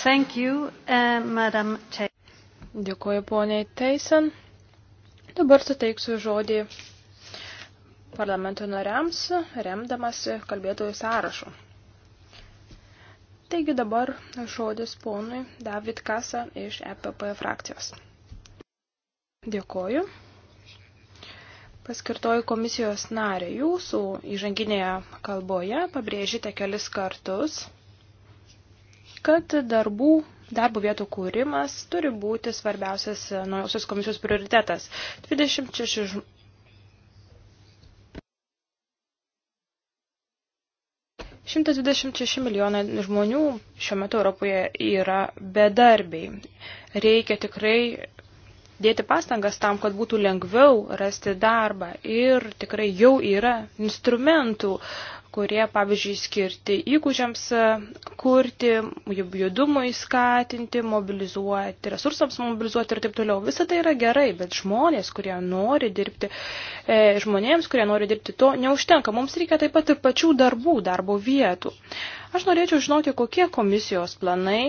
Thank you, uh, Madam Dėkuoju poniai Teisen. Dabar suteiksiu žodį parlamento nariams, remdamasi kalbėtojų sąrašu. Taigi dabar žodis ponui David Kasa iš EPP frakcijos. Dėkoju. Paskirtoju komisijos narė, jūsų įžanginėje kalboje pabrėžite kelis kartus kad darbų darbo vietų kūrimas turi būti svarbiausias e, naujosios komisijos prioritetas. 26 ž... Šimtas dvidešimt šeši milijonai žmonių šiuo metu Europoje yra bedarbiai. Reikia tikrai dėti pastangas tam, kad būtų lengviau rasti darbą. Ir tikrai jau yra instrumentų, kurie, pavyzdžiui, skirti įgūdžiams e, kurti, judumui skatinti, mobilizuoti, resursams mobilizuoti ir taip toliau. Visa tai yra gerai, bet žmonės, kurie nori dirbti, e, žmonėms, kurie nori dirbti, to neužtenka. Mums reikia taip pat ir pačių darbų, darbo vietų. Aš norėčiau žinoti, kokie komisijos planai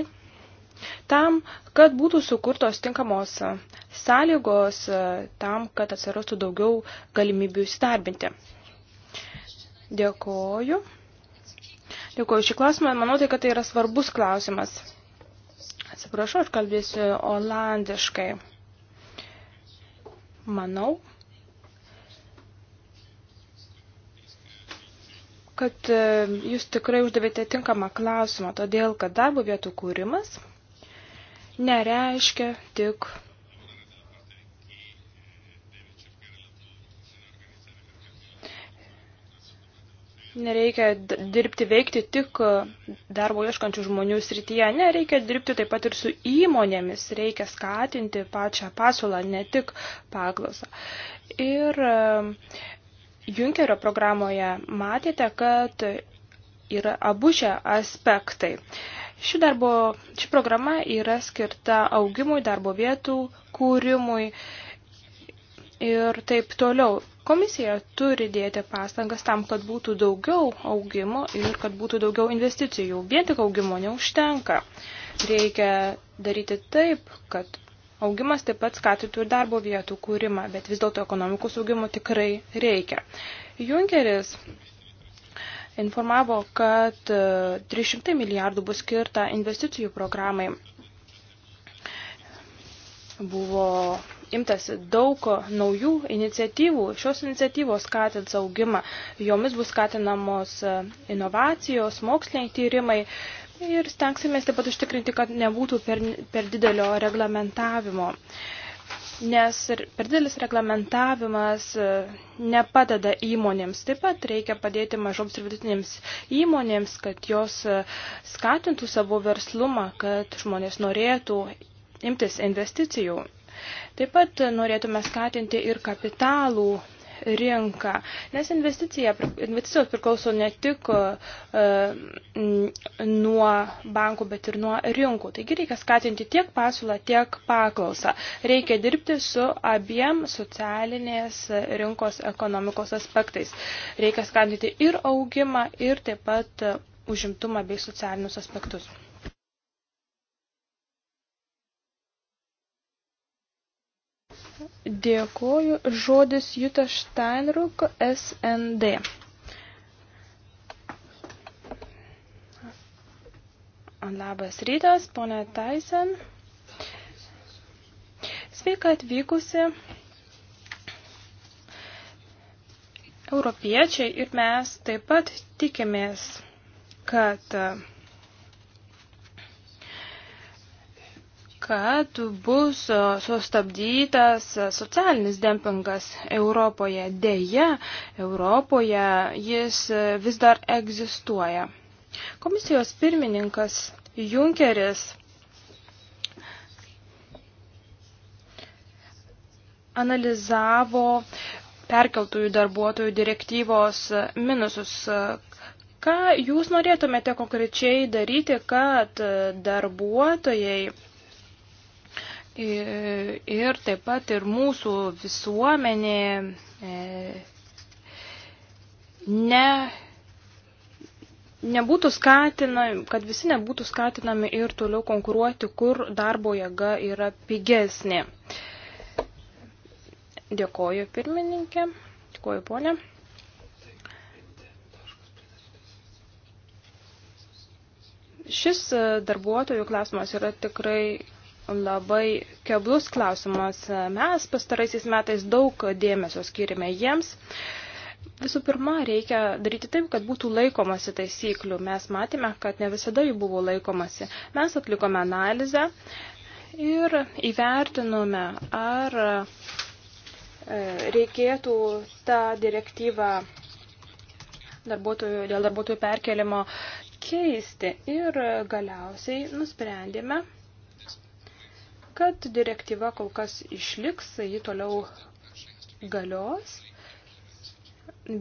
tam, kad būtų sukurtos tinkamos sąlygos, e, tam, kad atsirastų daugiau galimybių įsidarbinti. Dėkoju. Dėkoju šį klausimą. Manau, tai, kad tai yra svarbus klausimas. Atsiprašau, aš kalbėsiu olandiškai. Manau, kad e, jūs tikrai uždavėte tinkamą klausimą, todėl kad darbo vietų kūrimas – nereiškia tik Nereikia dirbti, veikti tik darbo ieškančių žmonių srityje, nereikia dirbti taip pat ir su įmonėmis, reikia skatinti pačią pasiūlą, ne tik paklausą. Ir e, Junkerio programoje matėte, kad yra abu šie aspektai. Ši, darbo, ši programa yra skirta augimui, darbo vietų kūrimui ir taip toliau. Komisija turi dėti pastangas tam, kad būtų daugiau augimo ir kad būtų daugiau investicijų. Vien tik augimo neužtenka. Reikia daryti taip, kad augimas taip pat skatytų ir darbo vietų kūrimą, bet vis dėlto ekonomikos augimo tikrai reikia. Junkeris informavo, kad 300 e, milijardų bus skirta investicijų programai. Buvo imtasi daug naujų iniciatyvų. Šios iniciatyvos skatins augimą. Jomis bus skatinamos e, inovacijos, moksliniai tyrimai ir stengsimės taip pat užtikrinti, kad nebūtų per, per didelio reglamentavimo. Uh, nes per didelis reglamentavimas e, nepadeda įmonėms. Taip pat reikia padėti mažoms ir vidutinėms įmonėms, kad jos e, skatintų savo verslumą, kad žmonės norėtų imtis investicijų. Taip pat norėtume skatinti ir kapitalų rinką, nes investicijos priklauso ne tik e, nuo bankų, bet ir nuo rinkų. Taigi reikia skatinti tiek pasiūlą, tiek paklausą. Reikia dirbti su abiem socialinės rinkos ekonomikos aspektais. Reikia skatinti ir augimą, ir taip pat užimtumą bei socialinius aspektus. Dėkoju. Žodis Juta Steinruk, SND. Labas rytas, ponė Taisen. Sveika atvykusi. Europiečiai ir mes taip pat tikimės, kad uh, kad bus sustabdytas socialinis dempingas Europoje. Deja, Europoje jis vis dar egzistuoja. Komisijos pirmininkas Junkeris analizavo perkeltųjų darbuotojų direktyvos minusus, Ką jūs norėtumėte konkrečiai daryti, kad darbuotojai ir taip pat ir mūsų visuomenė e, ne, nebūtų skatinami, kad visi nebūtų skatinami ir toliau konkuruoti, kur darbo jėga yra pigesnė. Dėkoju pirmininkė, dėkoju ponė. Šis e, darbuotojų klausimas yra tikrai labai keblus klausimas. Mes pastaraisiais metais daug dėmesio skirime jiems. Visų pirma, reikia daryti taip, kad būtų laikomasi taisyklių. Mes matėme, kad ne visada jų buvo laikomasi. Mes atlikome analizę ir įvertinome, ar e, reikėtų tą direktyvą darbuotojų, dėl darbuotojų perkelimo keisti. Ir galiausiai nusprendėme, kad direktyva kol kas išliks, ji toliau galios,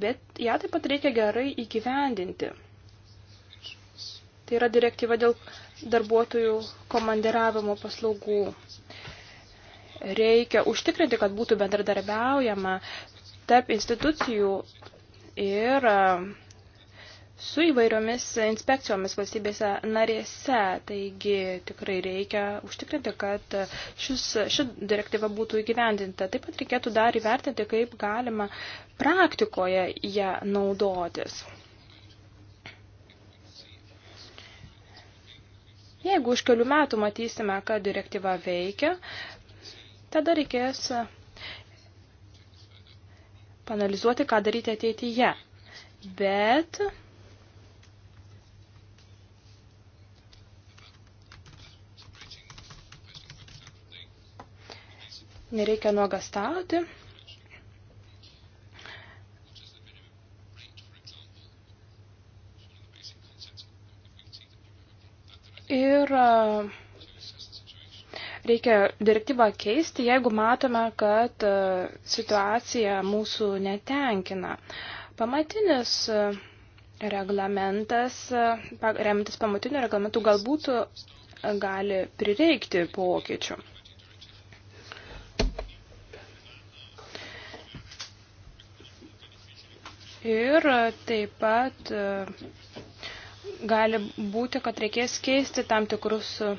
bet ją taip pat reikia gerai įgyvendinti. Tai yra direktyva dėl darbuotojų komandiravimo paslaugų. Reikia užtikrinti, kad būtų bendradarbiaujama tarp institucijų ir su įvairiomis inspekcijomis valstybėse narėse. Taigi tikrai reikia užtikrinti, kad šis, ši direktyva būtų įgyvendinta. Taip pat reikėtų dar įvertinti, kaip galima praktikoje ją naudotis. Jeigu už kelių metų matysime, kad direktyva veikia, tada reikės panalizuoti, ką daryti ateityje. Bet nereikia nuogastauti. Ir reikia direktyvą keisti, jeigu matome, kad situacija mūsų netenkina. Pamatinis reglamentas, remtis pamatiniu reglamentu, galbūt gali prireikti pokyčių. Ir taip pat e, gali būti, kad reikės keisti tam tikrus e,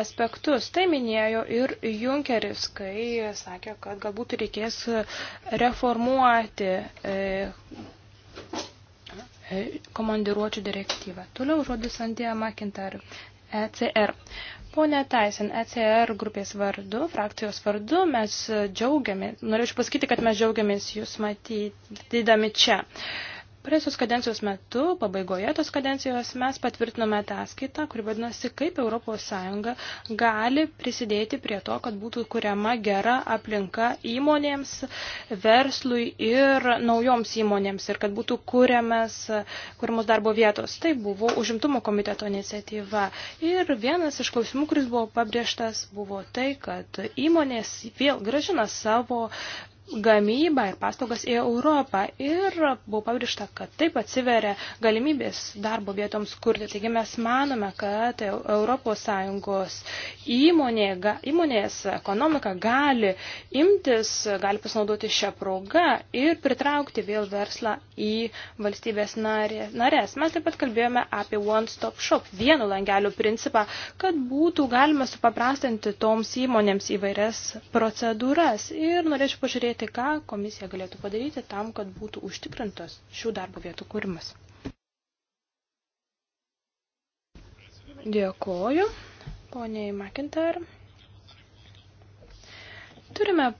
aspektus. Tai minėjo ir Junkeris, kai sakė, kad galbūt reikės e, reformuoti komandiruočių direktyvą. Toliau žodis Antija Makintariu. ECR. Pone Taisen, ECR grupės vardu, frakcijos vardu, mes džiaugiamės, norėčiau pasakyti, kad mes džiaugiamės jūs matydami čia. Uh, Praėjusios kadencijos metu, pabaigoje tos kadencijos, mes patvirtinome ataskaitą, kuri vadinasi, kaip ES gali prisidėti prie to, kad būtų kuriama gera aplinka įmonėms, verslui ir naujoms įmonėms ir kad būtų kuriamas, kuriamos darbo vietos. Tai buvo užimtumo komiteto iniciatyva. Ir vienas iš klausimų, kuris buvo pabrėžtas, buvo tai, kad įmonės vėl gražina savo gamybą ir paslaugas į Europą. Ir buvo pabrėžta, kad taip atsiveria galimybės darbo vietoms kurti. Taigi mes manome, kad ES įmonė, įmonės ekonomika gali imtis, gali pasinaudoti šią progą ir pritraukti vėl verslą į valstybės narės. Mes taip pat kalbėjome apie One Stop Shop, vieno langelio principą, kad būtų galima supaprastinti toms įmonėms įvairias procedūras. Ir norėčiau pažiūrėti pažiūrėti, ką komisija galėtų padaryti tam, kad būtų užtikrintas šių darbo vietų kūrimas. Dėkoju, poniai McIntyre. Turime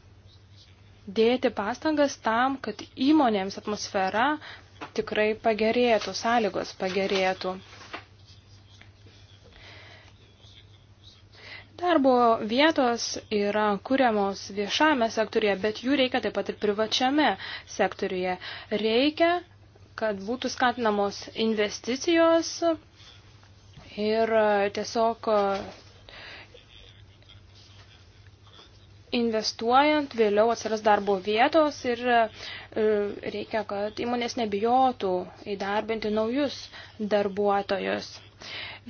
dėti pastangas tam, kad įmonėms atmosfera tikrai pagerėtų, sąlygos pagerėtų. Darbo vietos yra kuriamos viešame sektorija, bet jų reikia taip pat ir privačiame sektorija. Reikia, kad būtų skatinamos investicijos ir e, tiesiog e, investuojant vėliau atsiras darbo vietos ir e, reikia, kad įmonės nebijotų įdarbinti naujus darbuotojus.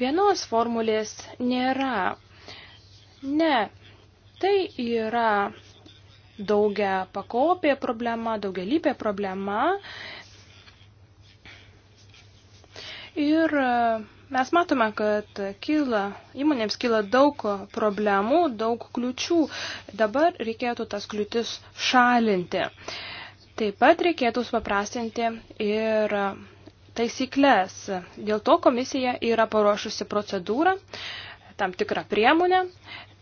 Vienos formulės nėra Ne, tai yra daugia pakopė problema, daugialypė problema. Ir e, mes matome, kad kyla, įmonėms kyla daug problemų, daug kliučių. Dabar reikėtų tas kliūtis šalinti. Taip pat reikėtų supaprastinti ir taisyklės. Dėl to komisija yra paruošusi procedūrą, uh, tam tikrą priemonę.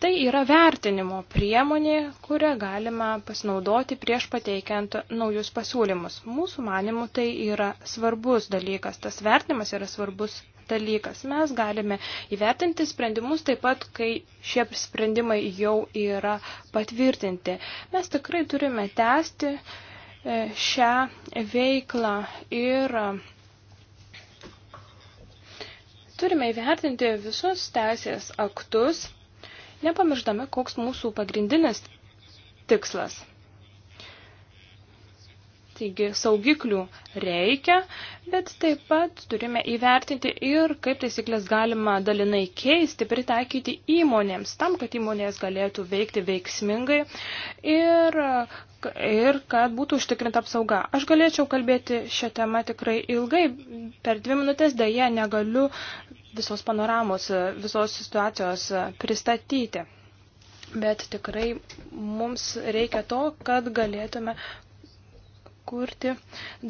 Tai yra vertinimo priemonė, kurią galima pasinaudoti prieš pateikiant naujus pasiūlymus. Mūsų manimų tai yra svarbus dalykas. Tas vertinimas yra svarbus dalykas. Mes galime įvertinti sprendimus taip pat, kai šie sprendimai jau yra patvirtinti. Mes tikrai turime tęsti e, šią veiklą ir Turime įvertinti visus teisės aktus, nepamirždami, koks mūsų pagrindinis tikslas – Taigi saugiklių reikia, bet taip pat turime įvertinti ir kaip taisyklės galima dalinai keisti, pritaikyti įmonėms, tam, kad įmonės galėtų veikti veiksmingai ir, ir kad būtų užtikrinta apsauga. Aš galėčiau kalbėti šią temą tikrai ilgai, per dvi minutės dėje negaliu visos panoramos, visos situacijos pristatyti bet tikrai mums reikia to, kad galėtume kurti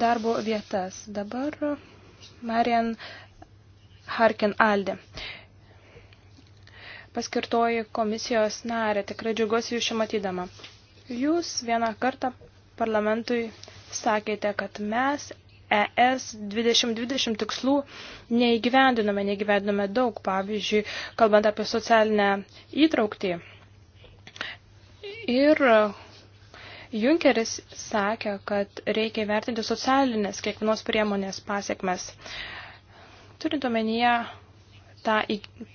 darbo vietas. Dabar Marian Harkin Alde paskirtoji komisijos narė. Tikrai džiugosi jūs čia matydama. Jūs vieną kartą parlamentui sakėte, kad mes ES 2020 tikslų neįgyvendiname, neįgyvendiname daug, pavyzdžiui, kalbant apie socialinę įtraukti. Ir Junkeris sakė, kad reikia vertinti socialinės kiekvienos priemonės pasiekmes. Turint omenyje tą,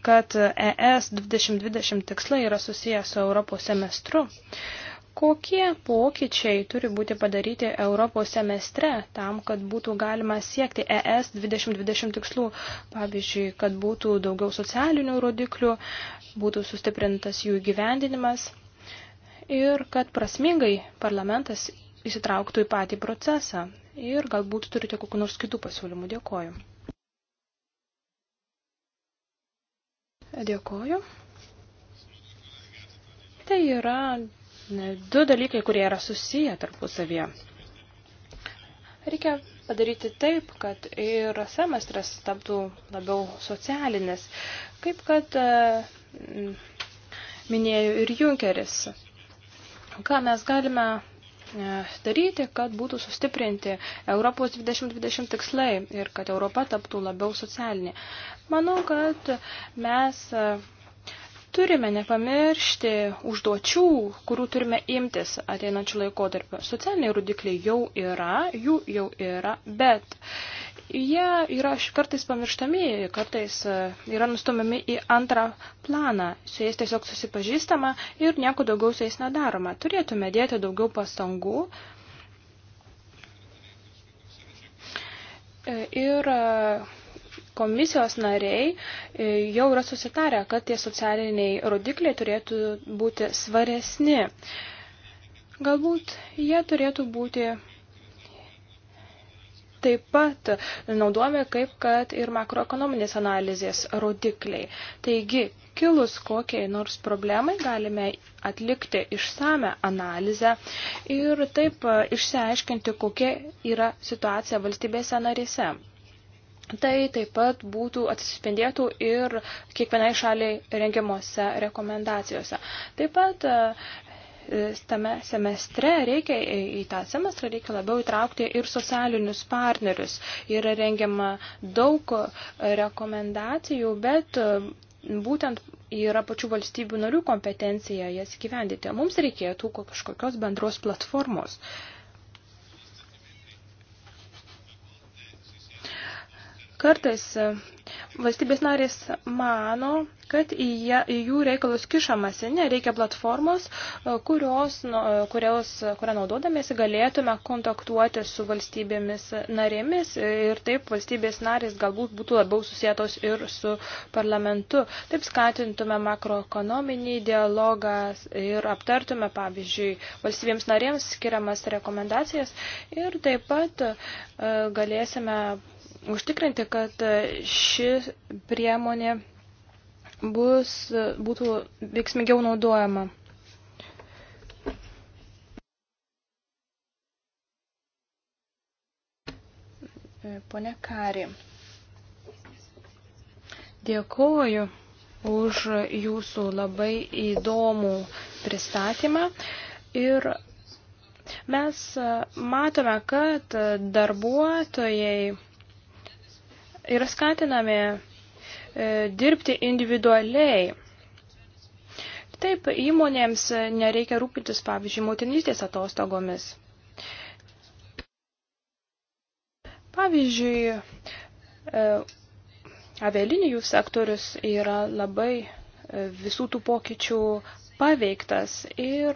kad ES 2020 tikslai yra susijęs su Europos semestru, kokie pokyčiai turi būti padaryti Europos semestre tam, kad būtų galima siekti ES 2020 tikslų, pavyzdžiui, kad būtų daugiau socialinių rodiklių, būtų sustiprintas jų gyvendinimas ir kad prasmingai parlamentas įsitrauktų į patį procesą. Ir galbūt turite kokiu nors kitų pasiūlymų. Dėkoju. Dėkoju. Tai yra du dalykai, kurie yra susiję tarpusavyje. Reikia padaryti taip, kad ir semestras taptų labiau socialinis, kaip kad e, minėjo ir Junkeris ką mes galime e, daryti, kad būtų sustiprinti Europos 2020 tikslai ir kad Europa taptų labiau socialinė. Manau, kad mes e, Turime nepamiršti užduočių, kurių turime imtis ateinančių laikotarpių. Socialiniai rudikliai jau yra, jų jau yra, bet jie yra kartais pamirštami, kartais e, yra nustumiami į antrą planą. Su jais tiesiog susipažįstama ir nieko daugiau su jais nedaroma. Turėtume dėti daugiau pastangų e, ir e, komisijos nariai e, jau yra susitarę, kad tie socialiniai rodikliai turėtų būti svaresni. Galbūt jie turėtų būti taip pat naudojami kaip kad ir makroekonominės analizės rodikliai. Taigi, kilus kokiai nors problemai galime atlikti išsame analizę ir taip išsiaiškinti, kokia yra situacija valstybėse narėse tai taip pat būtų atsispindėtų ir kiekvienai šaliai rengiamuose rekomendacijose. Taip pat e, tame semestre reikia, į tą semestrą reikia labiau įtraukti ir socialinius partnerius. Yra rengiama daug rekomendacijų, bet e, būtent yra pačių valstybių narių kompetencija jas gyvendyti. Mums reikėtų kažkokios bendros platformos. Uh, Kartais e, valstybės narės mano, kad į, ją, į jų reikalus kišamasi, nereikia platformos, e, kurios, e, kurios, kurią naudodamėsi galėtume kontaktuoti su valstybėmis narėmis ir taip valstybės narės galbūt būtų labiau susijėtos ir su parlamentu. Taip skatintume makroekonominį dialogą ir aptartume, pavyzdžiui, valstybėms narėms skiriamas rekomendacijas ir taip pat galėsime užtikrinti, kad ši priemonė bus, būtų veiksmingiau naudojama. Pone Kari, dėkoju už jūsų labai įdomų pristatymą ir mes matome, kad darbuotojai yra skatinami e, dirbti individualiai. Taip, įmonėms nereikia rūpintis, pavyzdžiui, motinystės atostogomis. Pavyzdžiui, e, avialinijų sektorius yra labai e, visų tų pokyčių paveiktas ir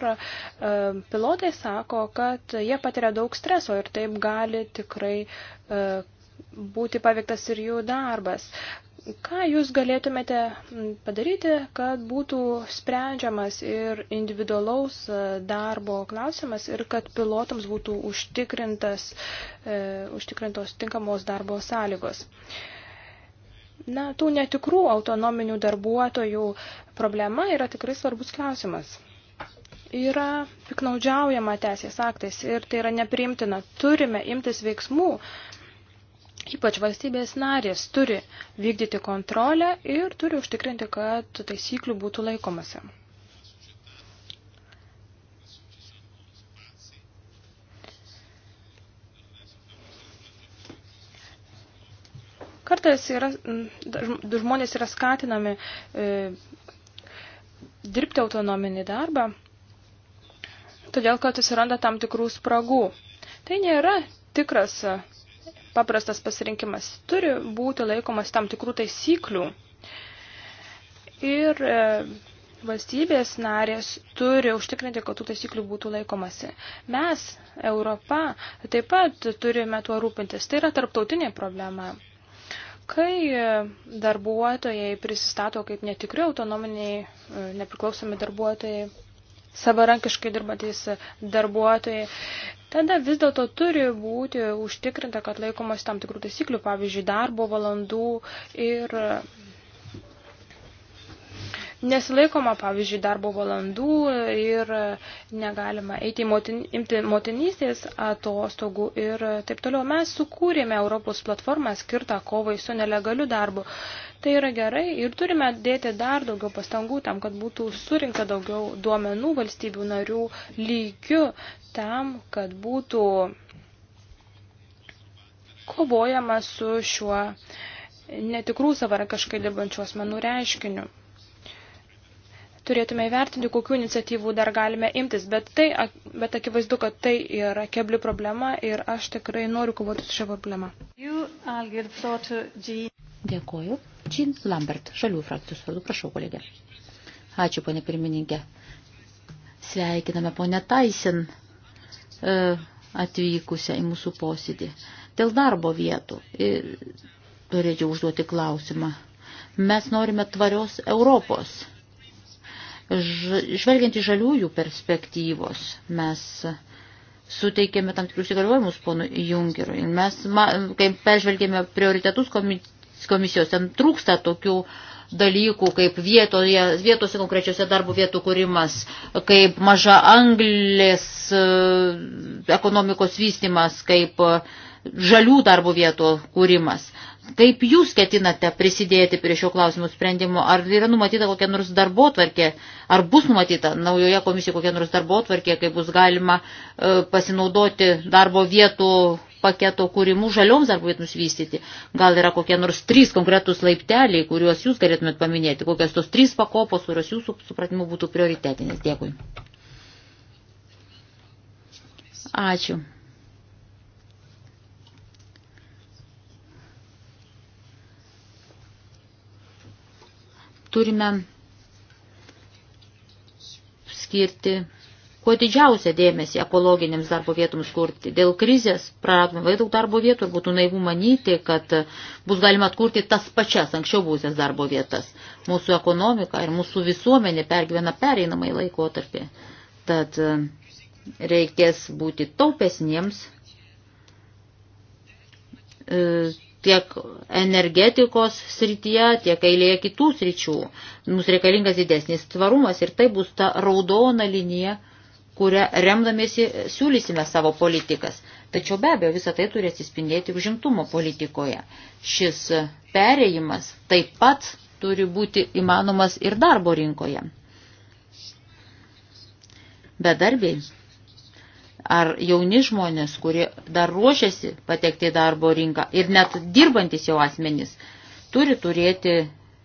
pilotai sako, kad jie patiria daug streso ir taip gali tikrai būti paveiktas ir jų darbas. Ką jūs galėtumėte padaryti, kad būtų sprendžiamas ir individualaus e, darbo klausimas ir kad pilotams būtų užtikrintas, e, užtikrintos tinkamos darbo sąlygos? Na, tų netikrų autonominių darbuotojų problema yra tikrai svarbus klausimas yra piknaudžiaujama teisės aktais ir tai yra nepriimtina. Turime imtis veiksmų, Ypač valstybės narės turi vykdyti kontrolę ir turi užtikrinti, kad taisyklių būtų laikomasi. Kartais yra, mm, žmonės yra skatinami e, dirbti autonominį darbą, todėl kad atsiranda tam tikrų spragų. Tai nėra tikras paprastas pasirinkimas. Turi būti laikomas tam tikrų taisyklių. Ir e, valstybės narės turi užtikrinti, kad tų taisyklių būtų laikomasi. Mes, Europa, taip pat turime tuo rūpintis. Tai yra tarptautinė problema. Kai e, darbuotojai prisistato kaip netikri autonominiai, e, nepriklausomi darbuotojai, savarankiškai dirbantis darbuotojai, tada vis dėlto turi būti užtikrinta, kad laikomas tam tikrų taisyklių, pavyzdžiui, darbo valandų ir nesilaikoma, pavyzdžiui, darbo valandų ir negalima eiti motin, imti motinystės atostogų ir taip toliau. Mes sukūrėme Europos platformą skirtą kovai su nelegaliu darbu. Tai yra gerai ir turime dėti dar daugiau pastangų tam, kad būtų surinkta daugiau duomenų valstybių narių lygių tam, kad būtų kovojama su šiuo netikrų savarankiškai dirbančių asmenų reiškiniu turėtume įvertinti, kokiu iniciatyvų dar galime imtis, bet, tai, bet akivaizdu, kad tai yra kebli problema ir aš tikrai noriu kovoti su šia problema. Dėkoju. Jean Lambert, šalių frakcijos vardu, prašau, kolegė. Ačiū, ponė pirmininkė. Sveikiname ponę Taisin e, atvykusią į mūsų posėdį. Dėl darbo vietų turėčiau e, užduoti klausimą. Mes norime tvarios Europos. Žvelgiant į žaliųjų perspektyvos, mes suteikėme tam tikrus įgaliojimus ponui Junkerui. Mes, kai peržvelgėme prioritetus komisijos, ten trūksta tokių dalykų, kaip vietoje, vietose konkrečiose darbo vietų kūrimas, kaip maža anglės e, ekonomikos vystimas, kaip e, žalių darbo vietų kūrimas. Kaip jūs ketinate prisidėti prie šio klausimų sprendimo? Ar yra numatyta kokia nors darbo tvarkė? Ar bus numatyta naujoje komisijoje kokia nors darbo tvarkė, kai bus galima e, pasinaudoti darbo vietų paketo kūrimų žalioms darbo vietoms vystyti? Gal yra kokie nors trys konkretūs laipteliai, kuriuos jūs galėtumėt paminėti? Kokios tos trys pakopos, kurios jūsų supratimu būtų prioritetinės? Dėkui. Ačiū. turime skirti kuo didžiausią dėmesį ekologiniams darbo vietoms kurti. Dėl krizės praradome labai daug darbo vietų ir būtų naivu manyti, kad bus galima atkurti tas pačias anksčiau būsęs darbo vietas. Mūsų ekonomika ir mūsų visuomenė pergyvena pereinamai laikotarpį. Tad e, reikės būti taupesniems, e, tiek energetikos srityje, tiek eilėje kitų sričių. Mums reikalingas didesnis tvarumas ir tai bus ta raudona linija, kurią remdamiesi siūlysime savo politikas. Tačiau be abejo visą tai turi atsispindėti užimtumo politikoje. Šis perėjimas taip pat turi būti įmanomas ir darbo rinkoje. Bedarbiai ar jauni žmonės, kurie dar ruošiasi patekti į darbo rinką ir net dirbantis jau asmenys, turi turėti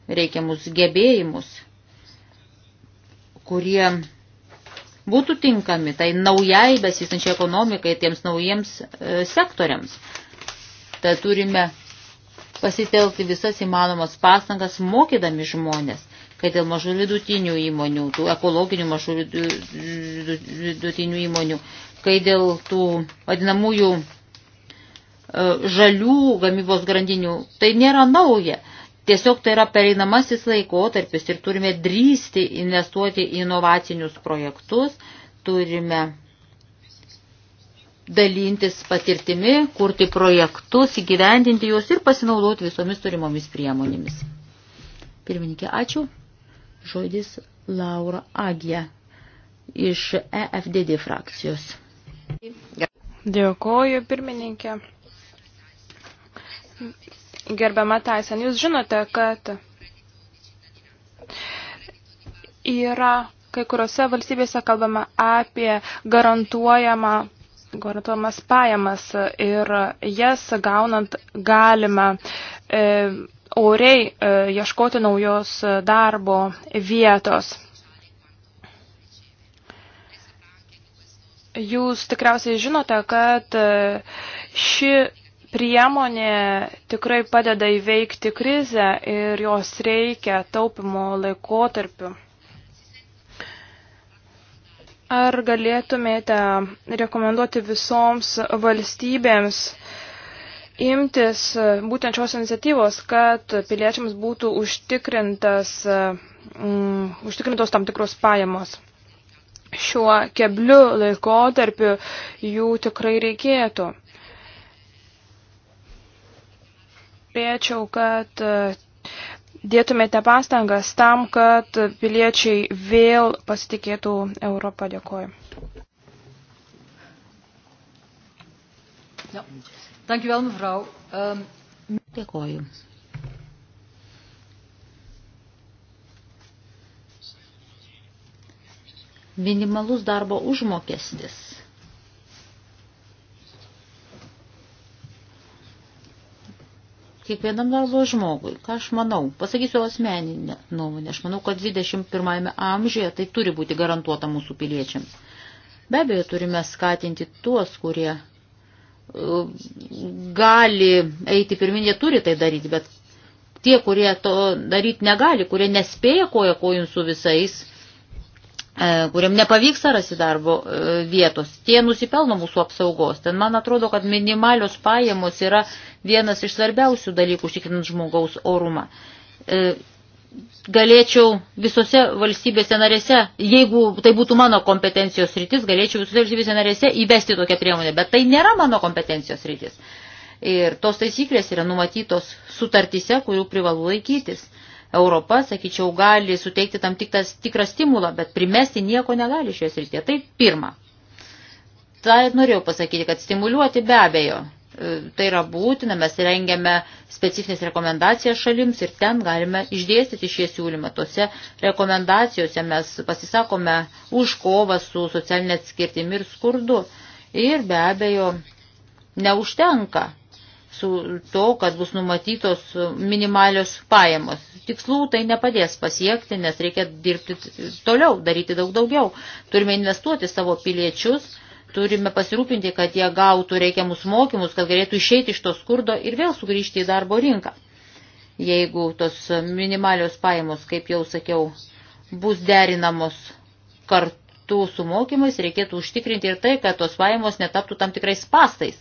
reikiamus gebėjimus, kurie būtų tinkami tai naujai besistančiai ekonomikai, tiems naujiems e, sektoriams. Tad turime pasitelkti visas įmanomas pastangas mokydami žmonės, kad dėl mažų vidutinių įmonių, tų ekologinių mažų vidutinių įmonių, kai dėl tų vadinamųjų e, žalių gamybos grandinių, tai nėra nauja. Tiesiog tai yra pereinamasis laikotarpis ir turime drįsti investuoti į inovacinius projektus, turime dalintis patirtimi, kurti projektus, įgyvendinti juos ir pasinaudoti visomis turimomis priemonėmis. Pirmininkė, ačiū žodis Laura Agija iš EFDD frakcijos. Dėkoju, pirmininkė. Gerbiama Taisen, jūs žinote, kad yra kai kuriuose valstybėse kalbama apie garantuojamą garantuojamas pajamas ir jas gaunant galima e, oriai e, ieškoti naujos e, darbo vietos. Jūs tikriausiai žinote, kad e, ši priemonė tikrai padeda įveikti krizę ir jos reikia taupimo laikotarpiu. Ar galėtumėte rekomenduoti visoms valstybėms imtis e, būtent šios iniciatyvos, kad piliečiams būtų užtikrintas, um, užtikrintos tam tikros pajamos. Šiuo kebliu laikotarpiu jų tikrai reikėtų. Pėčiau, kad e, dėtumėte pastangas tam, kad piliečiai vėl pasitikėtų Europą. Dėkoju. No. Dank u wel, mevrouw. Um... Dėkoju. Minimalus darbo užmokestis. Kiekvienam darbo žmogui, ką aš manau, pasakysiu asmeninę nuomonę, aš manau, kad 21 amžiuje tai turi būti garantuota mūsų piliečiams. Be abejo, turime skatinti tuos, kurie gali eiti pirmin, jie turi tai daryti, bet tie, kurie to daryti negali, kurie nespėja koja kojų su visais, e, kuriam nepavyksta rasti darbo e, vietos, tie nusipelno mūsų apsaugos. Ten man atrodo, kad minimalios pajamos yra vienas iš svarbiausių dalykų užtikrinant žmogaus orumą. E, galėčiau visose valstybėse narėse, jeigu tai būtų mano kompetencijos rytis, galėčiau visose valstybėse narėse įvesti tokią priemonę, bet tai nėra mano kompetencijos rytis. Ir tos taisyklės yra numatytos sutartyse, kurių privalu laikytis. Europa, sakyčiau, gali suteikti tam tiktas, tikrą stimulą, bet primesti nieko negali šioje srityje. Tai pirma. Tai norėjau pasakyti, kad stimuliuoti be abejo E, tai yra būtina, mes rengiame specifines rekomendacijas šalims ir ten galime išdėstyti šie siūlymą. Tose rekomendacijose mes pasisakome už kovą su socialinė atskirtimi ir skurdu. Ir be abejo, neužtenka su to, kad bus numatytos minimalios pajamos. Tikslų tai nepadės pasiekti, nes reikia dirbti toliau, daryti daug daugiau. Turime investuoti savo piliečius Turime pasirūpinti, kad jie gautų reikiamus mokymus, kad galėtų išeiti iš to skurdo ir vėl sugrįžti į darbo rinką. Jeigu tos minimalios pajamos, kaip jau sakiau, bus derinamos kartu su mokymais, reikėtų užtikrinti ir tai, kad tos pajamos netaptų tam tikrais pastais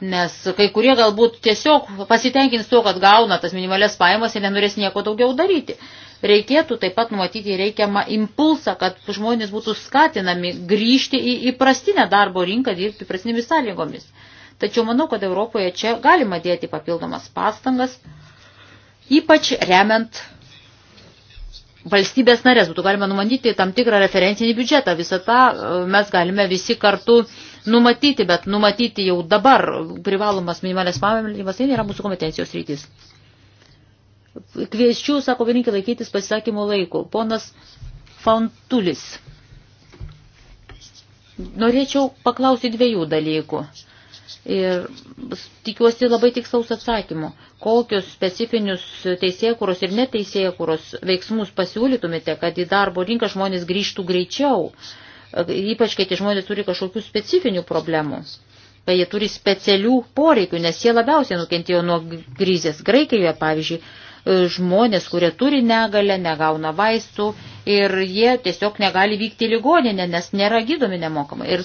nes kai kurie galbūt tiesiog pasitenkins tuo, kad gauna tas minimalias pajamas ir nenorės nieko daugiau daryti. Reikėtų taip pat numatyti reikiamą impulsą, kad žmonės būtų skatinami grįžti į įprastinę darbo rinką, dirbti įprastinėmis sąlygomis. Tačiau manau, kad Europoje čia galima dėti papildomas pastangas, ypač remiant valstybės narės. Būtų galima numatyti tam tikrą referencinį biudžetą. Visą tą e, mes galime visi kartu uh, numatyti, bet numatyti jau dabar privalomas minimalės pamėlymas, tai nėra mūsų kompetencijos rytis. Kviečiu, sako vieninkai, laikytis pasisakymų laiko. Ponas Fantulis. Norėčiau paklausyti dviejų dalykų. Ir tikiuosi labai tiksaus atsakymų. Kokius specifinius teisėkuros ir neteisėkuros veiksmus pasiūlytumėte, kad į darbo rinką žmonės grįžtų greičiau? Uh, ypač kai tie žmonės turi kažkokių specifinių problemų, kai jie turi specialių poreikių, nes jie labiausiai nukentėjo nuo krizės. Graikijoje, pavyzdžiui, e, žmonės, kurie turi negalę, negauna vaistų ir jie tiesiog negali vykti į ligoninę, nes nėra gydomi nemokamai. Ir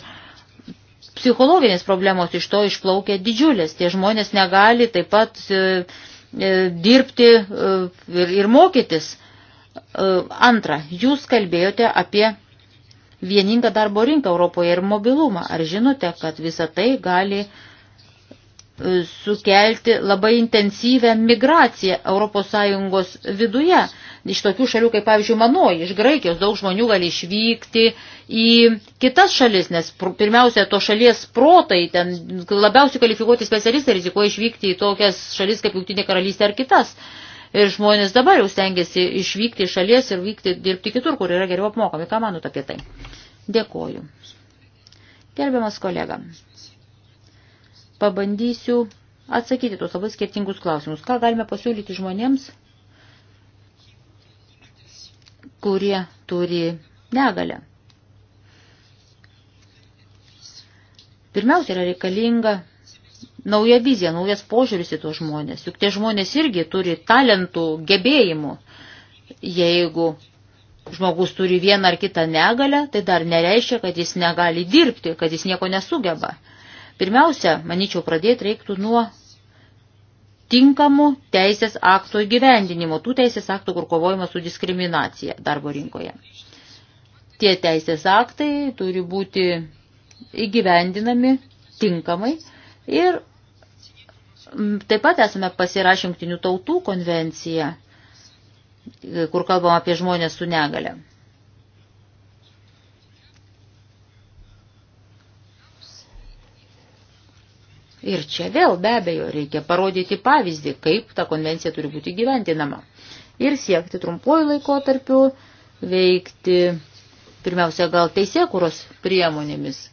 psichologinės problemos iš to išplaukia didžiulės. Tie žmonės negali taip pat e, e, dirbti ir, ir mokytis. Antra, jūs kalbėjote apie vieningą darbo rinką Europoje ir mobilumą. Ar žinote, kad visa tai gali e, sukelti labai intensyvę migraciją ES viduje. Iš tokių šalių, kaip pavyzdžiui, manoji, iš Graikijos daug žmonių gali išvykti į kitas šalis, nes pirmiausia, to šalies protai, ten labiausiai kvalifikuoti specialistai rizikuoja išvykti į tokias šalis kaip Jungtinė karalystė ar kitas. Uh, ir žmonės dabar jau stengiasi išvykti iš šalies ir vykti dirbti kitur, kur yra geriau apmokami. Ką manot apie tai? Dėkoju. Gerbiamas kolega, pabandysiu atsakyti tuos labai skirtingus klausimus. Ką galime pasiūlyti žmonėms, kurie turi negalę? Pirmiausia, yra reikalinga nauja vizija, naujas požiūris į tuos žmonės. Juk tie žmonės irgi turi talentų, gebėjimų. Jeigu žmogus turi vieną ar kitą negalę, tai dar nereiškia, kad jis negali dirbti, kad jis nieko nesugeba. Pirmiausia, manyčiau, pradėti reiktų nuo tinkamų teisės aktų įgyvendinimo, tų teisės aktų, kur kovojama su diskriminacija darbo rinkoje. Tie teisės aktai turi būti įgyvendinami tinkamai ir Taip pat esame pasirašę jungtinių tautų konvenciją, kur kalbam apie žmonės su negale. Ir čia vėl be abejo reikia parodyti pavyzdį, kaip ta konvencija turi būti gyventinama. Ir siekti trumpuoju laikotarpiu, veikti pirmiausia gal teisėkuros priemonėmis,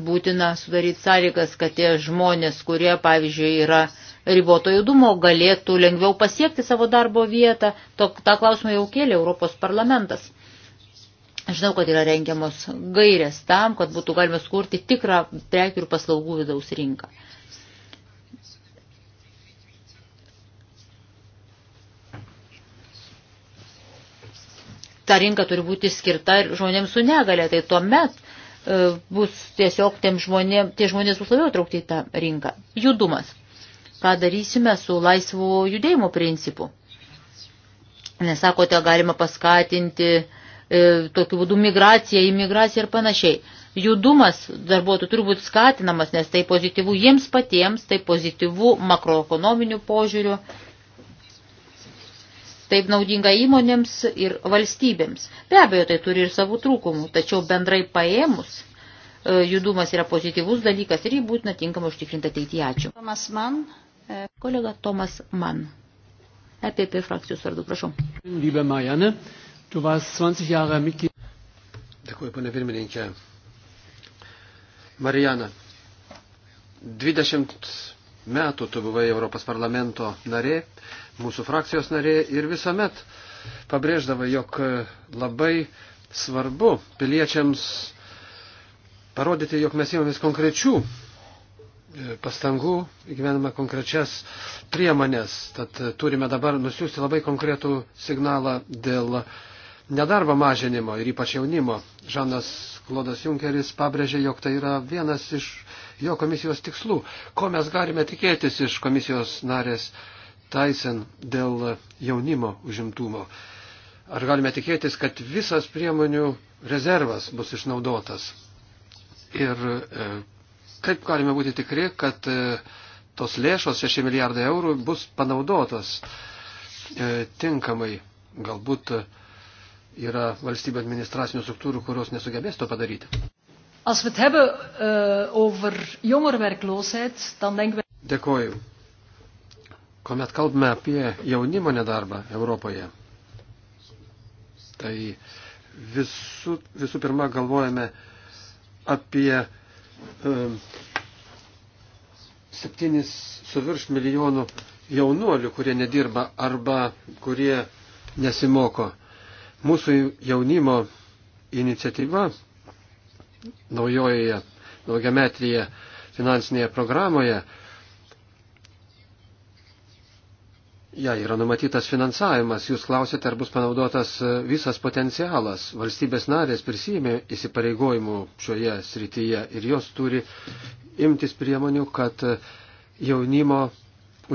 būtina sudaryti sąlygas, kad tie žmonės, kurie, pavyzdžiui, yra riboto judumo, galėtų lengviau pasiekti savo darbo vietą. Tok, tą klausimą jau kėlė Europos parlamentas. Žinau, kad yra rengiamos gairės tam, kad būtų galima skurti tikrą prekių ir paslaugų vidaus rinką. ta rinka turi būti skirta žmonėms su negale, tai tuomet E, bus tiesiog tiem žmonėm, tie žmonės bus labiau traukti į tą rinką. Judumas. Ką darysime su laisvo judėjimo principu? Nesakote, galima paskatinti e, tokiu būdu migraciją, imigraciją ir panašiai. Judumas darbuotojų turi būti skatinamas, nes tai pozityvu jiems patiems, tai pozityvu makroekonominiu požiūriu Taip naudinga įmonėms ir valstybėms. Be abejo, tai turi ir savų trūkumų, tačiau bendrai paėmus e, judumas yra pozityvus dalykas ir jį būtina tinkamai užtikrinti ateityje. Ačiū. Tomas Mann. E, Kolega Tomas Mann. EPP frakcijos vardu, prašau. Liebe Marianne, tu warst 20 Jahre Mitglied. Dėkuoju, ponė pirmininkė. Marijana, 20 metų tu buvai Europos parlamento narė mūsų frakcijos narė ir visuomet pabrėždavo, jog labai svarbu piliečiams parodyti, jog mes įmamės konkrečių e, pastangų, įgyvename konkrečias priemonės. Tad e, turime dabar nusiųsti labai konkretų signalą dėl nedarbo mažinimo ir ypač jaunimo. Žanas Klodas Junkeris pabrėžė, jog tai yra vienas iš jo komisijos tikslų. Ko mes galime tikėtis iš komisijos narės Taisen dėl jaunimo užimtumo. Ar galime tikėtis, kad visas priemonių rezervas bus išnaudotas? Ir e, kaip galime būti tikri, kad e, tos lėšos 6 milijardai eurų bus panaudotos e, tinkamai? Galbūt e, yra valstybė administracinių struktūrų, kurios nesugebės to padaryti. Als we het hebben uh, over jongerenwerkloosheid, dan denken we. Dėkoju kuomet kalbame apie jaunimo nedarbą Europoje, tai visų, visų pirma galvojame apie um, 7 su virš milijonų jaunuolių, kurie nedirba arba kurie nesimoko. Mūsų jaunimo iniciatyva naujoje daugiametrėje finansinėje programoje Ja, yra numatytas finansavimas. Jūs klausėte, ar bus panaudotas e, visas potencialas. Valstybės narės prisijėmė įsipareigojimų šioje srityje ir jos turi imtis priemonių, kad e, jaunimo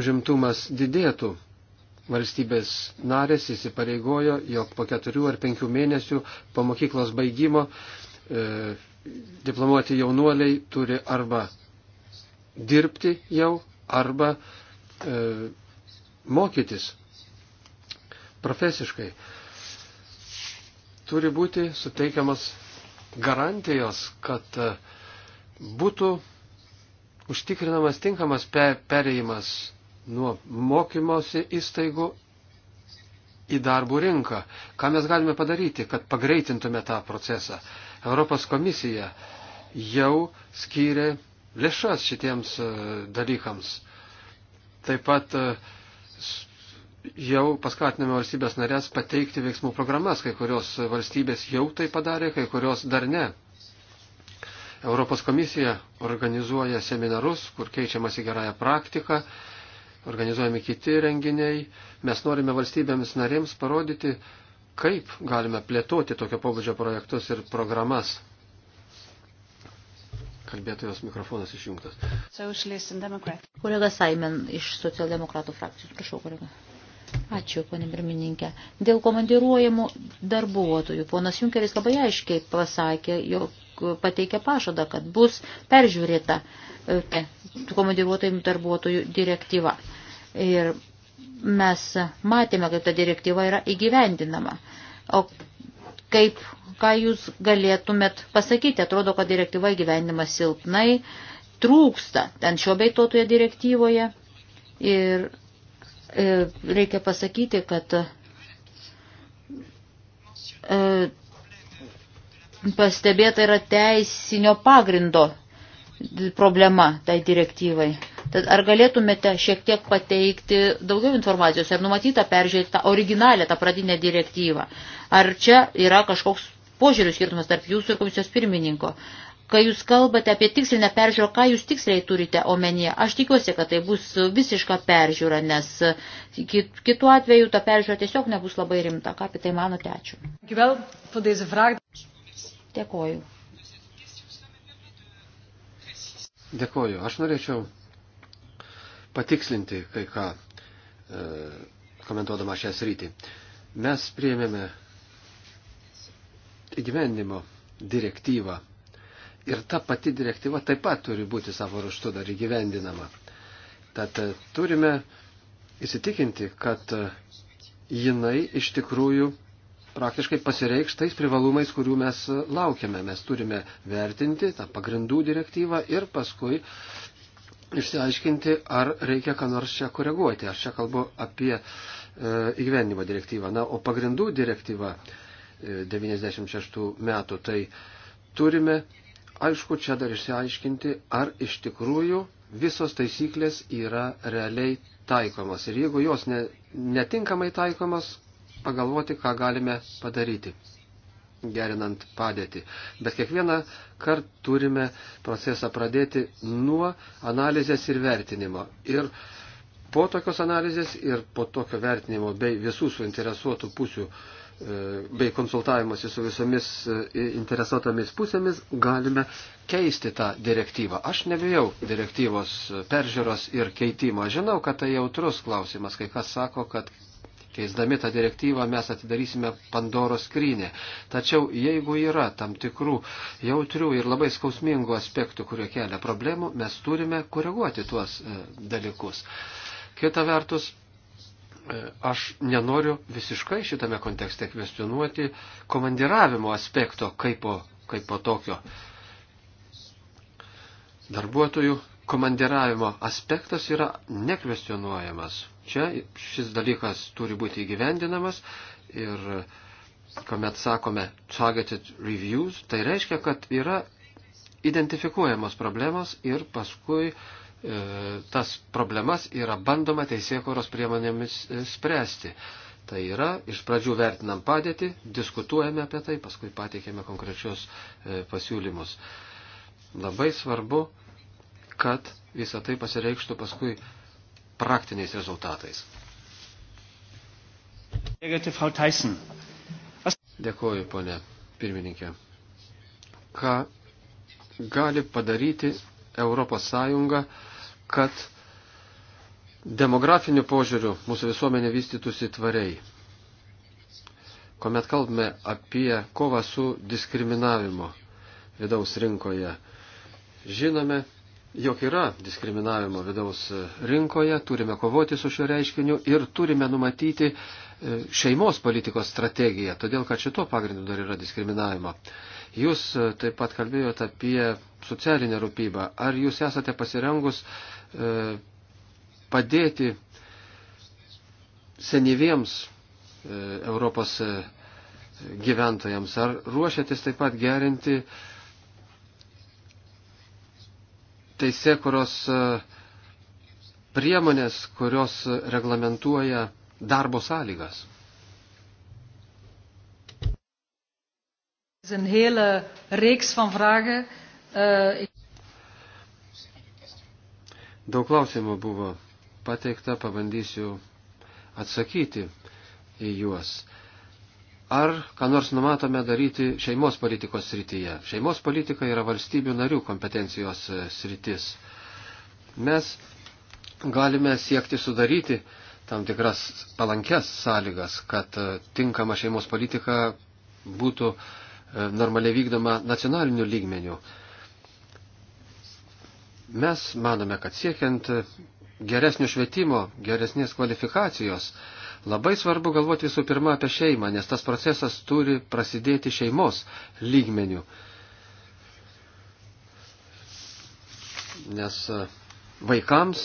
užimtumas didėtų. Valstybės narės įsipareigojo, jog po keturių ar penkių mėnesių po mokyklos baigimo e, diplomuoti jaunuoliai turi arba dirbti jau, arba e, mokytis profesiškai. Turi būti suteikiamas garantijos, kad e, būtų užtikrinamas tinkamas perėjimas nuo mokymosi įstaigų į darbų rinką. Ką mes galime padaryti, kad pagreitintume tą procesą? Europos komisija jau skyrė lėšas šitiems e, dalykams. Taip pat uh, jau paskatiname valstybės narės pateikti veiksmų programas, kai kurios valstybės jau tai padarė, kai kurios dar ne. Europos komisija organizuoja seminarus, kur keičiamasi gerąją praktiką, organizuojami kiti renginiai. Mes norime valstybėms narėms parodyti, kaip galime plėtoti tokio pobūdžio projektus ir programas. Kalbėtojos mikrofonas išjungtas. Kolega Saimen iš socialdemokratų frakcijos. Prašau, kolega. Ačiū, ponė pirmininkė. Dėl komandiruojamų darbuotojų. Ponas Junkeris labai aiškiai pasakė, jog pateikė pažadą, kad bus peržiūrėta e, komandiruotojų darbuotojų direktyva. Ir mes matėme, kaip ta direktyva yra įgyvendinama. O Kaip, ką jūs galėtumėt pasakyti, atrodo, kad direktyva gyvenima silpnai, trūksta ten šio bei to toje direktyvoje ir e, reikia pasakyti, kad e, pastebėta yra teisinio pagrindo problema tai direktyvai. Tad ar galėtumėte šiek tiek pateikti daugiau informacijos, ar numatyta peržiūrėti tą originalę, tą pradinę direktyvą? Ar čia yra kažkoks požiūrių skirtumas tarp jūsų ir komisijos pirmininko? Kai jūs kalbate apie tikslinę peržiūrą, ką jūs tiksliai turite omenyje? Aš tikiuosi, kad tai bus visiška peržiūra, nes kitu atveju ta peržiūra tiesiog nebus labai rimta. Ką apie tai manote? Ačiū. Dėkoju. Dėkoju. Aš norėčiau patikslinti kai ką, e, komentuodama šią sritį. Mes priėmėme įgyvendimo direktyvą ir ta pati direktyva taip pat turi būti savo ruštu dar įgyvendinama. Tad e, turime įsitikinti, kad e, jinai iš tikrųjų praktiškai pasireikš tais privalumais, kurių mes e, laukiame. Mes turime vertinti tą pagrindų direktyvą ir paskui išsiaiškinti, ar reikia ką nors čia koreguoti. Aš čia kalbu apie e, įgyvenimo direktyvą. Na, o pagrindų direktyva e, 96 metų, tai turime, aišku, čia dar išsiaiškinti, ar iš tikrųjų visos taisyklės yra realiai taikomos. Ir jeigu jos ne, netinkamai taikomos, pagalvoti, ką galime padaryti, gerinant padėtį. Bet kiekvieną kartą turime procesą pradėti nuo analizės ir vertinimo. Ir po tokios analizės ir po tokio vertinimo bei visų suinteresuotų pusių e, bei konsultavimuose su visomis e, interesuotomis pusėmis galime keisti tą direktyvą. Aš nebijau direktyvos peržiūros ir keitimo. Žinau, kad tai jautrus klausimas. Kai kas sako, kad Keisdami tą direktyvą mes atidarysime Pandoros skrynę. Tačiau jeigu yra tam tikrų jautrių ir labai skausmingų aspektų, kurie kelia problemų, mes turime koreguoti tuos e, dalykus. Kita vertus, e, aš nenoriu visiškai šitame kontekste kvestionuoti komandiravimo aspekto kaip po, kaip po tokio. Darbuotojų komandiravimo aspektas yra nekvestionuojamas. Čia šis dalykas turi būti įgyvendinamas ir kuomet sakome targeted reviews, tai reiškia, kad yra identifikuojamos problemos ir paskui e, tas problemas yra bandoma teisėkoros priemonėmis e, spręsti. Tai yra, iš pradžių vertinam padėtį, diskutuojame apie tai, paskui pateikėme konkrečius e, pasiūlymus. Labai svarbu, kad visą tai pasireikštų paskui praktiniais rezultatais. Dėkuoju, ponė pirmininkė. Ką gali padaryti Europos Sąjunga, kad demografiniu požiūriu mūsų visuomenė vystytųsi tvariai? Komet kalbame apie kovą su diskriminavimu vidaus rinkoje, žinome, jog yra diskriminavimo vidaus rinkoje, turime kovoti su šiuo reiškiniu ir turime numatyti e, šeimos politikos strategiją, todėl kad šito pagrindu dar yra diskriminavimo. Jūs e, taip pat kalbėjote apie socialinę rūpybą. Ar jūs esate pasirengus e, padėti senyviems Europos gyventojams? Ar ruošiatės taip pat gerinti teisėkuros e, priemonės, kurios reglamentuoja darbo sąlygas. is een hele reeks van vragen. Uh, Daug klausimų buvo pateikta, pabandysiu atsakyti į juos. Ar ką nors numatome daryti šeimos politikos srityje? Šeimos politika yra valstybių narių kompetencijos e, sritis. Mes galime siekti sudaryti tam tikras palankes sąlygas, kad e, tinkama šeimos politika būtų e, normaliai vykdoma nacionaliniu lygmeniu. Mes manome, kad siekiant geresnio švietimo, geresnės kvalifikacijos, Labai svarbu galvoti visų pirma apie šeimą, nes tas procesas turi prasidėti šeimos lygmenių. Nes e, vaikams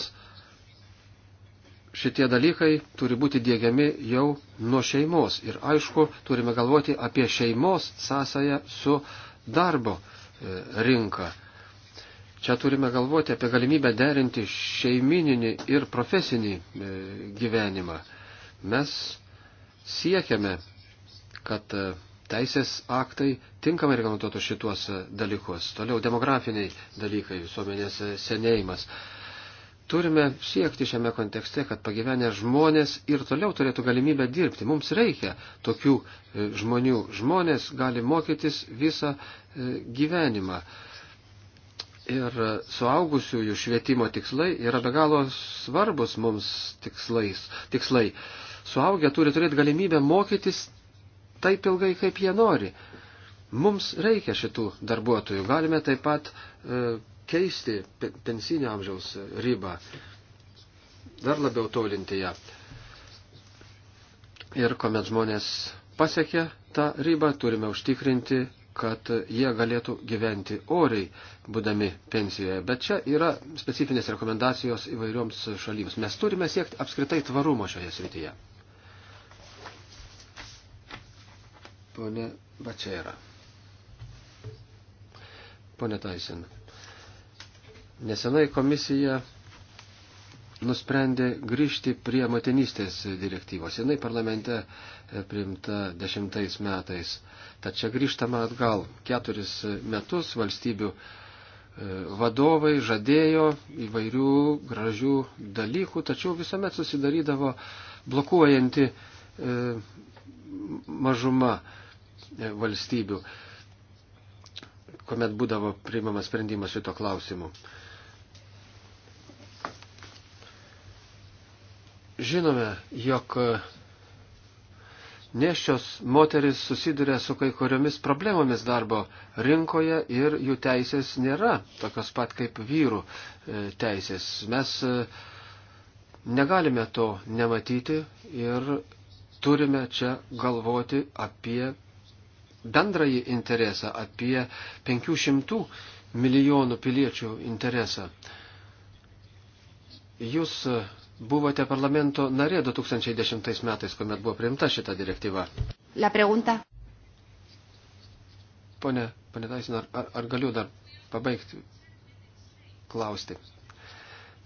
šitie dalykai turi būti dėgiami jau nuo šeimos. Ir aišku, turime galvoti apie šeimos sąsąją su darbo e, rinka. Čia turime galvoti apie galimybę derinti šeimininį ir profesinį e, gyvenimą. Mes siekiame, kad e, teisės aktai tinkamai reglamentuotų šituos e, dalykus. Toliau demografiniai dalykai, visuomenės e, senėjimas. Turime siekti šiame kontekste, kad pagyvenę žmonės ir toliau turėtų galimybę dirbti. Mums reikia tokių žmonių. Žmonės gali mokytis visą gyvenimą. Ir suaugusiųjų švietimo tikslai yra be galo svarbus mums tikslais, tikslai. tikslai suaugę turi turėti galimybę mokytis taip ilgai, kaip jie nori. Mums reikia šitų darbuotojų. Galime taip pat e, keisti pensinio amžiaus ribą, dar labiau tolinti ją. Ir kuomet žmonės pasiekia tą ribą, turime užtikrinti, kad jie galėtų gyventi oriai, būdami pensijoje. Bet čia yra specifinės rekomendacijos įvairioms šalims. Mes turime siekti apskritai tvarumo šioje srityje. Pone Bačera. Pone Taisin. Nesenai komisija nusprendė grįžti prie motinystės direktyvos. Jinai parlamente e, priimta dešimtais metais. Tad čia grįžtama atgal. Keturis metus valstybių e, vadovai žadėjo įvairių gražių dalykų, tačiau visuomet susidarydavo blokuojanti e, mažuma. E, valstybių, kuomet būdavo priimamas sprendimas šito klausimu. Žinome, jog neščios moteris susiduria su kai kuriomis problemomis darbo rinkoje ir jų teisės nėra tokios pat kaip vyrų e, teisės. Mes e, negalime to nematyti ir turime čia galvoti apie bendrąjį interesą, apie 500 milijonų piliečių interesą. Jūs buvote parlamento narė 2010 metais, kuomet buvo priimta šita direktyva. La pregunta. Pone, pone Taisin, ar, ar, ar galiu dar pabaigti klausti?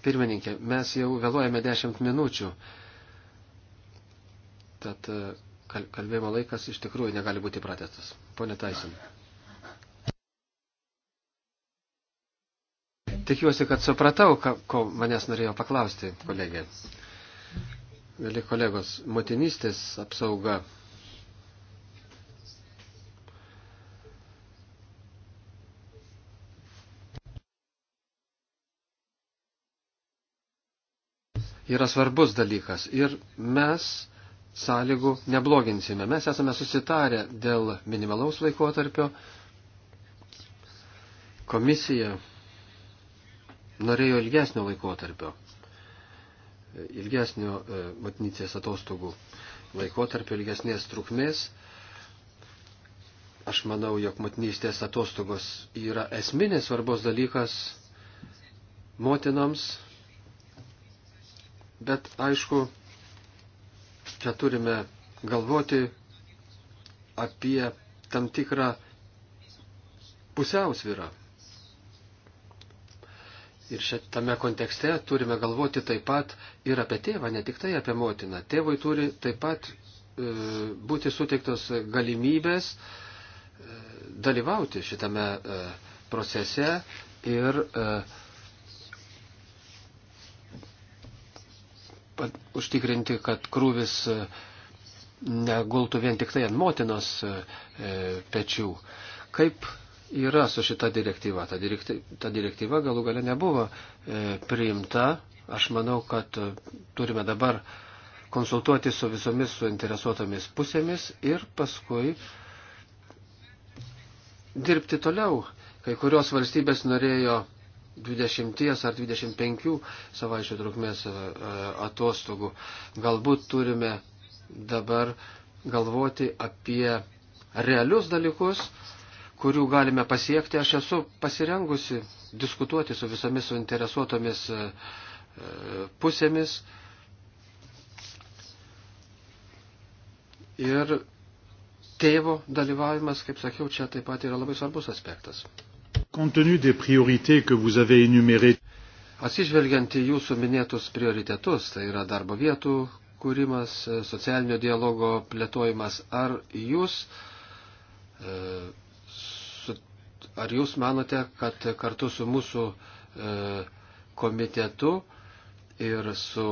Pirmininkė, mes jau vėluojame 10 minučių. Tad kalbėjimo laikas iš tikrųjų negali būti pratestas. Pone Taisin. Tikiuosi, kad supratau, ką, ko manęs norėjo paklausti kolegė. Vėli kolegos, motinystės apsauga. Yra svarbus dalykas ir mes sąlygų nebloginsime. Mes esame susitarę dėl minimalaus laikotarpio. Komisija norėjo ilgesnio laikotarpio, ilgesnio e, matnycės atostogų laikotarpio, ilgesnės trukmės. Aš manau, jog matnystės atostogos yra esminės svarbos dalykas motinams, bet aišku, čia turime galvoti apie tam tikrą pusiausvyrą. Ir šitame kontekste turime galvoti taip pat ir apie tėvą, ne tik tai apie motiną. Tėvui turi taip pat e, būti suteiktos galimybės e, dalyvauti šitame e, procese ir e, užtikrinti, kad krūvis e, negultų vien tik tai ant motinos e, e, pečių. Kaip yra su šita direktyva? Ta direktyva, ta direktyva galų gale nebuvo priimta. Aš manau, kad turime dabar konsultuoti su visomis suinteresuotomis pusėmis ir paskui dirbti toliau. Kai kurios valstybės norėjo 20 ar 25 savaičių trukmės e, e, atostogų. Galbūt turime dabar galvoti apie realius dalykus, kurių galime pasiekti. Aš esu pasirengusi diskutuoti su visomis suinteresuotomis e, pusėmis. Ir tėvo dalyvavimas, kaip sakiau, čia taip pat yra labai svarbus aspektas. Compte tenu des priorités que vous avez énumérées. Atsižvelgiant į jūsų minėtus prioritetus, tai yra darbo vietų kūrimas, e, socialinio dialogo plėtojimas, ar jūs, e, ar jūs manote, kad kartu su mūsų e, komitetu ir su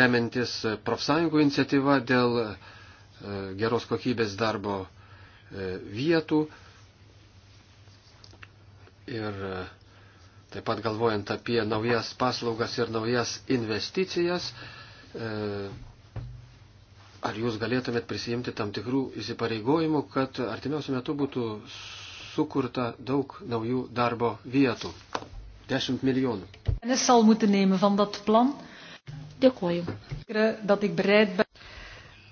remiantis profsąjungų iniciatyva dėl geros kokybės darbo E, vietų. Ir e, taip pat galvojant apie naujas paslaugas ir naujas investicijas, e, ar jūs galėtumėt prisijimti tam tikrų įsipareigojimų, kad artimiausiu metu būtų sukurta daug naujų darbo vietų? 10 milijonų. Dėkuoju.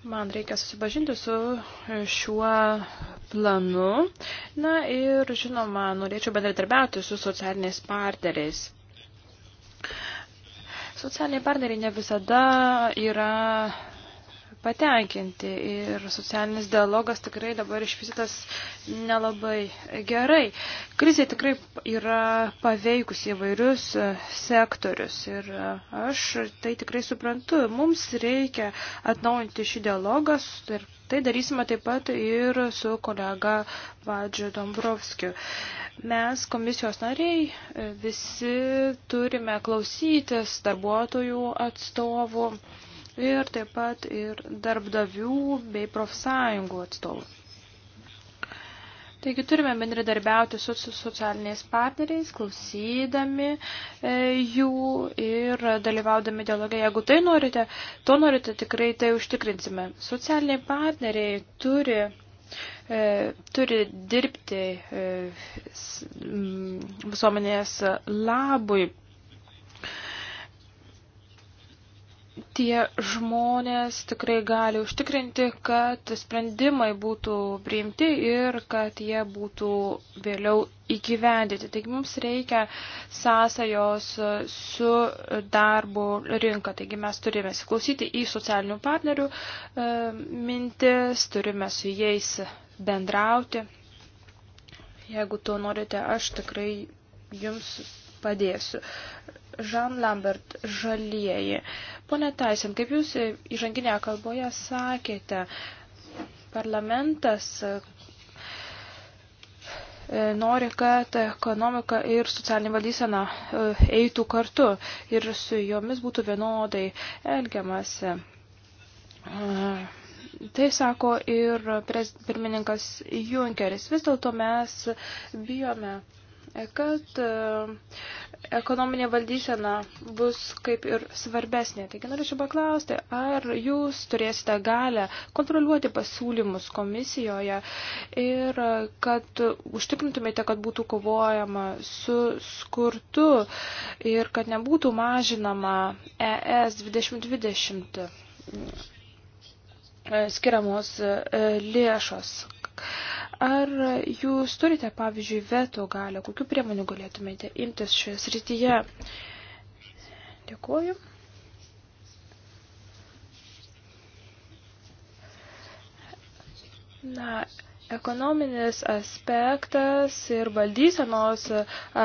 Man reikia susipažinti su šiuo planu. Na ir, žinoma, norėčiau bendradarbiauti su socialiniais partneriais. Socialiniai partneriai ne visada yra patenkinti ir socialinis dialogas tikrai dabar išvystytas nelabai gerai. Krizė tikrai yra paveikusi įvairius e, sektorius ir e, aš tai tikrai suprantu. Mums reikia atnaujinti šį dialogą ir tai darysime taip pat ir su kolega Vadžiu Dombrovskiu. Mes komisijos nariai e, visi turime klausytis darbuotojų atstovų ir taip pat ir darbdavių bei profsąjungų atstovų. Taigi turime bendradarbiauti su, su socialiniais partneriais, klausydami e, jų ir dalyvaudami dialogą. Jeigu tai norite, to norite, tikrai tai užtikrinsime. Socialiniai partneriai turi, e, turi dirbti e, visuomenės labui tie žmonės tikrai gali užtikrinti, kad sprendimai būtų priimti ir kad jie būtų vėliau įgyvendyti. Taigi mums reikia sąsajos su darbo rinka. Taigi mes turime įsiklausyti į socialinių partnerių e, mintis, turime su jais bendrauti. Jeigu to norite, aš tikrai jums padėsiu. Jean Lambert žalieji. Pone Taisen, kaip jūs įžanginėje kalboje sakėte, parlamentas e, nori, kad ekonomika ir socialinė valdysena e, eitų kartu ir su jomis būtų vienodai elgiamasi. E, tai sako ir pirmininkas Junkeris. Vis dėlto mes bijome kad e, ekonominė valdysena bus kaip ir svarbesnė. Taigi norėčiau paklausti, ar jūs turėsite galę kontroliuoti pasiūlymus komisijoje ir e, kad užtikrintumėte, kad būtų kovojama su skurtu ir kad nebūtų mažinama ES 2020 e, skiriamos lėšos. Ar jūs turite, pavyzdžiui, veto galę, kokiu priemonių galėtumėte imtis šioje srityje? Dėkuoju. Na, ekonominis aspektas ir valdysenos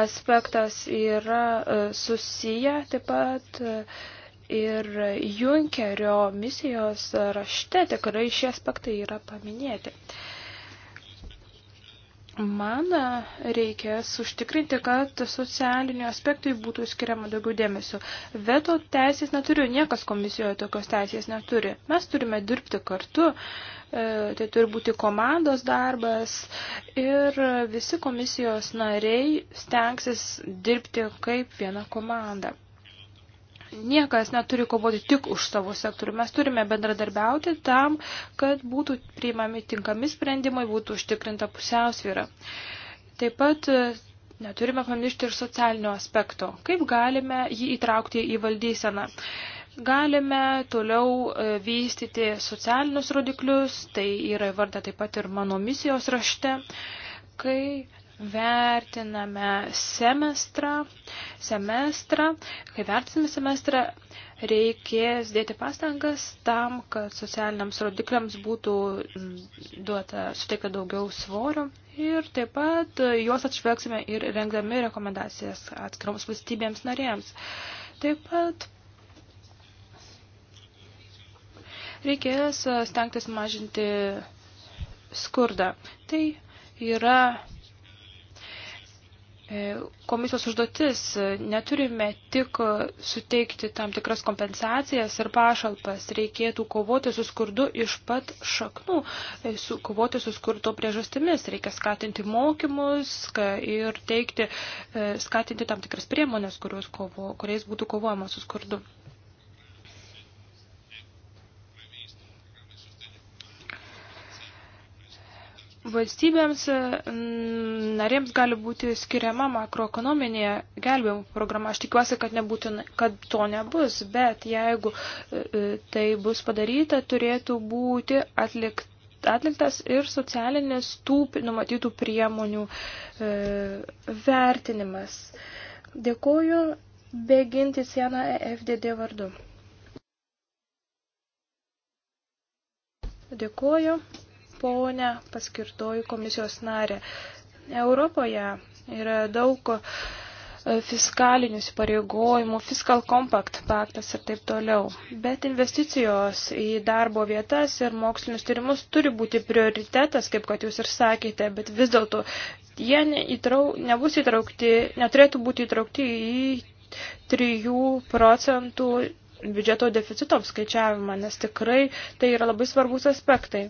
aspektas yra e, susiję taip pat e, ir Junkerio misijos rašte tikrai šie aspektai yra paminėti. Uh, Man reikės užtikrinti, kad socialiniu aspektui būtų skiriama daugiau dėmesio. Veto teisės neturiu, niekas komisijoje tokios teisės neturi. Mes turime dirbti kartu, e, tai turi būti komandos darbas ir visi komisijos nariai stengsis dirbti kaip viena komanda. Niekas neturi kovoti tik už savo sektorių. Mes turime bendradarbiauti tam, kad būtų priimami tinkami sprendimai, būtų užtikrinta pusiausvyra. Taip pat e, neturime pamiršti ir socialinio aspekto. Kaip galime jį įtraukti į valdyseną? galime toliau e, vystyti socialinius rodiklius, tai yra įvardę taip pat ir mano misijos rašte, kai vertiname semestrą, semestrą, kai vertiname semestrą, reikės dėti pastangas tam, kad socialiniams rodikliams būtų duota, suteikta daugiau svorio ir taip pat juos atšvegsime ir rengdami rekomendacijas atskiroms valstybėms narėms. Taip pat reikės stengtis mažinti skurdą. Tai yra E, komisijos užduotis. E, neturime tik suteikti tam tikras kompensacijas ir pašalpas. Reikėtų kovoti su skurdu iš pat šaknų, e, su, kovoti su skurdo priežastimis. Reikia skatinti mokymus ir teikti, skatinti tam tikras priemonės, kovo, kuriais būtų kovojama su skurdu. Valstybėms mm, narėms gali būti skiriama makroekonominė gelbėjimo programa. Aš tikiuosi, kad, nebūtin, kad to nebus, bet jeigu e, e, tai bus padaryta, turėtų būti atlikta atliktas ir socialinis tų numatytų priemonių e, vertinimas. Dėkuoju beginti sieną FDD vardu. Dėkuoju ponę paskirtoji komisijos narė. Europoje yra daug e, fiskalinių įsipareigojimų, fiskal compact paktas ir taip toliau. Bet investicijos į darbo vietas ir mokslinius tyrimus turi būti prioritetas, kaip kad jūs ir sakėte, bet vis dėlto jie neįtrau, nebus įtraukti, neturėtų būti įtraukti į 3 procentų biudžeto deficito apskaičiavimą, nes tikrai tai yra labai svarbus aspektai.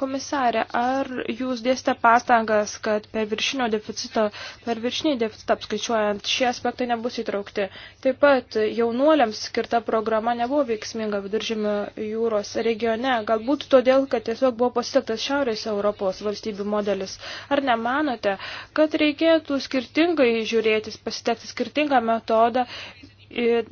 Komisarė, ar jūs dėstė pastangas, kad per viršinio deficito, per viršinį deficitą apskaičiuojant šie aspektai nebus įtraukti? Taip pat jaunuoliams skirta programa nebuvo veiksminga viduržymio jūros regione, galbūt todėl, kad tiesiog buvo pasitektas Šiaurės Europos valstybių modelis. Ar nemanote, kad reikėtų skirtingai žiūrėtis, pasitekti skirtingą metodą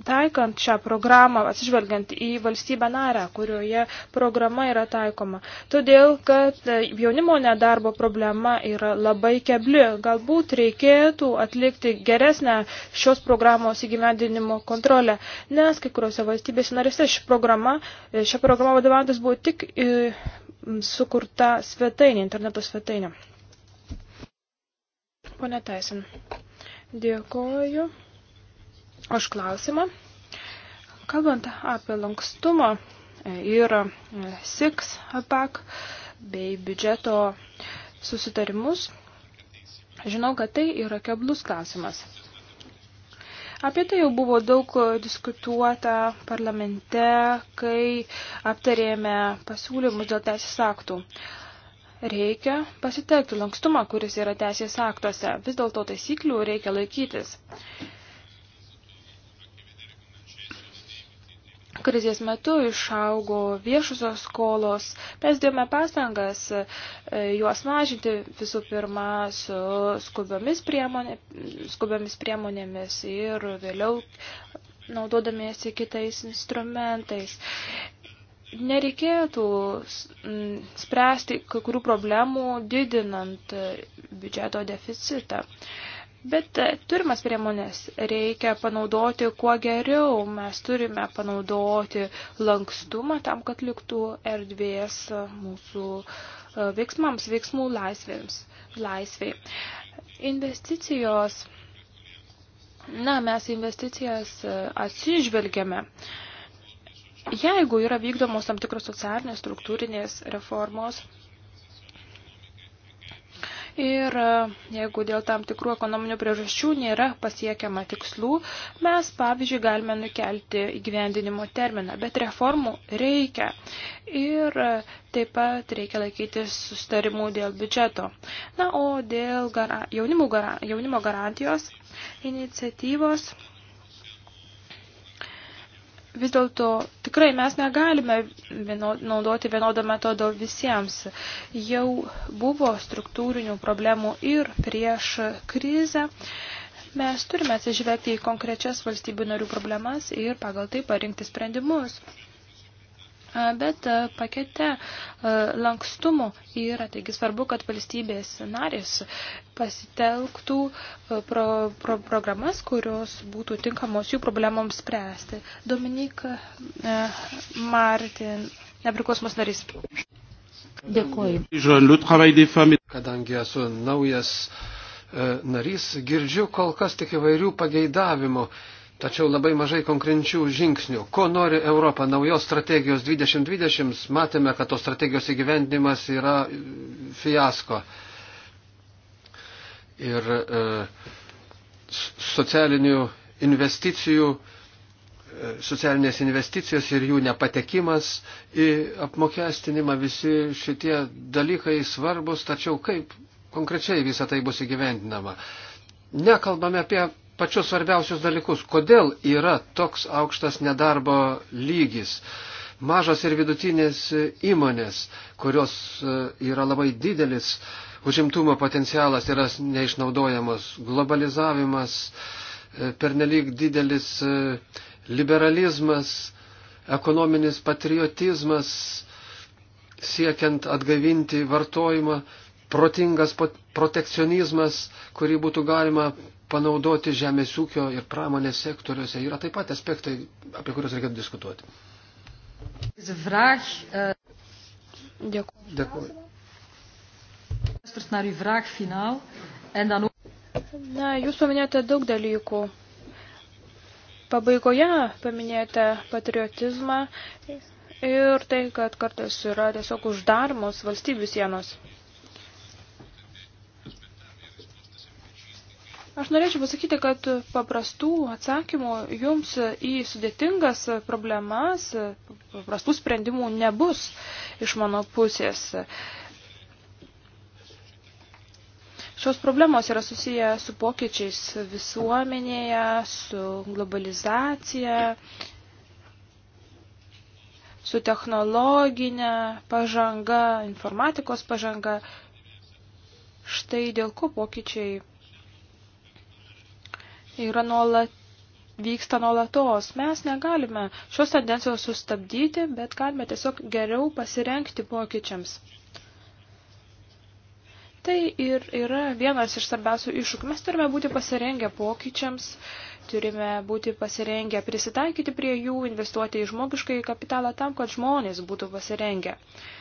taikant šią programą, atsižvelgiant į valstybę narę, kurioje programa yra taikoma. Todėl, kad e, jaunimo nedarbo problema yra labai kebli. Galbūt reikėtų atlikti geresnę šios programos įgyvendinimo kontrolę, nes kai kuriuose valstybės narėse ši programa, e, šią programą vadovantis buvo tik e, sukurta svetainė, interneto svetainė. Pone Teisin, dėkoju už klausimą. Kalbant apie lankstumą e, ir e, SIX PAC bei biudžeto susitarimus, žinau, kad tai yra keblus klausimas. Apie tai jau buvo daug diskutuota parlamente, kai aptarėme pasiūlymus dėl teisės aktų. Reikia pasitelkti lankstumą, kuris yra teisės aktuose. Vis dėlto taisyklių reikia laikytis. krizės metu išaugo viešusios skolos. Mes dėjome pastangas e, juos mažinti visų pirma su skubiomis, priemonė, skubiomis priemonėmis ir vėliau naudodamiesi kitais instrumentais. Nereikėtų spręsti kai kurių problemų didinant biudžeto deficitą. Bet e, turimas priemonės reikia panaudoti kuo geriau. Mes turime panaudoti lankstumą tam, kad liktų erdvės mūsų e, veiksmams, veiksmų laisvėms, laisvai. Investicijos. Na, mes investicijas e, atsižvelgiame. Jeigu yra vykdomos tam tikros socialinės struktūrinės reformos, Ir e, jeigu dėl tam tikrų ekonominių priežasčių nėra pasiekiama tikslų, mes, pavyzdžiui, galime nukelti įgyvendinimo terminą, bet reformų reikia. Ir e, taip pat reikia laikytis sustarimų dėl biudžeto. Na, o dėl gara, jaunimo, gara, jaunimo garantijos iniciatyvos vis dėlto tikrai mes negalime vieno, naudoti vienodą metodą visiems. Jau buvo struktūrinių problemų ir prieš krizę. Mes turime atsižvelgti į konkrečias valstybių narių problemas ir pagal tai parinkti sprendimus bet pakete lankstumo yra, taigi svarbu, kad valstybės narės pasitelktų pro, pro, programas, kurios būtų tinkamos jų problemoms spręsti. Dominik Martin, nepriklausomos narys. Dėkuoju. Kadangi esu naujas e, narys, girdžiu kol kas tik įvairių pageidavimų tačiau labai mažai konkrečių žingsnių. Ko nori Europa naujos strategijos 2020, matėme, kad tos strategijos įgyvendimas yra fiasko. Ir e, socialinių investicijų, e, socialinės investicijos ir jų nepatekimas į apmokestinimą, visi šitie dalykai svarbus, tačiau kaip konkrečiai visą tai bus įgyvendinama. Nekalbame apie pačius svarbiausius dalykus. Kodėl yra toks aukštas nedarbo lygis? Mažos ir vidutinės įmonės, kurios e, yra labai didelis užimtumo potencialas, yra neišnaudojamos. Globalizavimas, e, pernelyg didelis e, liberalizmas, ekonominis patriotizmas, siekiant atgaivinti vartojimą, protingas protekcionizmas, kurį būtų galima panaudoti žemės ūkio ir pramonės sektoriuose yra taip pat aspektai, apie kuriuos reikėtų diskutuoti. E, Dėkuoju. Na, jūs paminėjote daug dalykų. Pabaigoje paminėjote patriotizmą ir tai, kad kartais yra tiesiog uždarmos valstybių sienos. Aš norėčiau pasakyti, kad paprastų atsakymų jums į sudėtingas problemas, paprastų sprendimų nebus iš mano pusės. Šios problemos yra susiję su pokyčiais visuomenėje, su globalizacija, su technologinė pažanga, informatikos pažanga. Štai dėl ko pokyčiai yra nuolat vyksta nuolatos. Mes negalime šios tendencijos sustabdyti, bet galime tiesiog geriau pasirenkti pokyčiams. Tai ir yra vienas iš svarbiausių iššūkių. Mes turime būti pasirengę pokyčiams, turime būti pasirengę prisitaikyti prie jų, investuoti į žmogiškai kapitalą tam, kad žmonės būtų pasirengę. Uh,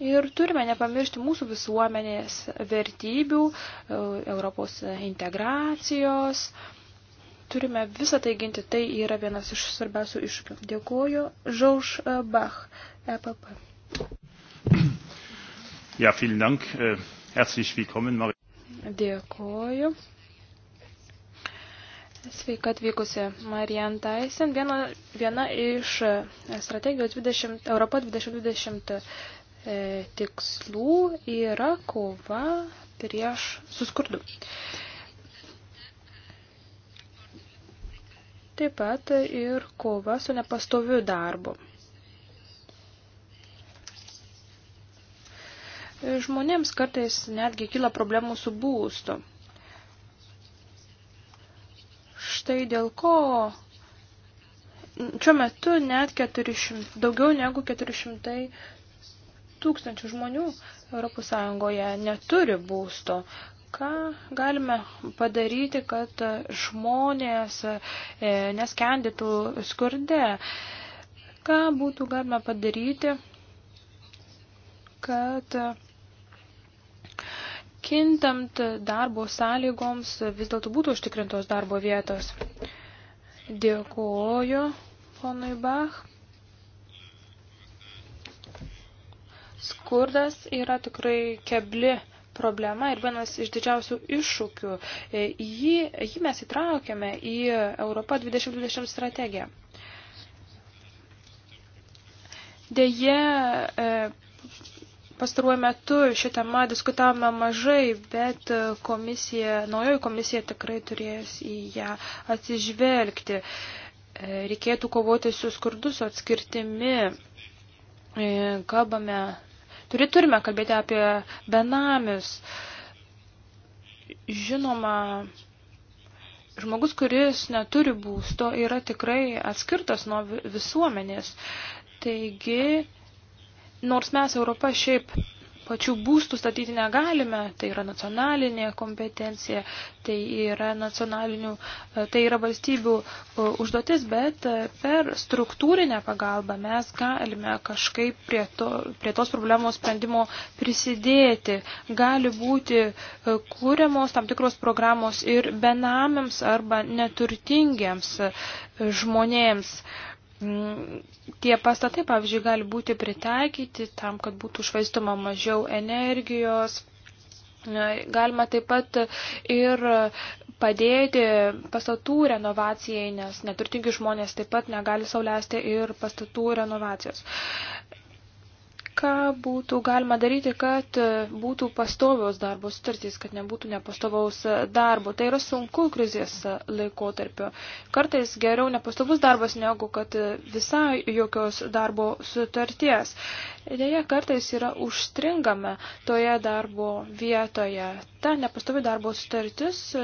Ir turime nepamiršti mūsų visuomenės vertybių, e, Europos integracijos. Turime visą tai ginti. Tai yra vienas iš svarbiausių iššūkių. Dėkuoju. Žauš e, Bach, EPP. Ja, vielen Dank. Äh, herzlich willkommen, Marie. Dėkuoju. Sveika atvykusi Marian Tyson. Viena, viena iš e, strategijos 20, Europa 2020 E, tikslų yra kova prieš suskurdu. Taip pat ir kova su nepastoviu darbu. Žmonėms kartais netgi kyla problemų su būstu. Štai dėl ko šiuo metu net 400, daugiau negu 400 tūkstančių žmonių ES neturi būsto. Ką galime padaryti, kad žmonės e, neskendytų skurde? Ką būtų galima padaryti, kad kintant darbo sąlygoms vis dėlto būtų užtikrintos darbo vietos? Dėkuoju, ponui Bach. Skurdas yra tikrai kebli problema ir vienas iš didžiausių iššūkių. E, jį, jį mes įtraukėme į Europą 2020 strategiją. Deja, e, pastaruoju metu šią temą diskutavome mažai, bet komisija, naujoji komisija tikrai turės į ją atsižvelgti. E, reikėtų kovoti su skurdu, su atskirtimi. Kalbame Turi turime kalbėti apie benamius. Žinoma, žmogus, kuris neturi būsto, yra tikrai atskirtas nuo visuomenės. Taigi, nors mes Europą šiaip pačių būstų statyti negalime, tai yra nacionalinė kompetencija, tai yra nacionalinių, e, tai yra valstybių e, užduotis, bet e, per struktūrinę pagalbą mes galime kažkaip prie, to, prie tos problemos sprendimo prisidėti. Gali būti kūriamos tam tikros programos ir benamiams arba neturtingiems žmonėms tie pastatai, pavyzdžiui, gali būti pritaikyti tam, kad būtų švaistoma mažiau energijos. Galima taip pat ir padėti pastatų renovacijai, nes neturtingi žmonės taip pat negali sauliaisti ir pastatų renovacijos ką būtų galima daryti, kad būtų pastovios darbo sutartys, kad nebūtų nepastovaus darbo. Tai yra sunku krizės laikotarpio. Kartais geriau nepastovus darbas negu kad visai jokios darbo sutarties. Dėja, kartais yra užstringame toje darbo vietoje. Ta nepastovi darbo sutartis e,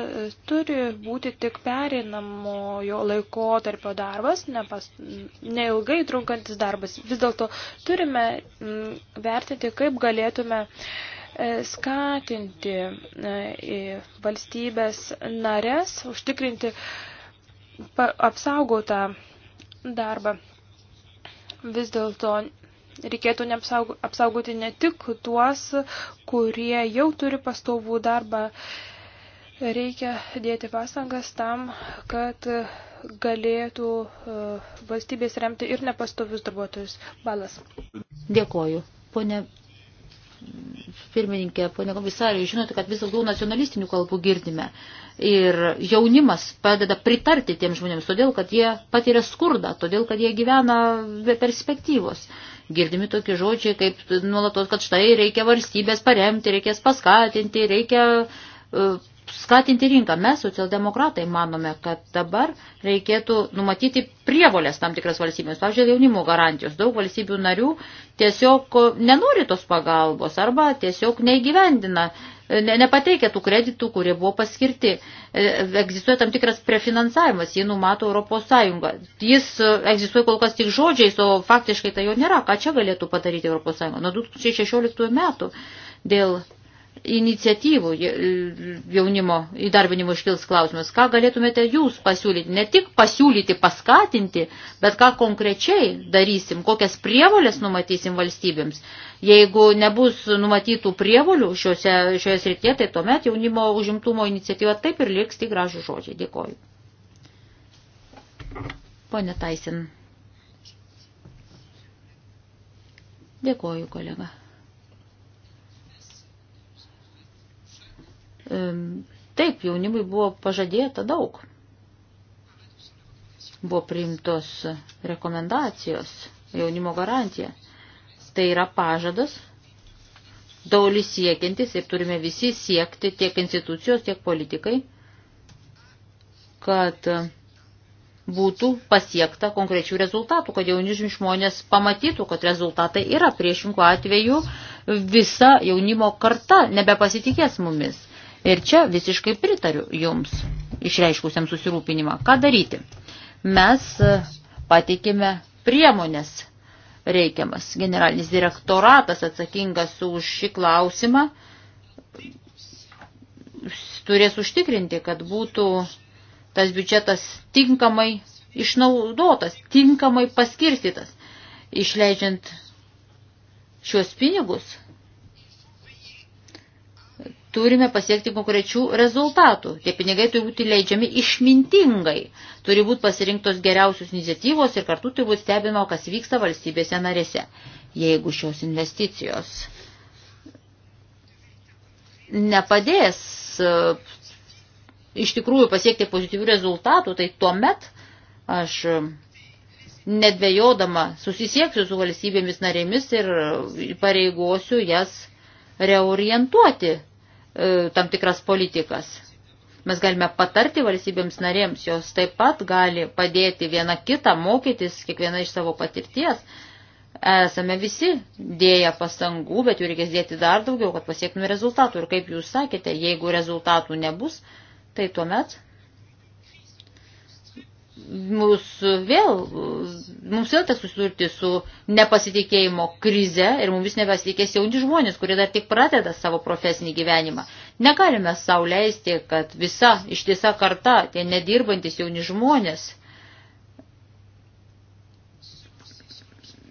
turi būti tik perinamojo laikotarpio darbas, nepas, neilgai trunkantis darbas. Vis dėlto turime Mm, vertinti, kaip galėtume e, skatinti e, valstybės narės, užtikrinti apsaugotą darbą. Vis dėlto reikėtų apsaugoti ne tik tuos, kurie jau turi pastovų darbą, reikia dėti pasangas tam, kad galėtų e, valstybės remti ir nepastovius darbuotojus. Balas. Dėkoju. Pone pirmininkė, pone komisarė, žinote, kad vis daugiau nacionalistinių kalbų girdime. Ir jaunimas padeda pritarti tiem žmonėms, todėl, kad jie patiria skurdą, todėl, kad jie gyvena be perspektyvos. Girdimi tokie žodžiai, kaip nuolatos, kad štai reikia valstybės paremti, reikės paskatinti, reikia uh, skatinti rinką. Mes, socialdemokratai, manome, kad dabar reikėtų numatyti prievolės tam tikras valstybės, pavyzdžiui, jaunimo garantijos. Daug valstybių narių tiesiog nenori tos pagalbos arba tiesiog neįgyvendina, ne, nepateikia tų kreditų, kurie buvo paskirti. E, egzistuoja tam tikras prefinansavimas, jį numato Europos Sąjunga. Jis e, egzistuoja kol kas tik žodžiais, o faktiškai tai jo nėra. Ką čia galėtų padaryti Europos Sąjunga? Nuo 2016 metų dėl iniciatyvų jaunimo įdarbinimo iškils klausimas. Ką galėtumėte jūs pasiūlyti? Ne tik pasiūlyti, paskatinti, bet ką konkrečiai darysim, kokias prievolės numatysim valstybėms. Jeigu nebus numatytų prievolių šiose, šioje srityje, tai tuomet jaunimo užimtumo iniciatyva taip ir liks tik gražų žodžiai. Dėkoju. Pone Taisin. Dėkoju, kolega. Taip, jaunimui buvo pažadėta daug. Buvo priimtos rekomendacijos, jaunimo garantija. Tai yra pažadas, daulis siekiantis ir turime visi siekti, tiek institucijos, tiek politikai, kad būtų pasiekta konkrečių rezultatų, kad jauni žmonės pamatytų, kad rezultatai yra. Priešingų atveju visa jaunimo karta nebepasitikės mumis. Ir čia visiškai pritariu jums išreiškusiam susirūpinimą. Ką daryti? Mes e, pateikime priemonės reikiamas. Generalinis direktoratas atsakingas už šį klausimą turės užtikrinti, kad būtų tas biudžetas tinkamai išnaudotas, tinkamai paskirstytas, išleidžiant šios pinigus turime pasiekti konkrečių rezultatų. Tie pinigai turi būti leidžiami išmintingai, turi būti pasirinktos geriausios iniciatyvos ir kartu turi būti stebima, kas vyksta valstybėse narėse. Jeigu šios investicijos nepadės e, iš tikrųjų pasiekti pozityvių rezultatų, tai tuomet aš e, nedvėjodama susisieksiu su valstybėmis narėmis ir pareigosiu jas reorientuoti E, tam tikras politikas. Mes galime patarti valstybėms narėms, jos taip pat gali padėti viena kitą mokytis, kiekviena iš savo patirties. Esame visi dėję pastangų, bet jų reikės dėti dar daugiau, kad pasiektume rezultatų. Ir kaip jūs sakėte, jeigu rezultatų nebus, tai tuomet mūsų vėl, mums vėl teks susidurti su nepasitikėjimo krize ir mumis nebesitikės jauni žmonės, kurie dar tik pradeda savo profesinį gyvenimą. Negalime sauliaisti, kad visa ištisa karta, tie nedirbantis jauni žmonės,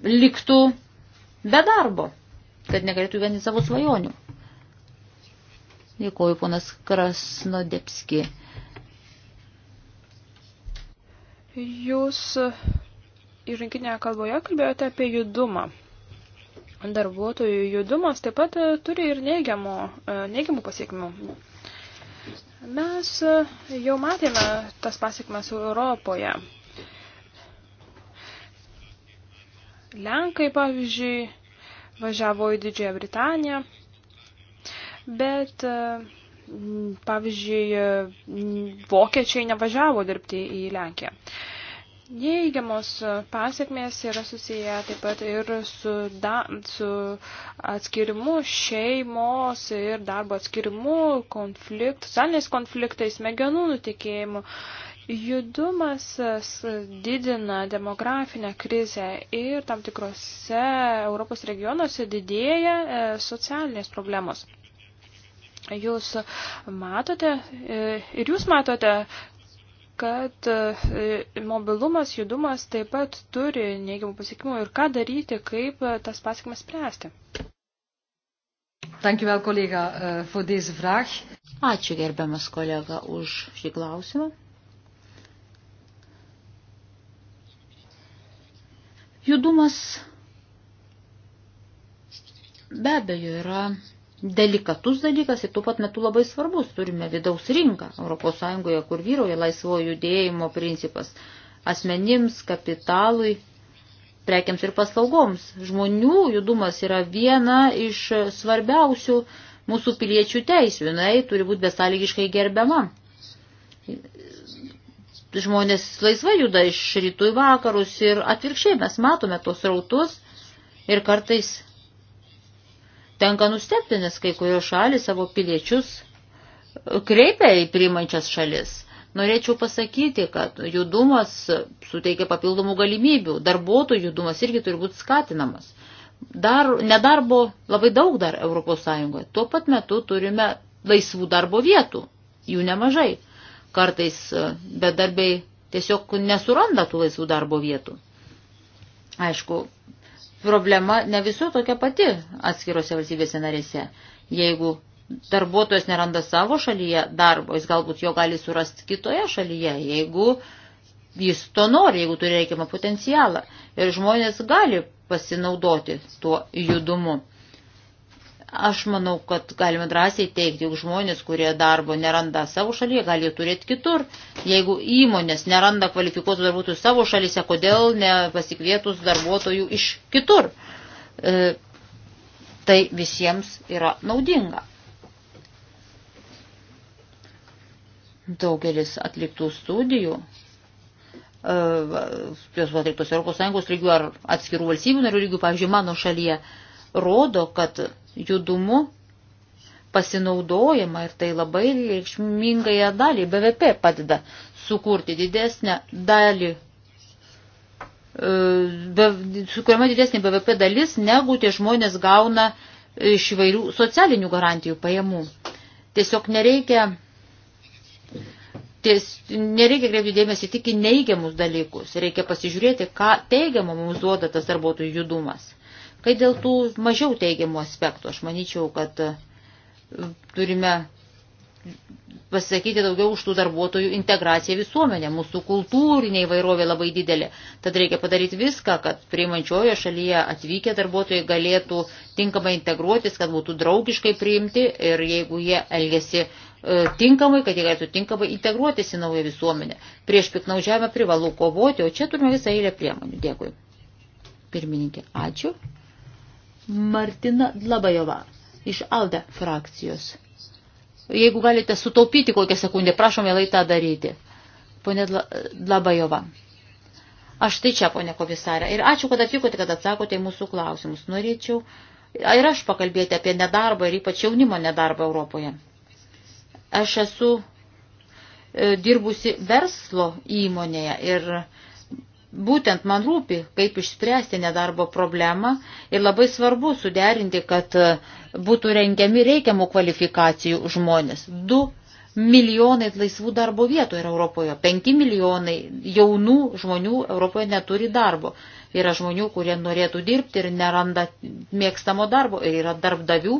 liktų be darbo, kad negalėtų gyventi savo svajonių. Dėkuoju, ponas Krasnodepski. Jūs įrankinėje kalboje kalbėjote apie judumą. Darbuotojų judumas taip pat e, turi ir neigiamų, e, neigiamų pasiekmių. Mes e, jau matėme tas pasiekmes Europoje. Lenkai, pavyzdžiui, važiavo į Didžiąją Britaniją, bet Mm, pavyzdžiui, mm, vokiečiai nevažiavo dirbti į Lenkiją. Neįgiamos pasiekmės yra susiję taip pat ir su, da, su atskirimu šeimos ir darbo atskirimu, konflikt, socialiniais konfliktais, smegenų nutikėjimu. Judumas didina demografinę krizę ir tam tikrose Europos regionuose didėja e, socialinės problemos. Jūs matote e, ir jūs matote, kad e, mobilumas, judumas taip pat turi neigiamų pasiekimų ir ką daryti, kaip e, tas pasiekmes spręsti. Dankjewel, kolega, voor uh, deze vraag. Ačiū gerbiamas kolega už šį klausimą. Judumas be abejo yra delikatus dalykas ir tuo pat metu labai svarbus. Turime vidaus rinką ES, kur vyroja laisvo judėjimo principas asmenims, kapitalui, prekiams ir paslaugoms. Žmonių judumas yra viena iš svarbiausių mūsų piliečių teisų. Jinai turi būti besąlygiškai gerbiama. Žmonės laisvai juda iš rytų į vakarus ir atvirkščiai mes matome tos rautus ir kartais tenka nustepti, nes kai kurios šalis savo piliečius e, kreipia į priimančias šalis. Norėčiau pasakyti, kad judumas suteikia papildomų galimybių, darbuotojų judumas irgi turi būti skatinamas. Dar, nedarbo labai daug dar Europos Sąjungoje. Tuo pat metu turime laisvų darbo vietų, jų nemažai. Kartais e, bedarbiai tiesiog nesuranda tų laisvų darbo vietų. Aišku, problema ne visų tokia pati atskirose valstybėse narėse. Jeigu darbuotojas neranda savo šalyje darbo, jis galbūt jo gali surasti kitoje šalyje, jeigu jis to nori, jeigu turi reikiamą potencialą. Ir žmonės gali pasinaudoti tuo judumu. Aš manau, kad galime drąsiai teikti, jog žmonės, kurie darbo neranda savo šalyje, gali turėti kitur. Jeigu įmonės neranda kvalifikuotų darbuotojų savo šalyse, kodėl nepasikvietus darbuotojų iš kitur? E, tai visiems yra naudinga. Daugelis atliktų studijų, e, jos e, atliktos Europos Sąjungos lygių ar atskirų valstybių narių lygių, pavyzdžiui, mano šalyje, rodo, kad judumu pasinaudojama ir tai labai reikšmingai dalį BVP padeda sukurti didesnę dalį, e, be, sukuriama didesnė BVP dalis, negu tie žmonės gauna iš įvairių socialinių garantijų pajamų. Tiesiog nereikia, ties, nereikia kreipti dėmesį tik į neigiamus dalykus. Reikia pasižiūrėti, ką teigiamą mums duoda tas darbuotojų judumas. Kai dėl tų mažiau teigiamų aspektų, aš manyčiau, kad e, turime pasakyti daugiau už tų darbuotojų integraciją visuomenę. Mūsų kultūrinė įvairovė labai didelė. Tad reikia padaryti viską, kad priimančiojo šalyje atvykę darbuotojai galėtų tinkamai integruotis, kad būtų draugiškai priimti ir jeigu jie elgesi e, tinkamai, kad jie galėtų tinkamai integruotis į naują visuomenę. Prieš piknaudžiavimą privalu kovoti, o čia turime visą eilę priemonių. Dėkui. Pirmininkė, ačiū. Martina Dlabajova iš ALDE frakcijos. Jeigu galite sutaupyti kokią sekundę, prašom vėlai tą daryti. Pone Dlabajova. Aš tai čia, ponė komisarė. Ir ačiū, kad atvykote, kad atsakote į mūsų klausimus. Norėčiau ir aš pakalbėti apie nedarbą ir ypač jaunimo nedarbą Europoje. Aš esu e, dirbusi verslo įmonėje ir Būtent man rūpi, kaip išspręsti nedarbo problemą ir labai svarbu suderinti, kad e, būtų rengiami reikiamų kvalifikacijų žmonės. 2 milijonai laisvų darbo vietų yra Europoje, 5 milijonai jaunų žmonių Europoje neturi darbo. Yra žmonių, kurie norėtų dirbti ir neranda mėgstamo darbo ir yra darbdavių,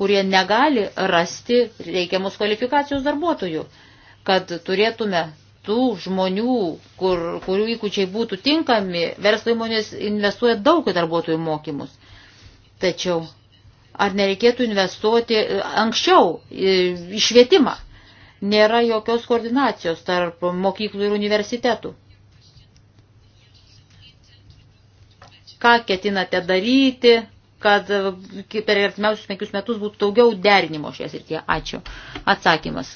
kurie negali rasti reikiamus kvalifikacijos darbuotojų, kad turėtume tų žmonių, kur, kurių įgūdžiai būtų tinkami, verslo įmonės investuoja daug į darbuotojų mokymus. Tačiau ar nereikėtų investuoti e, anksčiau į švietimą? Nėra jokios koordinacijos tarp mokyklų ir universitetų. Ką ketinate daryti, kad e, per artimiausius penkius metus būtų daugiau derinimo šies ir tie? Ačiū. Atsakymas.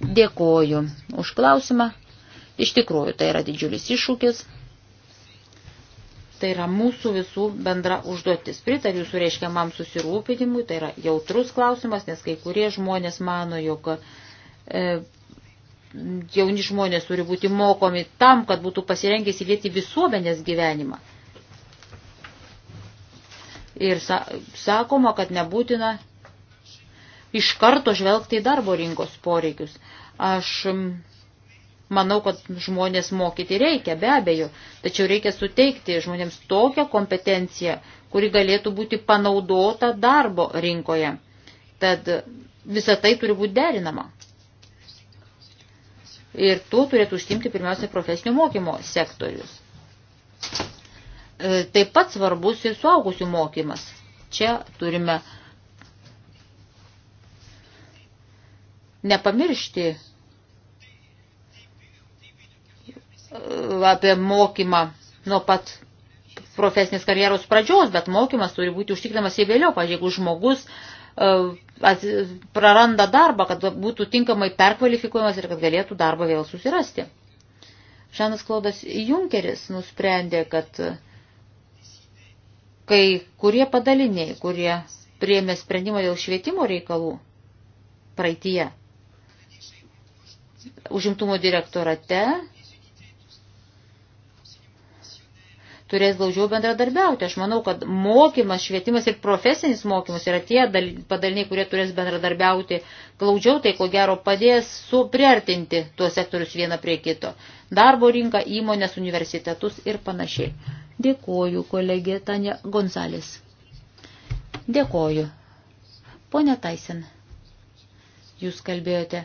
Dėkoju už klausimą. Iš tikrųjų, tai yra didžiulis iššūkis. Tai yra mūsų visų bendra užduotis. Pritariu jūsų reiškiamam susirūpinimui, tai yra jautrus klausimas, nes kai kurie žmonės mano, jog e, jauni žmonės turi būti mokomi tam, kad būtų pasirengę įsilieti visuomenės gyvenimą. Ir sa sakoma, kad nebūtina iš karto žvelgti į darbo rinkos poreikius. Aš manau, kad žmonės mokyti reikia, be abejo, tačiau reikia suteikti žmonėms tokią kompetenciją, kuri galėtų būti panaudota darbo rinkoje. Tad visa tai turi būti derinama. Ir tuo turėtų užsimti pirmiausia profesinio mokymo sektorius. E, taip pat svarbus ir suaugusių mokymas. Čia turime uh, nepamiršti uh, apie mokymą nuo pat profesinės karjeros pradžios, bet mokymas turi būti užtikrinamas ir vėliau. Pavyzdžiui, jeigu žmogus uh, praranda darbą, kad būtų tinkamai perkvalifikuojamas ir kad galėtų darbą vėl susirasti. Žanas Klaudas Junkeris nusprendė, kad kai kurie padaliniai, kurie priėmė sprendimą dėl švietimo reikalų praeitie, užimtumo direktorate turės glaužiau bendradarbiauti. Aš manau, kad mokymas, švietimas ir profesinis mokymas yra tie padaliniai, kurie turės bendradarbiauti glaudžiau, tai ko gero padės supriartinti tuos sektorius vieną prie kito. Darbo rinką, įmonės, universitetus ir panašiai. Dėkoju, kolegė Tanja Gonzalės. Dėkoju. Pone Taisen, jūs kalbėjote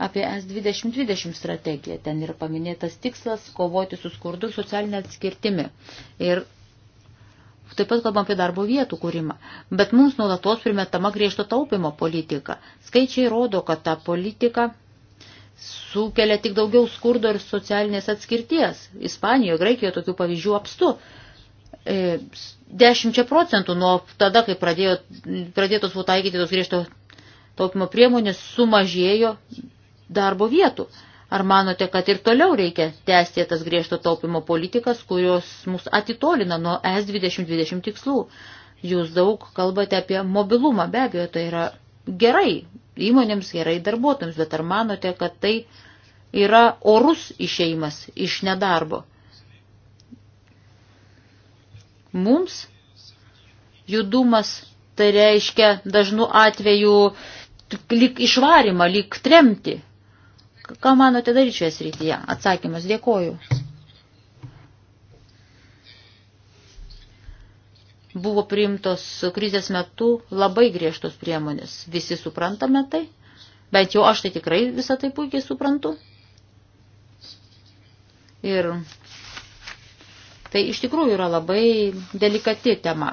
apie S2020 strategiją. Ten yra paminėtas tikslas kovoti su skurdu ir socialinė atskirtimi. Ir Taip pat kalbam apie darbo vietų kūrimą, bet mums nuolatos primetama griežto taupimo politika. Skaičiai rodo, kad ta politika sukelia tik daugiau skurdo ir socialinės atskirties. Ispanijoje, Graikijoje tokių pavyzdžių apstu. 10 e, procentų nuo tada, kai pradėjo, pradėtos buvo taikyti tos griežto taupimo priemonės, sumažėjo darbo vietų. Ar manote, kad ir toliau reikia tęsti tas griežto taupimo politikas, kurios mus atitolina nuo S2020 tikslų? Jūs daug kalbate apie mobilumą, be abejo, tai yra gerai įmonėms, gerai darbuotojams, bet ar manote, kad tai yra orus išeimas iš nedarbo? Mums judumas tai reiškia dažnu atveju lyg išvarimą, lyg tremti, Ką manote daryti šioje srityje? Atsakymas dėkoju. Buvo priimtos krizės metu labai griežtos priemonės. Visi suprantame tai, bet jau aš tai tikrai visą tai puikiai suprantu. Ir tai iš tikrųjų yra labai delikati tema.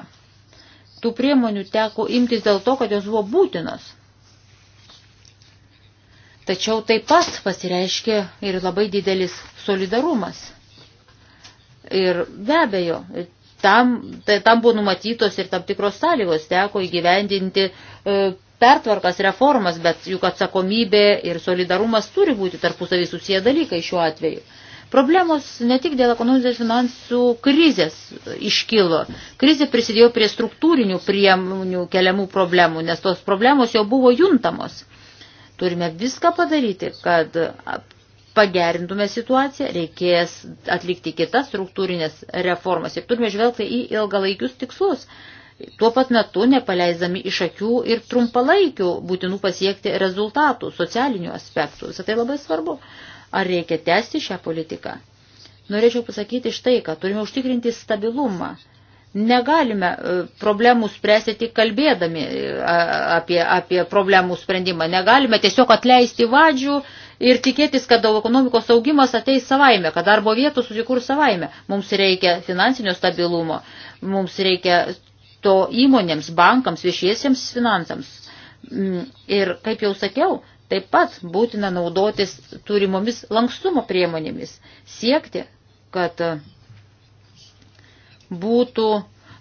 Tų priemonių teko imtis dėl to, kad jos buvo būtinos. Tačiau taip pat pasireiškia ir labai didelis solidarumas. Ir be abejo, tam, tai, tam buvo numatytos ir tam tikros sąlygos, teko įgyvendinti e, pertvarkas, reformas, bet juk atsakomybė ir solidarumas turi būti tarpusavį susiję dalykai šiuo atveju. Problemos ne tik dėl ekonominės finansų krizės iškilo. Krizė prisidėjo prie struktūrinių priemonių keliamų problemų, nes tos problemos jau buvo juntamos. Turime viską padaryti, kad pagerintume situaciją, reikės atlikti kitas struktūrinės reformas ir turime žvelgti į ilgalaikius tikslus. Tuo pat metu nepaleisdami iš akių ir trumpalaikių būtinų pasiekti rezultatų, socialinių aspektų. Visą tai labai svarbu. Ar reikia tęsti šią politiką? Norėčiau pasakyti štai, kad turime užtikrinti stabilumą Negalime e, problemų spręsti tik kalbėdami e, apie, apie problemų sprendimą. Negalime tiesiog atleisti vadžių ir tikėtis, kad ekonomikos augimas ateis savaime, kad darbo vietų susikurs savaime. Mums reikia finansinio stabilumo, mums reikia to įmonėms, bankams, viešiesiems finansams. Mm, ir kaip jau sakiau, taip pat būtina naudotis turimomis lankstumo priemonėmis, siekti, kad būtų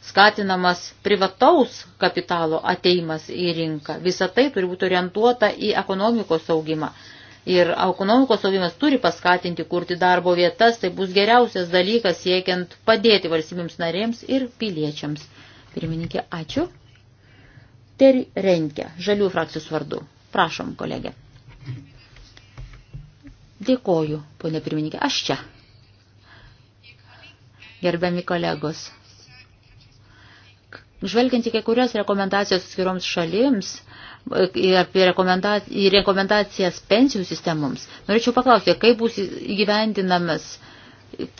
skatinamas privataus kapitalo ateimas į rinką. Visa tai turi būti orientuota į ekonomikos augimą. Ir ekonomikos augimas turi paskatinti kurti darbo vietas, tai bus geriausias dalykas siekiant padėti valstybėms narėms ir piliečiams. Pirmininkė, ačiū. Ter Renke, žalių frakcijos vardu. Prašom, kolegė. Dėkoju, ponė pirmininkė. Aš čia gerbiami kolegos. Žvelgiant į kiekvienas rekomendacijas atskiroms šalims ir apie rekomendacijas, rekomendacijas pensijų sistemoms, norėčiau paklausti, kaip bus įgyvendinamas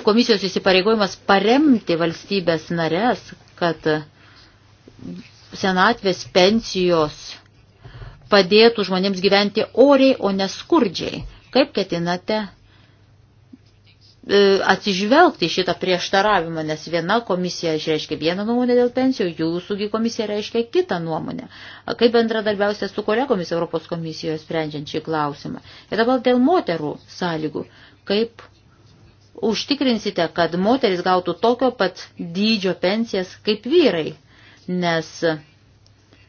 komisijos įsipareigojimas paremti valstybės narės, kad senatvės pensijos padėtų žmonėms gyventi oriai, o neskurdžiai. Kaip ketinate E, atsižvelgti šitą prieštaravimą, nes viena komisija išreiškia vieną nuomonę dėl pensijų, jūsųgi komisija reiškia kitą nuomonę. Kaip bendradarbiausia su kolegomis Europos komisijoje sprendžiant šį klausimą. Ir dabar dėl moterų sąlygų. Kaip užtikrinsite, kad moteris gautų tokio pat dydžio pensijas kaip vyrai? Nes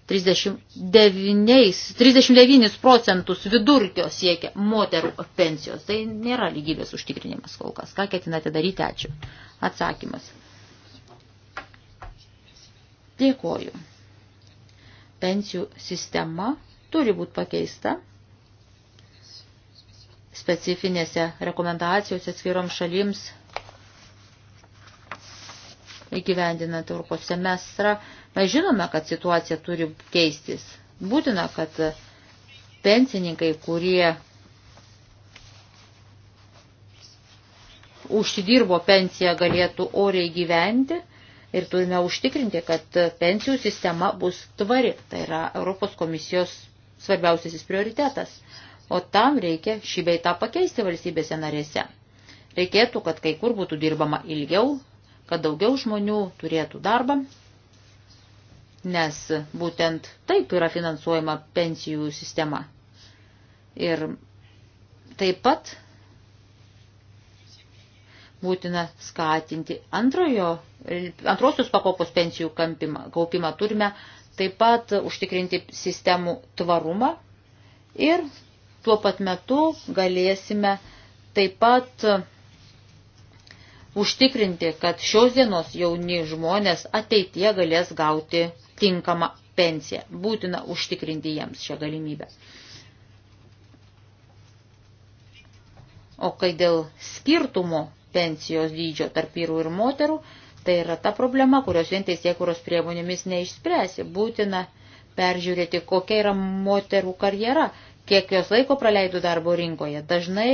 39, 39 procentus vidurkio siekia moterų pensijos. Tai nėra lygybės užtikrinimas kol kas. Ką ketinate daryti? Ačiū. Atsakymas. Dėkoju. Pensijų sistema turi būti pakeista specifinėse rekomendacijose atskiroms šalims įgyvendinant Europos semestrą. Mes žinome, kad situacija turi keistis. Būtina, kad pensininkai, kurie užsidirbo pensiją, galėtų oriai gyventi ir turime užtikrinti, kad pensijų sistema bus tvari. Tai yra Europos komisijos svarbiausiasis prioritetas. O tam reikia šį bei tą pakeisti valstybėse narėse. Reikėtų, kad kai kur būtų dirbama ilgiau, kad daugiau žmonių turėtų darbą, nes būtent taip yra finansuojama pensijų sistema. Ir taip pat būtina skatinti antrojo, antrosios pakopos pensijų kampimą, kaupimą. Turime taip pat užtikrinti sistemų tvarumą ir tuo pat metu galėsime taip pat užtikrinti, kad šios dienos jauni žmonės ateitie galės gauti tinkamą pensiją. Būtina užtikrinti jiems šią galimybę. O kai dėl skirtumo pensijos dydžio tarp vyrų ir moterų, tai yra ta problema, kurios vien teisėkuros priemonėmis neišspręsi. Būtina peržiūrėti, kokia yra moterų karjera, kiek jos laiko praleido darbo rinkoje. Dažnai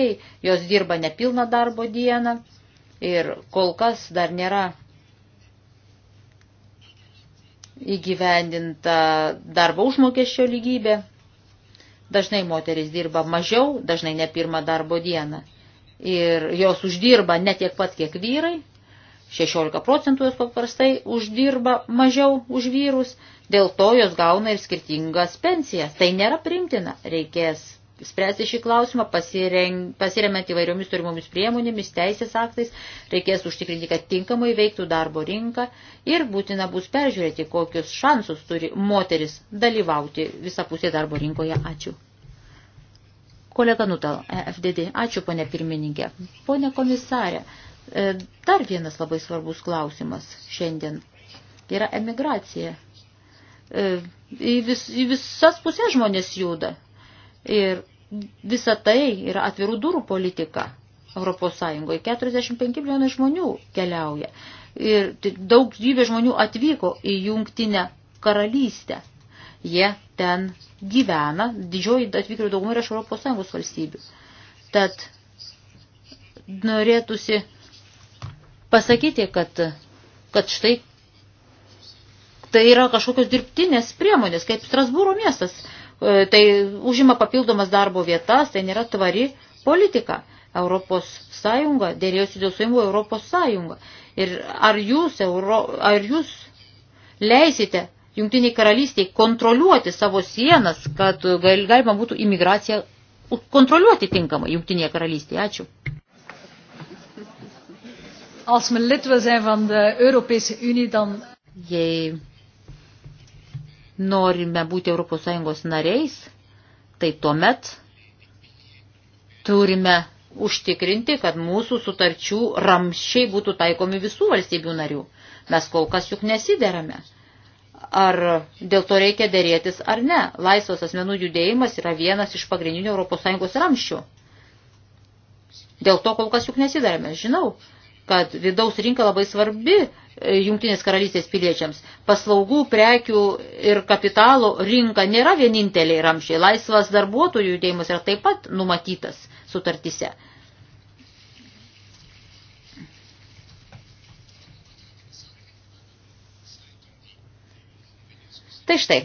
jos dirba nepilną darbo dieną ir kol kas dar nėra įgyvendinta darbo užmokesčio lygybė. Dažnai moteris dirba mažiau, dažnai ne pirmą darbo dieną. Ir jos uždirba ne tiek pat, kiek vyrai. 16 procentų jos paprastai uždirba mažiau už vyrus, dėl to jos gauna ir skirtingas pensijas. Tai nėra primtina, reikės spręsti šį klausimą, pasiremiant įvairiomis turimomis priemonėmis, teisės aktais, reikės užtikrinti, kad tinkamai veiktų darbo rinka ir būtina bus peržiūrėti, kokius šansus turi moteris dalyvauti visapusė darbo rinkoje. Ačiū. Kolega Nutal, e FDD. Ačiū, ponė pirmininkė. Pone komisarė, e, dar vienas labai svarbus klausimas šiandien yra emigracija. E, į, vis, į visas pusės žmonės juda Ir visa tai yra atvirų durų politika Europos Sąjungoje. 45 milijonai žmonių keliauja. Ir daug gyvė žmonių atvyko į jungtinę karalystę. Jie ten gyvena, didžioji atvykėlių dauguma yra iš Europos Sąjungos valstybių. Tad norėtųsi pasakyti, kad, kad štai tai yra kažkokios dirbtinės priemonės, kaip Strasbūro miestas E, tai užima papildomas darbo vietas, tai nėra tvari politika. Europos Sąjunga, dėrėjosi dėl suimų Europos Sąjunga. Ir ar jūs, Euro, ar jūs leisite Jungtiniai karalystiai kontroliuoti savo sienas, kad gal, galima būtų imigraciją kontroliuoti tinkamai Jungtinėje karalystėje. Ačiū. Als men lid wil zijn van de Europese Unie, dan... Jei norime būti ES nariais, tai tuomet turime užtikrinti, kad mūsų sutarčių ramščiai būtų taikomi visų valstybių narių. Mes kol kas juk nesiderame. Ar dėl to reikia dėrėtis ar ne. Laisvas asmenų judėjimas yra vienas iš pagrindinių ES ramščių. Dėl to kol kas juk nesidarėme. Žinau, kad vidaus rinka labai svarbi e, Jungtinės karalystės piliečiams. Paslaugų, prekių ir kapitalo rinka nėra vieninteliai ramšiai. Laisvas darbuotojų judėjimas yra taip pat numatytas sutartise. Tai štai,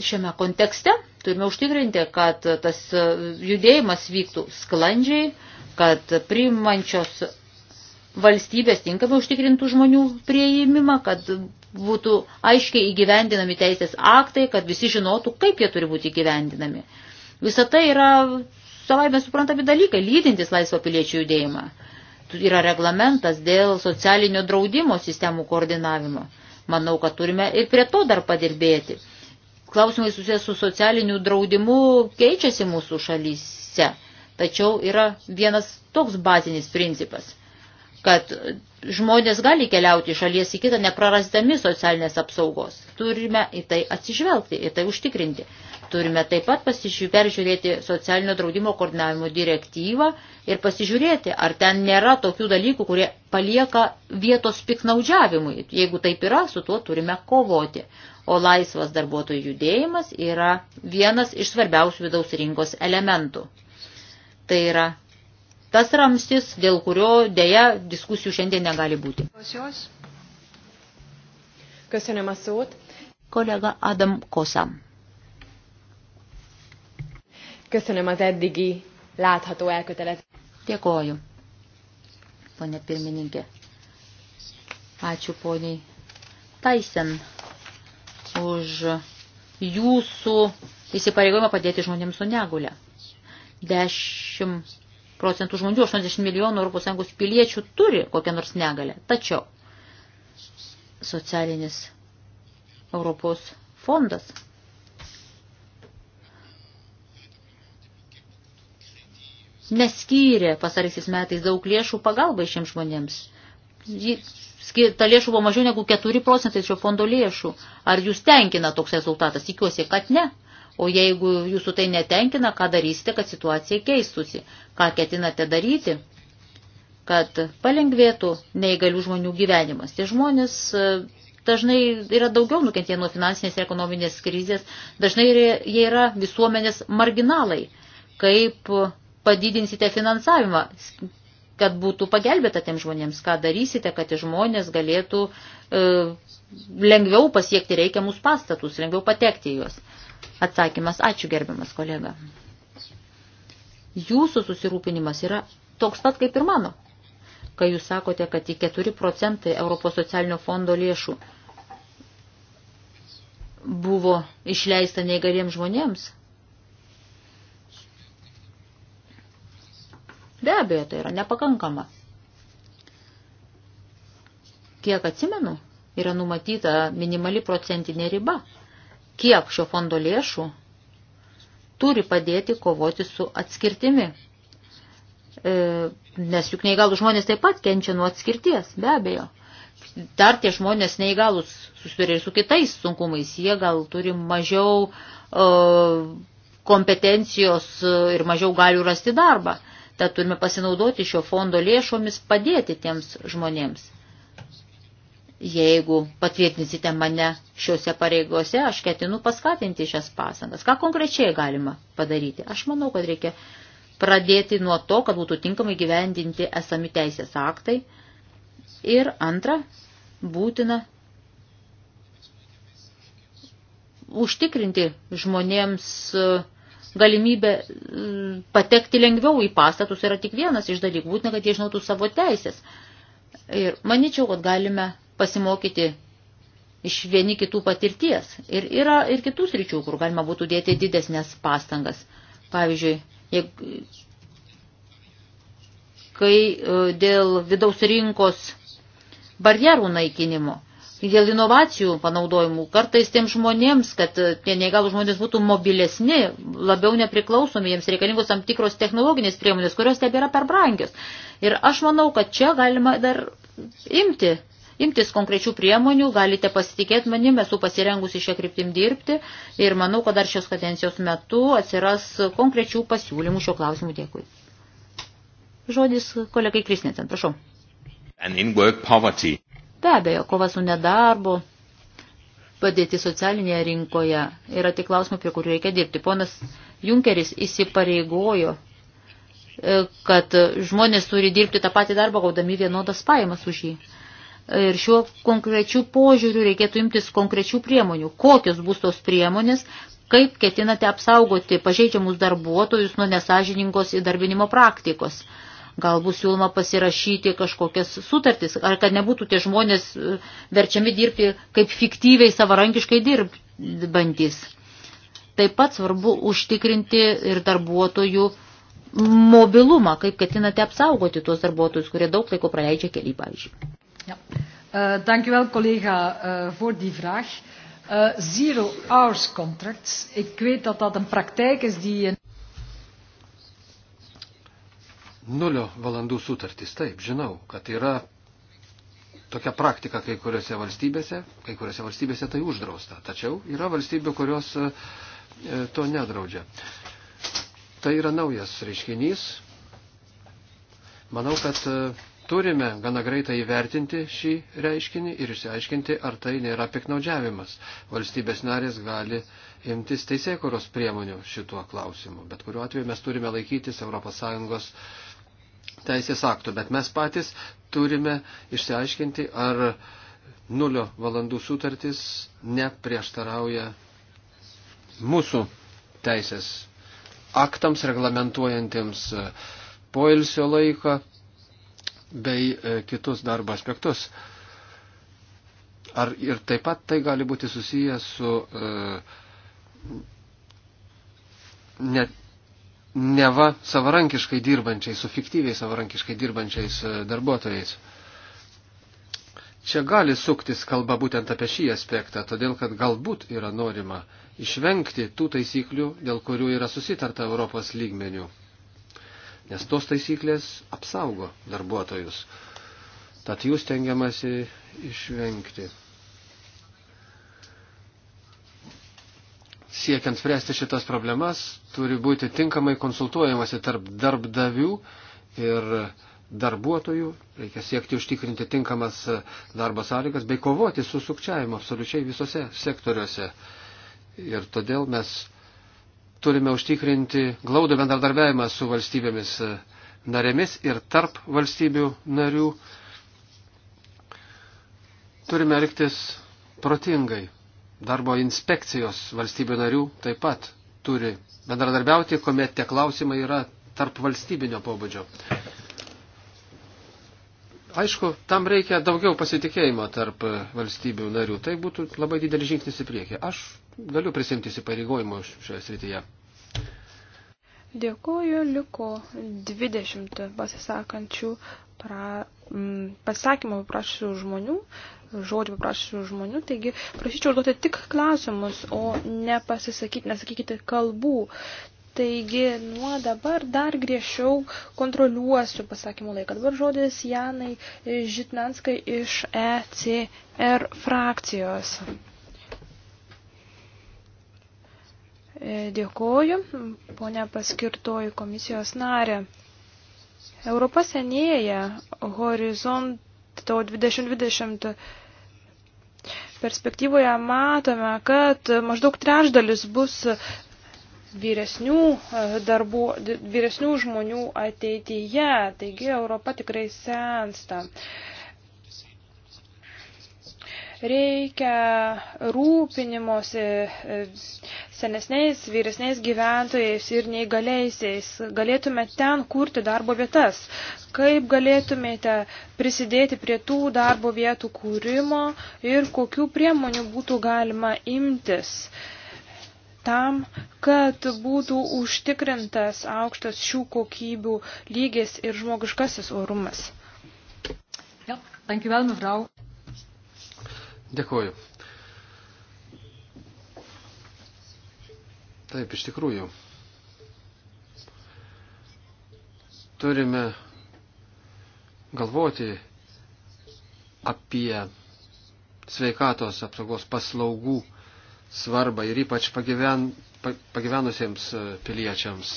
šiame kontekste turime užtikrinti, kad tas judėjimas vyktų sklandžiai, kad priimančios valstybės tinkamai užtikrintų žmonių prieimimą, kad būtų aiškiai įgyvendinami teisės aktai, kad visi žinotų, kaip jie turi būti įgyvendinami. Visą tai yra savaime suprantami dalykai, lydintis laisvo piliečių judėjimą. Yra reglamentas dėl socialinio draudimo sistemų koordinavimo. Manau, kad turime ir prie to dar padirbėti. Klausimai susijęs su socialiniu draudimu keičiasi mūsų šalyse, tačiau yra vienas toks bazinis principas kad žmonės gali keliauti iš šalies į kitą, neprarasdami socialinės apsaugos. Turime į tai atsižvelgti, į tai užtikrinti. Turime taip pat peržiūrėti socialinio draudimo koordinavimo direktyvą ir pasižiūrėti, ar ten nėra tokių dalykų, kurie palieka vietos piknaudžiavimui. Jeigu taip yra, su tuo turime kovoti. O laisvas darbuotojų judėjimas yra vienas iš svarbiausių vidaus rinkos elementų. Tai yra tas ramstis, dėl kurio dėja diskusijų šiandien negali būti. Köszönöm a szót. Kollega Adam Kosam. Köszönöm az eddigi látható elkötelezést. Dėkoju, ponė pirmininkė. Ačiū poniai Taisen už jūsų įsipareigojimą padėti žmonėms su negule. Dešimt procentų žmonių, 80 milijonų ES piliečių turi kokią nors negalę. Tačiau socialinis Europos fondas neskyrė pasarysis metais daug lėšų pagalbai šiems žmonėms. Ta lėšų buvo mažiau negu 4 procentai šio fondo lėšų. Ar jūs tenkina toks rezultatas? Tikiuosi, kad ne. O jeigu jūsų tai netenkina, ką darysite, kad situacija keistusi? Ką ketinate daryti, kad palengvėtų neįgalių žmonių gyvenimas? Tie žmonės e, dažnai yra daugiau nukentėję nuo finansinės ir ekonominės krizės, dažnai jie yra visuomenės marginalai. Kaip padidinsite finansavimą, kad būtų pagelbėta tiem žmonėms, ką darysite, kad žmonės galėtų e, lengviau pasiekti reikiamus pastatus, lengviau patekti juos. Atsakymas, ačiū gerbiamas kolega. Jūsų susirūpinimas yra toks pat kaip ir mano, kai jūs sakote, kad tik 4 procentai Europos socialinio fondo lėšų buvo išleista neįgaliems žmonėms. Be abejo, tai yra nepakankama. Kiek atsimenu, yra numatyta minimali procentinė riba – kiek šio fondo lėšų turi padėti kovoti su atskirtimi. E, nes juk neįgalų žmonės taip pat kenčia nuo atskirties, be abejo. Dar tie žmonės neįgalus susiduria ir su kitais sunkumais, jie gal turi mažiau e, kompetencijos ir mažiau galių rasti darbą. Tad turime pasinaudoti šio fondo lėšomis padėti tiems žmonėms. Jeigu patvirtinsite mane šiuose pareigose, aš ketinu paskatinti šias pasangas. Ką konkrečiai galima padaryti? Aš manau, kad reikia pradėti nuo to, kad būtų tinkamai gyvendinti esami teisės aktai. Ir antra, būtina užtikrinti žmonėms e, galimybę e, patekti lengviau į pastatus yra tik vienas iš dalykų, būtina, kad jie žinotų savo teisės. Ir manyčiau, kad galime pasimokyti iš vieni kitų patirties. Ir yra ir kitų sričių, kur galima būtų dėti didesnės pastangas. Pavyzdžiui, jeigu, kai e, dėl vidaus rinkos barjerų naikinimo, dėl inovacijų panaudojimų, kartais tiem žmonėms, kad e, tie neįgalų žmonės būtų mobilesni, labiau nepriklausomi, jiems reikalingos tam tikros technologinės priemonės, kurios tebėra per brangios. Ir aš manau, kad čia galima dar imti imtis konkrečių priemonių, galite pasitikėti manim, esu pasirengusi šią kryptim dirbti ir manau, kad dar šios kadencijos metu atsiras konkrečių pasiūlymų šio klausimu. Dėkui. Žodis kolegai Krisnetin, prašau. Be abejo, kova su nedarbu, padėti socialinėje rinkoje yra tik klausimai, prie kurių reikia dirbti. Ponas Junkeris įsipareigojo, e, kad žmonės turi dirbti tą patį darbą, gaudami vienodas pajamas už jį. Ir šiuo konkrečiu požiūriu reikėtų imtis konkrečių priemonių. Kokios bus tos priemonės, kaip ketinate apsaugoti pažeidžiamus darbuotojus nuo nesažiningos įdarbinimo praktikos. Gal bus siūloma pasirašyti kažkokias sutartis, ar kad nebūtų tie žmonės e, verčiami dirbti kaip fiktyviai savarankiškai dirbantys. Taip pat svarbu užtikrinti ir darbuotojų mobilumą, kaip ketinate apsaugoti tuos darbuotojus, kurie daug laiko praleidžia keliai, pavyzdžiui. Ja. Uh, dank u wel, collega, uh, voor die vraag. Uh, zero hours contracts. Ik weet dat dat een praktijk is die. In... Nulio valandų sutartys. Taip, žinau, kad yra tokia praktika kai kuriuose valstybėse, kai kuriuose valstybėse tai uždrausta. Tačiau yra valstybių, kurios e, to nedraudžia. Tai yra naujas reiškinys. Manau, kad e, Turime gana greitai įvertinti šį reiškinį ir išsiaiškinti, ar tai nėra piknaudžiavimas. Valstybės narės gali imtis teisėkuros priemonių šituo klausimu. Bet kuriuo atveju mes turime laikytis ES teisės aktų. Bet mes patys turime išsiaiškinti, ar nulio valandų sutartis neprieštarauja mūsų teisės aktams reglamentuojantiems poilsio laiką, bei e, kitus darbo aspektus. Ar ir taip pat tai gali būti susijęs su e, ne, neva savarankiškai dirbančiais, su fiktyviai savarankiškai dirbančiais e, darbuotojais. Čia gali suktis kalba būtent apie šį aspektą, todėl kad galbūt yra norima išvengti tų taisyklių, dėl kurių yra susitarta Europos lygmenių nes tos taisyklės apsaugo darbuotojus. Tad jūs tengiamasi išvengti. Siekiant spręsti šitas problemas, turi būti tinkamai konsultuojamasi tarp darbdavių ir darbuotojų, reikia siekti užtikrinti tinkamas darbo sąlygas bei kovoti su sukčiavimu absoliučiai visose sektoriuose. Ir todėl mes turime užtikrinti glaudų bendradarbiavimą su valstybėmis e, narėmis ir tarp valstybių narių. Turime elgtis protingai. Darbo inspekcijos valstybių narių taip pat turi bendradarbiauti, kuomet tie klausimai yra tarp valstybinio pobūdžio. Aišku, tam reikia daugiau pasitikėjimo tarp valstybių narių. Tai būtų labai didelis žingsnis į priekį. Aš galiu prisimti įsipareigojimų šioje srityje. Dėkuoju, liko 20 pasisakančių pra, m, pasakymą paprašysiu žmonių, žodžių paprašysiu žmonių, taigi prašyčiau užduoti tik klausimus, o ne pasisakyti, nesakykite kalbų. Taigi nuo dabar dar griežčiau kontroliuosiu pasakymų laiką. Dabar žodis Janai Žitnanskai iš ECR frakcijos. E, dėkoju, ponia paskirtoji komisijos narė. Europa senėja, horizonto 2020 perspektyvoje matome, kad maždaug trešdalis bus vyresnių, e, darbų, vyresnių žmonių ateityje, taigi Europa tikrai sensta. Reikia rūpinimosi e, senesniais, vyresniais gyventojais ir neįgaliaisiais. Galėtume ten kurti darbo vietas. Kaip galėtumėte prisidėti prie tų darbo vietų kūrimo ir kokių priemonių būtų galima imtis? tam, kad būtų užtikrintas aukštas šių kokybių lygis ir žmogiškasis orumas. Ja, dankjewel mevrouw. Dėkuoju. Taip, iš tikrųjų. Turime galvoti apie sveikatos apsaugos paslaugų svarbą ir ypač pagyven, pagyvenusiems e, piliečiams.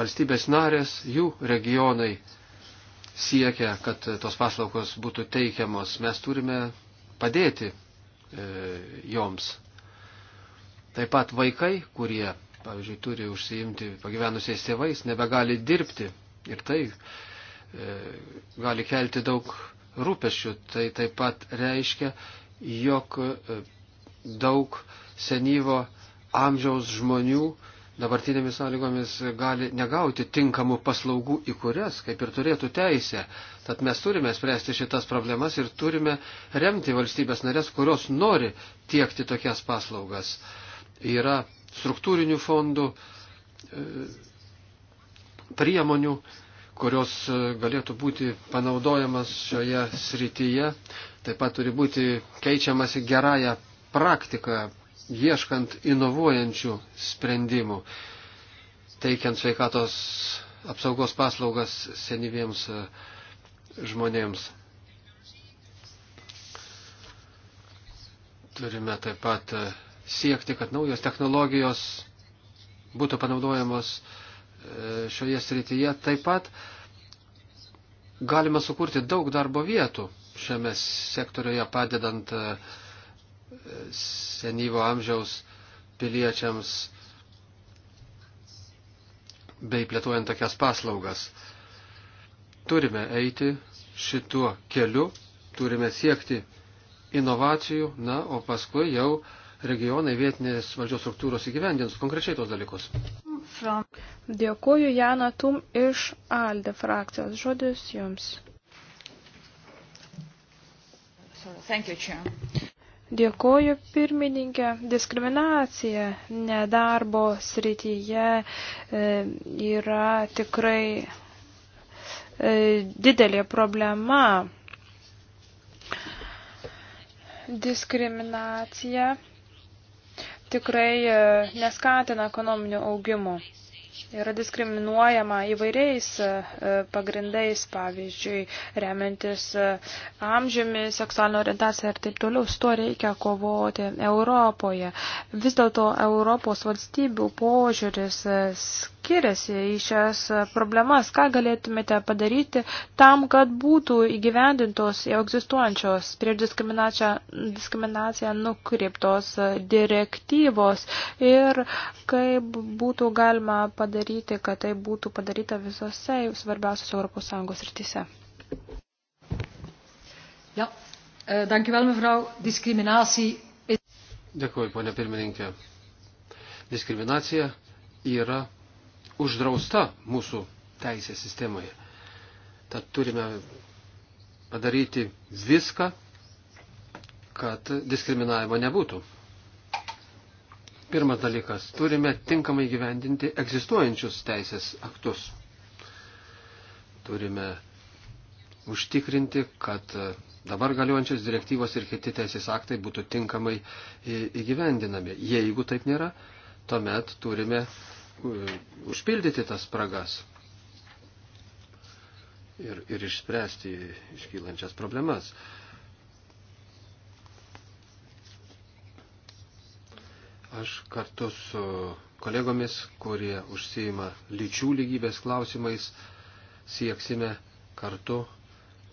Valstybės narės, jų regionai siekia, kad tos paslaugos būtų teikiamos. Mes turime padėti e, joms. Taip pat vaikai, kurie, pavyzdžiui, turi užsiimti pagyvenusiais tėvais, nebegali dirbti ir tai e, gali kelti daug rūpešių. Tai taip pat reiškia, jog e, daug senyvo amžiaus žmonių dabartinėmis sąlygomis gali negauti tinkamų paslaugų į kurias, kaip ir turėtų teisę. Tad mes turime spręsti šitas problemas ir turime remti valstybės narės, kurios nori tiekti tokias paslaugas. Yra struktūrinių fondų, e, priemonių, kurios e, galėtų būti panaudojamas šioje srityje. Taip pat turi būti keičiamasi gerąją praktiką ieškant inovuojančių sprendimų, teikiant sveikatos apsaugos paslaugas senyviems e, žmonėms. Turime taip pat e, siekti, kad naujos technologijos būtų panaudojamos e, šioje srityje. Taip pat galima sukurti daug darbo vietų šiame sektoriuje padedant uh, senyvo amžiaus piliečiams bei plėtojant tokias paslaugas. Turime eiti šituo keliu, turime siekti inovacijų, na, o paskui jau regionai vietinės valdžios struktūros įgyvendins konkrečiai tos dalykus. Dėkuoju Jana Tum iš ALDE frakcijos. Žodis jums. Thank you, Chair. Dėkoju pirmininkė. Diskriminacija nedarbo srityje e, yra tikrai e, didelė problema. Diskriminacija tikrai e, neskatina ekonominio augimo yra diskriminuojama įvairiais e, pagrindais, pavyzdžiui, remiantis e, amžiumi, seksualinė orientacija ir taip toliau. Su tuo reikia kovoti Europoje. Vis dėlto Europos valstybių požiūris e, skiriasi į šias problemas. Ką galėtumėte padaryti tam, kad būtų įgyvendintos jau egzistuojančios prieš diskriminaciją, diskriminaciją nukreiptos direktyvos ir kaip būtų galima padaryti padaryti, kad tai būtų padaryta visose svarbiausios ES rytise. Ja, e, dankjewel mevrouw. Diskriminatie is... Dėkuoju, ponia pirmininkė. Diskriminacija yra uždrausta mūsų teisės sistemoje. Tad turime padaryti viską, kad diskriminavimo nebūtų. Pirmas dalykas - turime tinkamai gyvendinti egzistuojančius teisės aktus. Turime užtikrinti, kad dabar galiuojančios direktyvos ir kiti teisės aktai būtų tinkamai įgyvendinami. Jeigu taip nėra, tuomet turime užpildyti tas spragas ir, ir išspręsti iškylančias problemas. Aš kartu su kolegomis, kurie užsieima lyčių lygybės klausimais, sieksime kartu,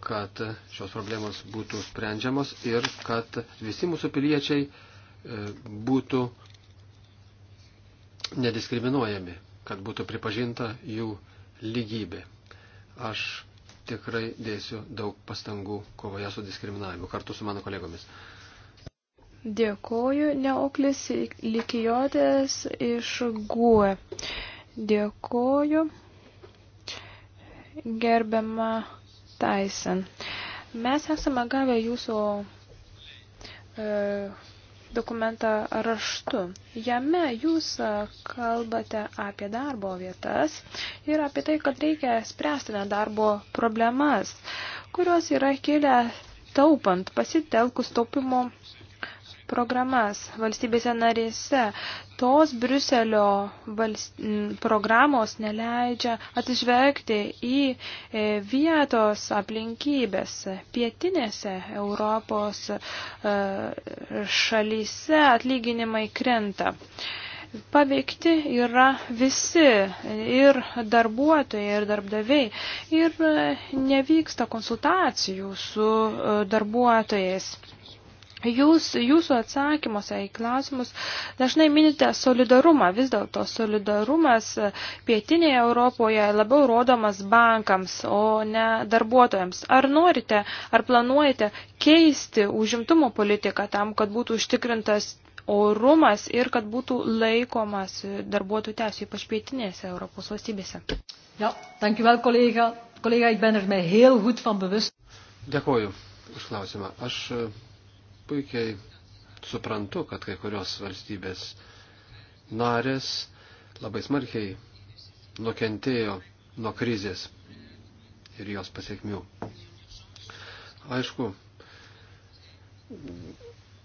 kad šios problemos būtų sprendžiamos ir kad visi mūsų piliečiai e, būtų nediskriminuojami, kad būtų pripažinta jų lygybė. Aš tikrai dėsiu daug pastangų kovoje su diskriminavimu kartu su mano kolegomis. Dėkoju, Neoklis Likijotės iš Guė. Dėkoju, gerbiama Tyson. Mes esame gavę jūsų e, dokumentą raštu. Jame jūs kalbate apie darbo vietas ir apie tai, kad reikia spręsti nedarbo problemas, kurios yra kilę taupant, pasitelkus taupimo programas valstybėse narėse. Tos Briuselio valst... programos neleidžia atsižvelgti į e, vietos aplinkybės. Pietinėse Europos e, šalyse atlyginimai krenta paveikti yra visi ir darbuotojai, ir darbdaviai. Ir e, nevyksta konsultacijų su darbuotojais. Jūs, jūsų atsakymuose į klausimus dažnai minite solidarumą. Vis dėlto solidarumas pietinėje Europoje labiau rodomas bankams, o ne darbuotojams. Ar norite, ar planuojate keisti užimtumo politiką tam, kad būtų užtikrintas orumas ir kad būtų laikomas darbuotojų teisų, ypač pietinėse Europos valstybėse? Ja, dankjewel, kolega. Kolega, ik ben er mij heel goed van bewust. Dėkuoju už klausimą. Aš puikiai suprantu, kad kai kurios valstybės narės labai smarkiai nukentėjo nuo krizės ir jos pasiekmių. Aišku,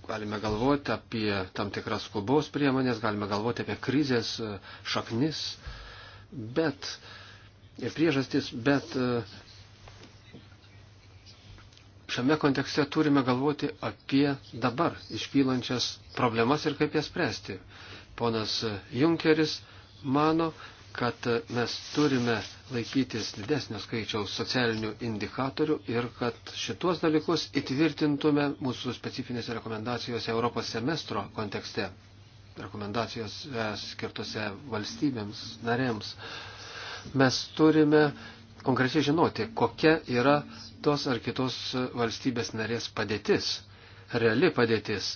galime galvoti apie tam tikras skubos priemonės, galime galvoti apie krizės šaknis, bet ir priežastis, bet šiame kontekste turime galvoti apie dabar iškylančias problemas ir kaip jas spręsti. Ponas Junkeris mano, kad mes turime laikytis didesnio skaičiaus socialinių indikatorių ir kad šitos dalykus įtvirtintume mūsų specifinėse rekomendacijose Europos semestro kontekste, rekomendacijos e, skirtose valstybėms, narėms. Mes turime konkrečiai žinoti, kokia yra tos ar kitos valstybės narės padėtis, reali padėtis.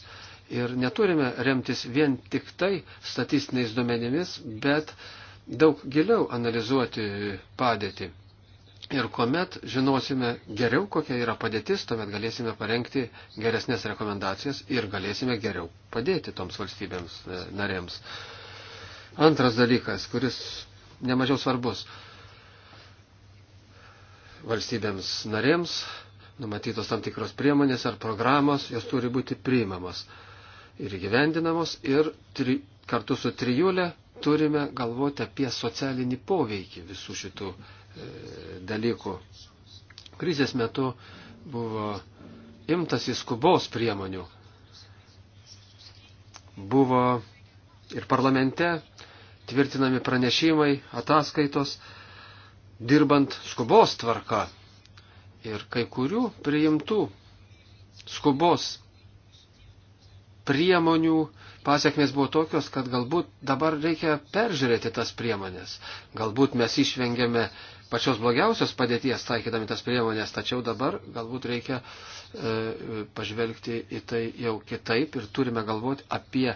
Ir neturime remtis vien tik tai statistiniais duomenimis, bet daug giliau analizuoti padėtį. Ir kuomet žinosime geriau, kokia yra padėtis, tuomet galėsime parengti geresnės rekomendacijas ir galėsime geriau padėti toms valstybėms e, narėms. Antras dalykas, kuris nemažiau svarbus valstybėms narėms, numatytos tam tikros priemonės ar programos, jos turi būti priimamos ir įgyvendinamos ir tri, kartu su trijulė turime galvoti apie socialinį poveikį visų šitų e, dalykų. Krizės metu buvo imtas į skubos priemonių. Buvo ir parlamente tvirtinami pranešimai, ataskaitos, dirbant skubos tvarka ir kai kurių priimtų skubos priemonių pasiekmes buvo tokios, kad galbūt dabar reikia peržiūrėti tas priemonės. Galbūt mes išvengėme pačios blogiausios padėties taikydami tas priemonės, tačiau dabar galbūt reikia e, pažvelgti į tai jau kitaip ir turime galvoti apie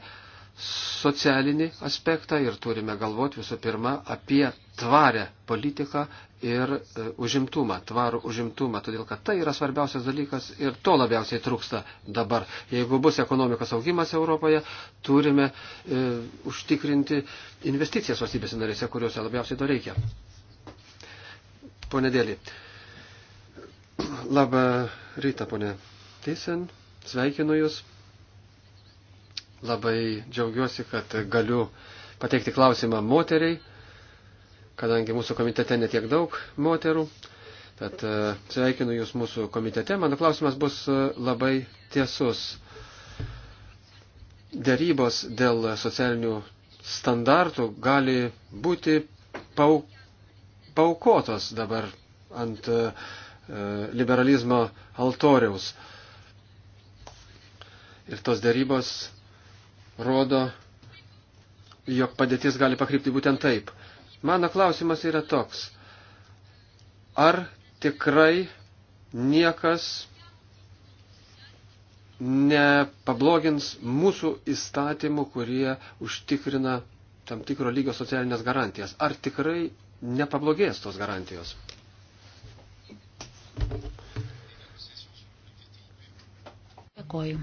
socialinį aspektą ir turime galvoti visų pirma apie tvarę politiką ir e, užimtumą, tvarų užimtumą, todėl kad tai yra svarbiausias dalykas ir to labiausiai trūksta dabar. Jeigu bus ekonomikos augimas Europoje, turime e, užtikrinti investicijas valstybės narėse, kuriuose labiausiai to reikia. Pone Dėlį. Labą rytą, ponė Tysen. Sveikinu Jūs. Labai džiaugiuosi, kad galiu pateikti klausimą moteriai, kadangi mūsų komitete netiek daug moterų. Tad e, sveikinu Jūs mūsų komitete. Mano klausimas bus e, labai tiesus. Dėrybos dėl socialinių standartų gali būti pau, paukotos dabar ant e, liberalizmo altoriaus. Ir tos dėrybos rodo, jog padėtis gali pakrypti būtent taip. Mano klausimas yra toks. Ar tikrai niekas nepablogins mūsų įstatymų, kurie užtikrina tam tikro lygio socialinės garantijas. Ar tikrai nepablogės tos garantijos? Dėkoju.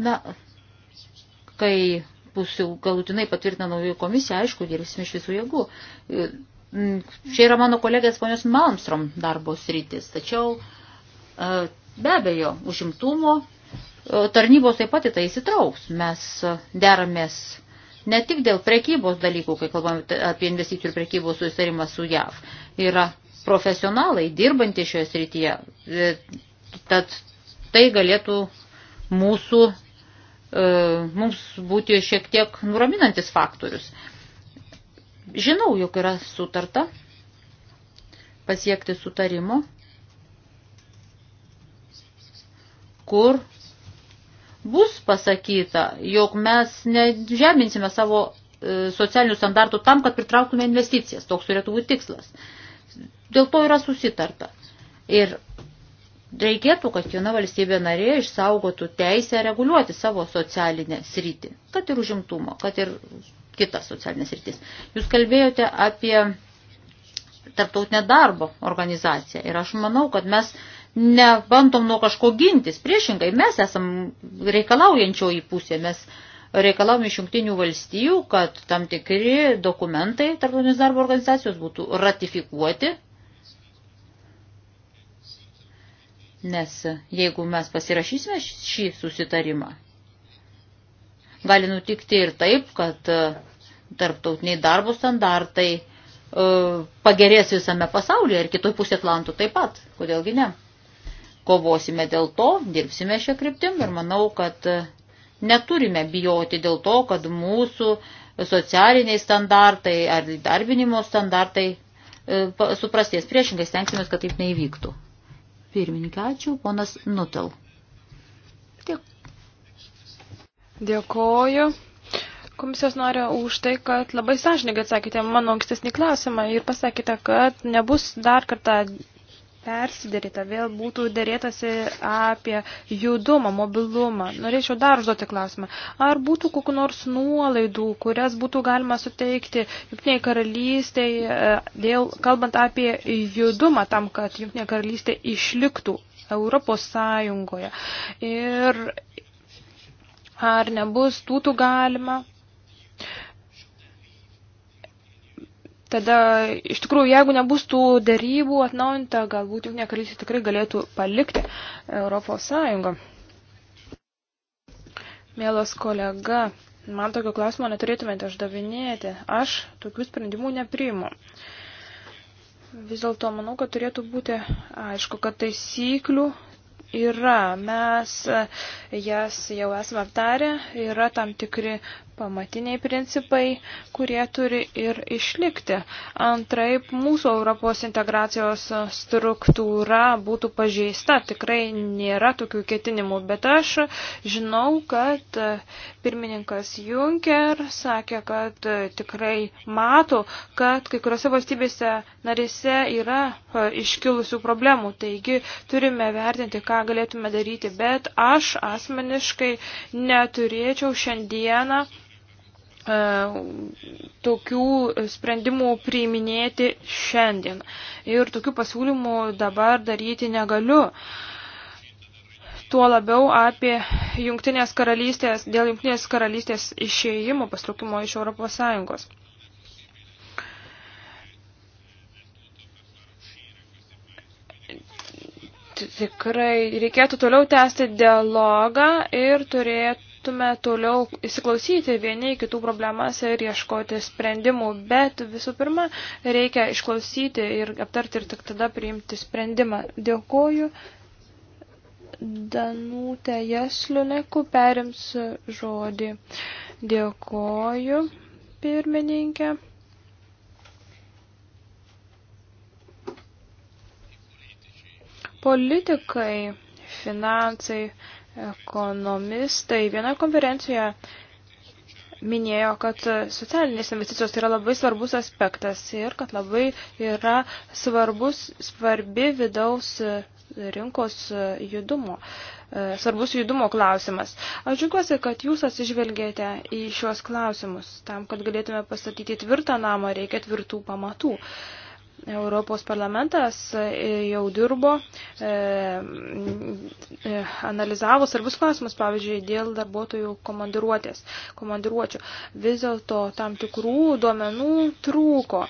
Na, kai bus jau galutinai patvirtina naujoji komisija, aišku, dirbsime iš visų jėgų. Čia yra mano kolegės ponios Malmstrom darbo sritis, tačiau e, be abejo, užimtumo e, tarnybos taip pat į tai įsitrauks. Mes deramės ne tik dėl prekybos dalykų, kai kalbame apie investicijų ir prekybos susitarimą su JAV. Yra profesionalai dirbantys šioje srityje, e, tad tai galėtų mūsų E, mums būti šiek tiek nuraminantis faktorius. Žinau, jog yra sutarta pasiekti sutarimo, kur bus pasakyta, jog mes nežeminsime savo e, socialinių standartų tam, kad pritrauktume investicijas. Toks turėtų būti tikslas. Dėl to yra susitarta. Ir reikėtų, kad kiekviena valstybė narė išsaugotų teisę reguliuoti savo socialinę sritį, kad ir užimtumo, kad ir kitas socialinės sritis. Jūs kalbėjote apie tarptautinę darbo organizaciją ir aš manau, kad mes nebandom nuo kažko gintis. Priešingai, mes esam reikalaujančioji pusė, mes reikalavom iš jungtinių valstijų, kad tam tikri dokumentai tarptautinės darbo organizacijos būtų ratifikuoti Nes jeigu mes pasirašysime šį susitarimą, gali nutikti ir taip, kad e, tarptautiniai darbo standartai e, pagerės visame pasaulyje ir kitoj pusė Atlanto taip pat. Kodėlgi ne? Kovosime dėl to, dirbsime šią kryptim ir manau, kad e, neturime bijoti dėl to, kad mūsų socialiniai standartai ar darbinimo standartai suprasties priešingai, stengsime, kad taip neįvyktų. Pirmininkė, ačiū, ponas Nutel. Tiek. Dėkoju. Komisijos noriu už tai, kad labai sąžininkai atsakėte mano ankstesnį klausimą ir pasakėte, kad nebus dar kartą persidaryta, vėl būtų dėrėtasi apie judumą, mobilumą. Norėčiau dar užduoti klausimą. Ar būtų kokiu nors nuolaidų, kurias būtų galima suteikti Junktinėje karalystėje, e, dėl, kalbant apie judumą tam, kad Junktinė karalystė išliktų Europos Sąjungoje? Ir ar nebus būtų galima Tada, iš tikrųjų, jeigu nebus tų dėrybų atnaujinta, galbūt jungtinė karalystė tikrai galėtų palikti Europos Sąjungą. Mielas kolega, man tokio klausimo neturėtumėte uždavinėti. Aš tokių sprendimų nepriimu. Vis dėlto manau, kad turėtų būti aišku, kad taisyklių yra. Mes jas jau esame aptarę, yra tam tikri pamatiniai principai, kurie turi ir išlikti. Antraip, mūsų Europos integracijos struktūra būtų pažeista. Tikrai nėra tokių ketinimų, bet aš žinau, kad pirmininkas Juncker sakė, kad tikrai mato, kad kai kuriuose valstybėse narėse yra iškilusių problemų. Taigi turime vertinti, ką galėtume daryti. Bet aš asmeniškai neturėčiau šiandieną E, tokių sprendimų priiminėti šiandien. Ir tokių pasiūlymų dabar daryti negaliu. Tuo labiau apie jungtinės karalystės, dėl jungtinės karalystės išėjimo pastraukimo iš Europos Sąjungos. Tikrai reikėtų toliau tęsti dialogą ir turėtų turėtume toliau įsiklausyti vieni kitų problemas ir ieškoti sprendimų, bet visų pirma reikia išklausyti ir aptarti ir tik tada priimti sprendimą. Dėkoju. Danutė Jesliuneku perims žodį. Dėkoju, pirmininkė. Politikai, finansai, ekonomistai vienoje konferencijoje minėjo, kad socialinės investicijos yra labai svarbus aspektas ir kad labai yra svarbus, svarbi vidaus rinkos judumo, svarbus judumo klausimas. Aš džiugiuosi, kad jūs atsižvelgėte į šios klausimus. Tam, kad galėtume pastatyti tvirtą namą, reikia tvirtų pamatų. Uh, Europos parlamentas e, jau dirbo, e, e, analizavo svarbus klausimus, pavyzdžiui, dėl darbuotojų komandiruotės, komandiruočių. Vis dėlto tam tikrų duomenų trūko.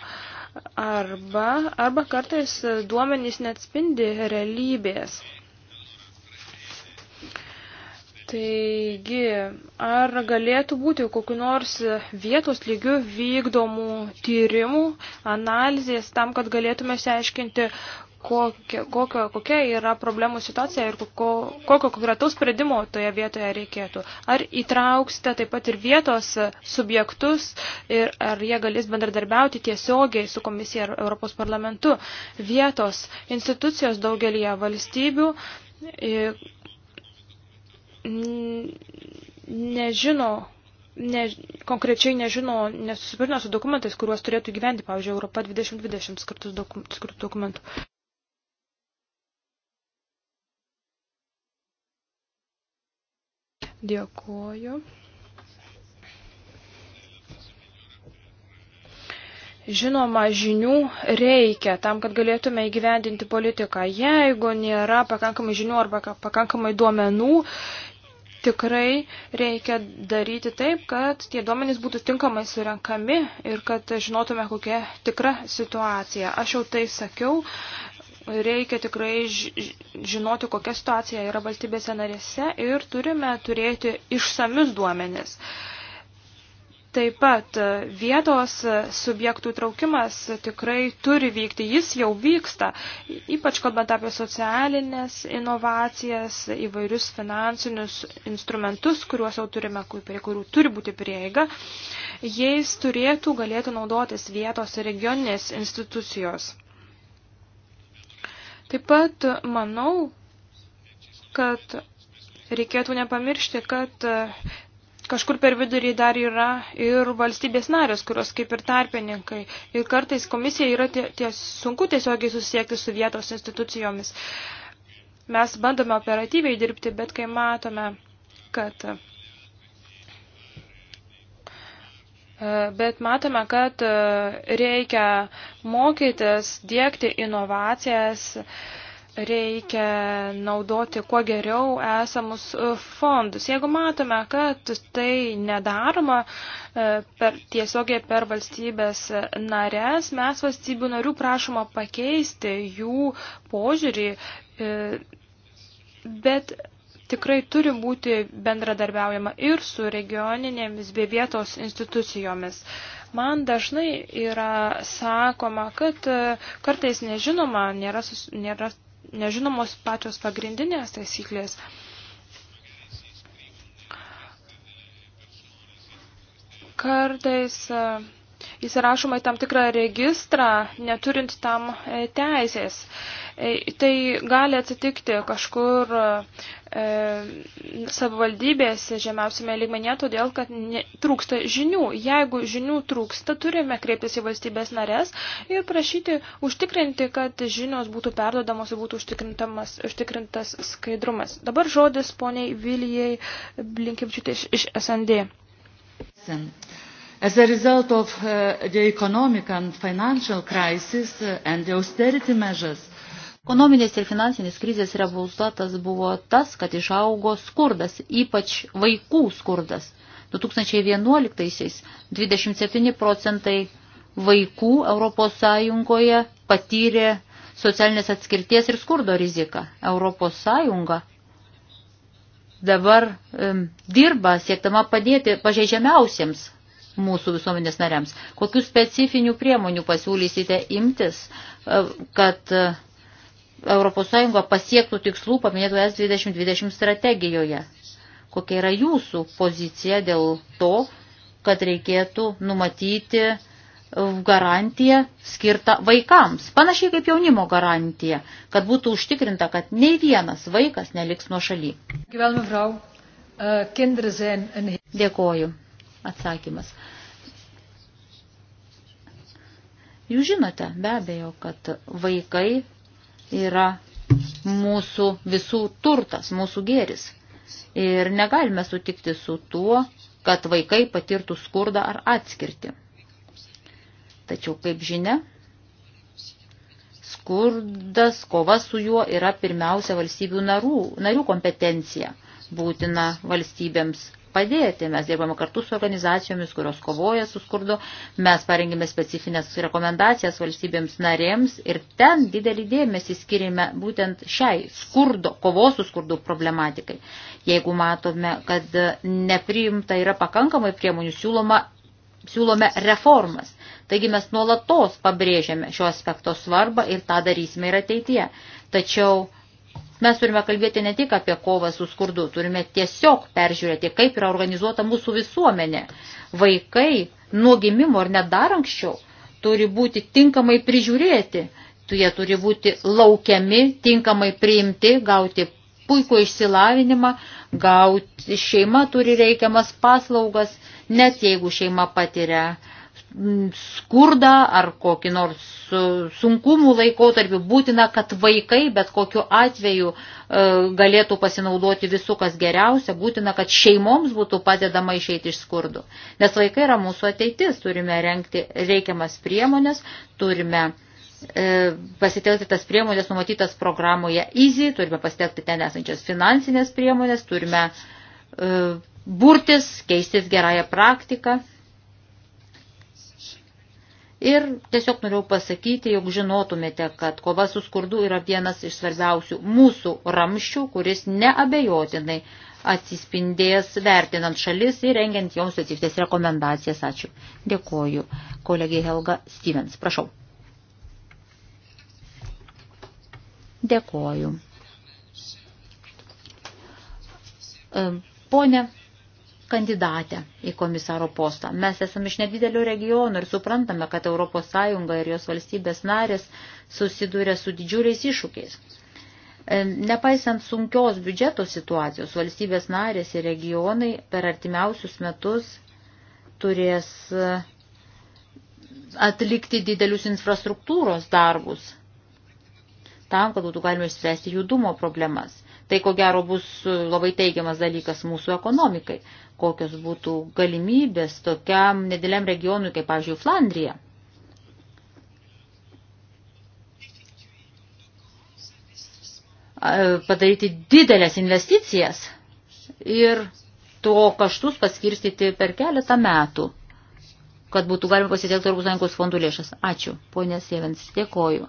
Arba, arba kartais duomenys neatspindi realybės. Taigi, ar galėtų būti kokiu nors vietos lygių vykdomų tyrimų, analizės tam, kad galėtume išsiaiškinti, kokia, kokia, kokia yra problemų situacija ir kokio, kokio konkretaus sprendimo toje vietoje reikėtų. Ar įtrauksite taip pat ir vietos subjektus ir ar jie galės bendradarbiauti tiesiogiai su komisija ir Europos parlamentu. Vietos institucijos daugelie valstybių nežino, ne, konkrečiai nežino, nesusipažino su dokumentais, kuriuos turėtų gyventi, pavyzdžiui, Europa 2020 skirtų dokum, dokumentų. Dėkuoju. Žinoma, žinių reikia tam, kad galėtume įgyvendinti politiką. Jeigu nėra pakankamai žinių arba pakankamai duomenų, tikrai reikia daryti taip, kad tie duomenys būtų tinkamai surenkami ir kad žinotume, kokia tikra situacija. Aš jau tai sakiau, reikia tikrai žinoti, kokia situacija yra valstybėse narėse ir turime turėti išsamius duomenis. Uh, Taip pat e, vietos e, subjektų traukimas tikrai turi vykti, jis jau vyksta, ypač kalbant apie socialinės inovacijas, įvairius finansinius instrumentus, kuriuos jau turime, prie kurių turi būti prieiga, jais turėtų galėtų naudotis vietos ir regioninės institucijos. Taip pat manau, kad reikėtų nepamiršti, kad kažkur per vidurį dar yra ir valstybės narės, kurios kaip ir tarpininkai. Ir kartais komisija yra ties, sunku tiesiogiai susiekti su vietos institucijomis. Mes bandome operatyviai dirbti, bet kai matome, kad. Bet matome, kad reikia mokytis, dėkti inovacijas, reikia naudoti kuo geriau esamus e, fondus. Jeigu matome, kad tai nedaroma e, per, tiesiogiai per valstybės narės, mes valstybių narių prašoma pakeisti jų požiūrį, e, bet tikrai turi būti bendradarbiaujama ir su regioninėmis bei vietos institucijomis. Man dažnai yra sakoma, kad kartais nežinoma, nėra, sus, nėra nežinomos pačios pagrindinės taisyklės. Kartais uh, įsirašoma į tam tikrą registrą, neturint tam e, teisės. E, tai gali atsitikti kažkur e, savivaldybės žemiausiame lygmenyje, todėl kad ne, trūksta žinių. Jeigu žinių trūksta, turime kreiptis į valstybės narės ir prašyti užtikrinti, kad žinios būtų perdodamos ir būtų užtikrintas skaidrumas. Dabar žodis poniai Vilijai Blinkevičiutė iš, iš SND. Sen as a result of uh, the economic and financial crisis uh, and the austerity measures Ekonominės ir finansinės krizės rezultatas buvo tas, kad išaugo skurdas, ypač vaikų skurdas. 2011-aisiais 27 procentai vaikų Europos Sąjungoje patyrė socialinės atskirties ir skurdo riziką. Europos Sąjunga dabar um, dirba siektama padėti pažeidžiamiausiems mūsų visuomenės nariams. Kokių specifinių priemonių pasiūlysite imtis, e, kad ES pasiektų tikslų paminėtų S2020 strategijoje? Kokia yra jūsų pozicija dėl to, kad reikėtų numatyti e, garantiją skirtą vaikams, panašiai kaip jaunimo garantija, kad būtų užtikrinta, kad nei vienas vaikas neliks nuo šaly. Eh, Dėkoju. Atsakymas. Jūs žinote be abejo, kad vaikai yra mūsų visų turtas, mūsų gėris. Ir negalime sutikti su tuo, kad vaikai patirtų skurdą ar atskirti. Tačiau, kaip žinia, skurdas, kova su juo yra pirmiausia valstybių narų, narių kompetencija. Būtina valstybėms padėti. Mes dirbame kartu su organizacijomis, kurios kovoja su skurdu, mes parengėme specifines rekomendacijas valstybėms narėms ir ten didelį dėmesį skirime būtent šiai skurdo, kovos su skurdu problematikai. Jeigu matome, kad nepriimta yra pakankamai priemonių siūloma, siūlome reformas. Taigi mes nuolatos pabrėžiame šio aspekto svarbą ir tą darysime ir ateityje. Tačiau Mes turime kalbėti ne tik apie kovą su skurdu, turime tiesiog peržiūrėti, kaip yra organizuota mūsų visuomenė. Vaikai nuo gimimo ar net dar anksčiau turi būti tinkamai prižiūrėti, jie turi būti laukiami, tinkamai priimti, gauti puikų išsilavinimą, gauti šeima turi reikiamas paslaugas, net jeigu šeima patiria uh, Mm, skurdą ar kokį nors sunkumų laikotarpį būtina, kad vaikai bet kokiu atveju e, galėtų pasinaudoti visų, kas geriausia, būtina, kad šeimoms būtų padedama išeiti iš skurdų. Nes vaikai yra mūsų ateitis, turime renkti reikiamas priemonės, turime e, pasitelkti tas priemonės numatytas programoje EASY, turime pasitelkti ten esančias finansinės priemonės, turime e, burtis, keistis gerąją praktiką Ir tiesiog norėjau pasakyti, jog žinotumėte, kad kova su skurdu yra vienas iš svarbiausių mūsų ramščių, kuris neabejotinai atsispindės vertinant šalis ir rengiant joms specifines rekomendacijas. Ačiū. Dėkoju. Kolegė Helga Stevens, prašau. Dėkoju. Pone kandidatę į komisaro postą. Mes esame iš nedidelio regiono ir suprantame, kad ES ir jos valstybės narės susiduria su didžiuliais iššūkiais. E, nepaisant sunkios biudžeto situacijos, valstybės narės ir regionai per artimiausius metus turės e, atlikti didelius infrastruktūros darbus tam, kad būtų galima išspręsti judumo problemas. Tai ko gero bus labai teigiamas dalykas mūsų ekonomikai. Kokios būtų galimybės tokiam nedėliam regionui, kaip, pavyzdžiui, Flandrija. padaryti didelės investicijas ir to kaštus paskirstyti per keletą metų kad būtų galima pasitelkti Europos Sąjungos fondų lėšas. Ačiū, ponė Sievens, dėkoju.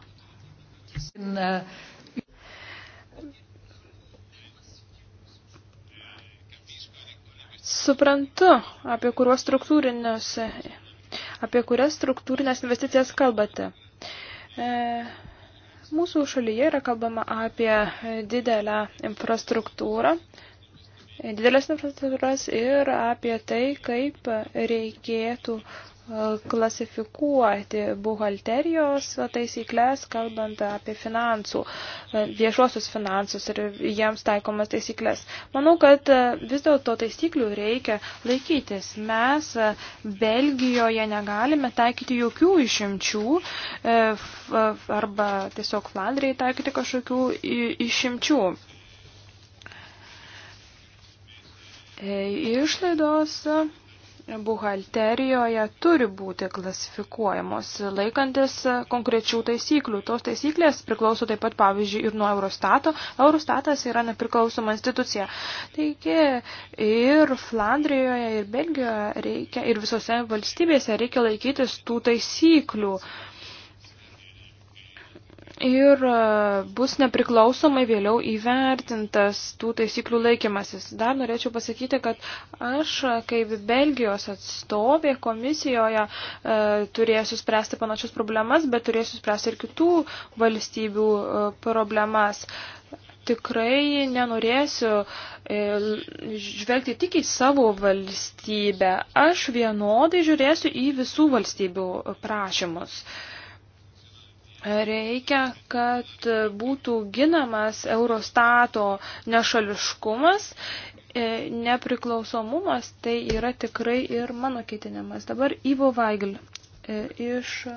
suprantu, apie, struktūrinius, apie kurias struktūrinės investicijas kalbate. E, mūsų šalyje yra kalbama apie didelę infrastruktūrą, didelės infrastruktūras ir apie tai, kaip reikėtų klasifikuoti buhalterijos taisyklės, kalbant apie finansų, viešuosius finansus ir jiems taikomas taisyklės. Manau, kad vis dėlto taisyklių reikia laikytis. Mes Belgijoje negalime taikyti jokių išimčių e, arba tiesiog Flandrijai taikyti kažkokių išimčių. E, išlaidos buhalterijoje turi būti klasifikuojamos laikantis konkrečių taisyklių. Tos taisyklės priklauso taip pat, pavyzdžiui, ir nuo Eurostato. Eurostatas yra nepriklausoma institucija. Taigi ir Flandrijoje, ir Belgijoje reikia, ir visose valstybėse reikia laikytis tų taisyklių. Uh, ir e, bus nepriklausomai vėliau įvertintas tų taisyklių laikymasis. Dar norėčiau pasakyti, kad aš kaip Belgijos atstovė komisijoje e, turėsiu spręsti panašias problemas, bet turėsiu spręsti ir kitų valstybių e, problemas. Tikrai nenorėsiu e, žvelgti tik į savo valstybę. Aš vienodai žiūrėsiu į visų valstybių prašymus. E, reikia, kad būtų ginamas Eurostato nešališkumas, e, nepriklausomumas, tai yra tikrai ir mano ketinimas. Dabar Ivo Vaigl e, iš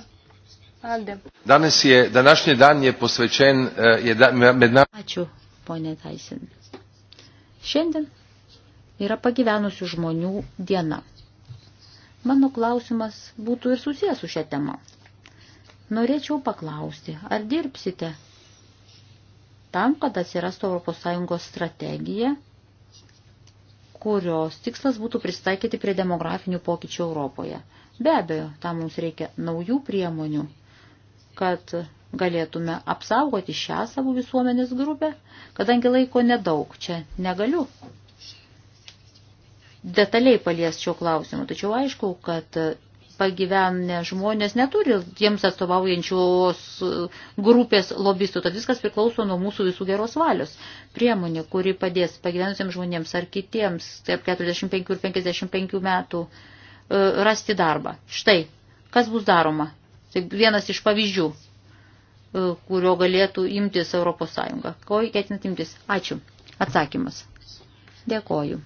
Alde. Danas je, današnji dan je posvečen e, je da, med nami. Ačiū, ponė Taisin. Šiandien yra pagyvenusių žmonių diena. Mano klausimas būtų ir susijęs su šia tema. Norėčiau paklausti, ar dirbsite tam, kad atsirastų ES strategija, kurios tikslas būtų pristaikyti prie demografinių pokyčių Europoje. Be abejo, tam mums reikia naujų priemonių, kad galėtume apsaugoti šią savo visuomenės grupę, kadangi laiko nedaug, čia negaliu detaliai palies šio klausimu. Tačiau aišku, kad pagyvenę žmonės neturi jiems atstovaujančios grupės lobistų, tad viskas priklauso nuo mūsų visų geros valios. Priemonė, kuri padės pagyvenusiems žmonėms ar kitiems tarp 45 ir 55 metų e, rasti darbą. Štai, kas bus daroma. Tai vienas iš pavyzdžių, e, kurio galėtų imtis Europos Sąjunga. Ko ketinat imtis? Ačiū. Atsakymas. Dėkoju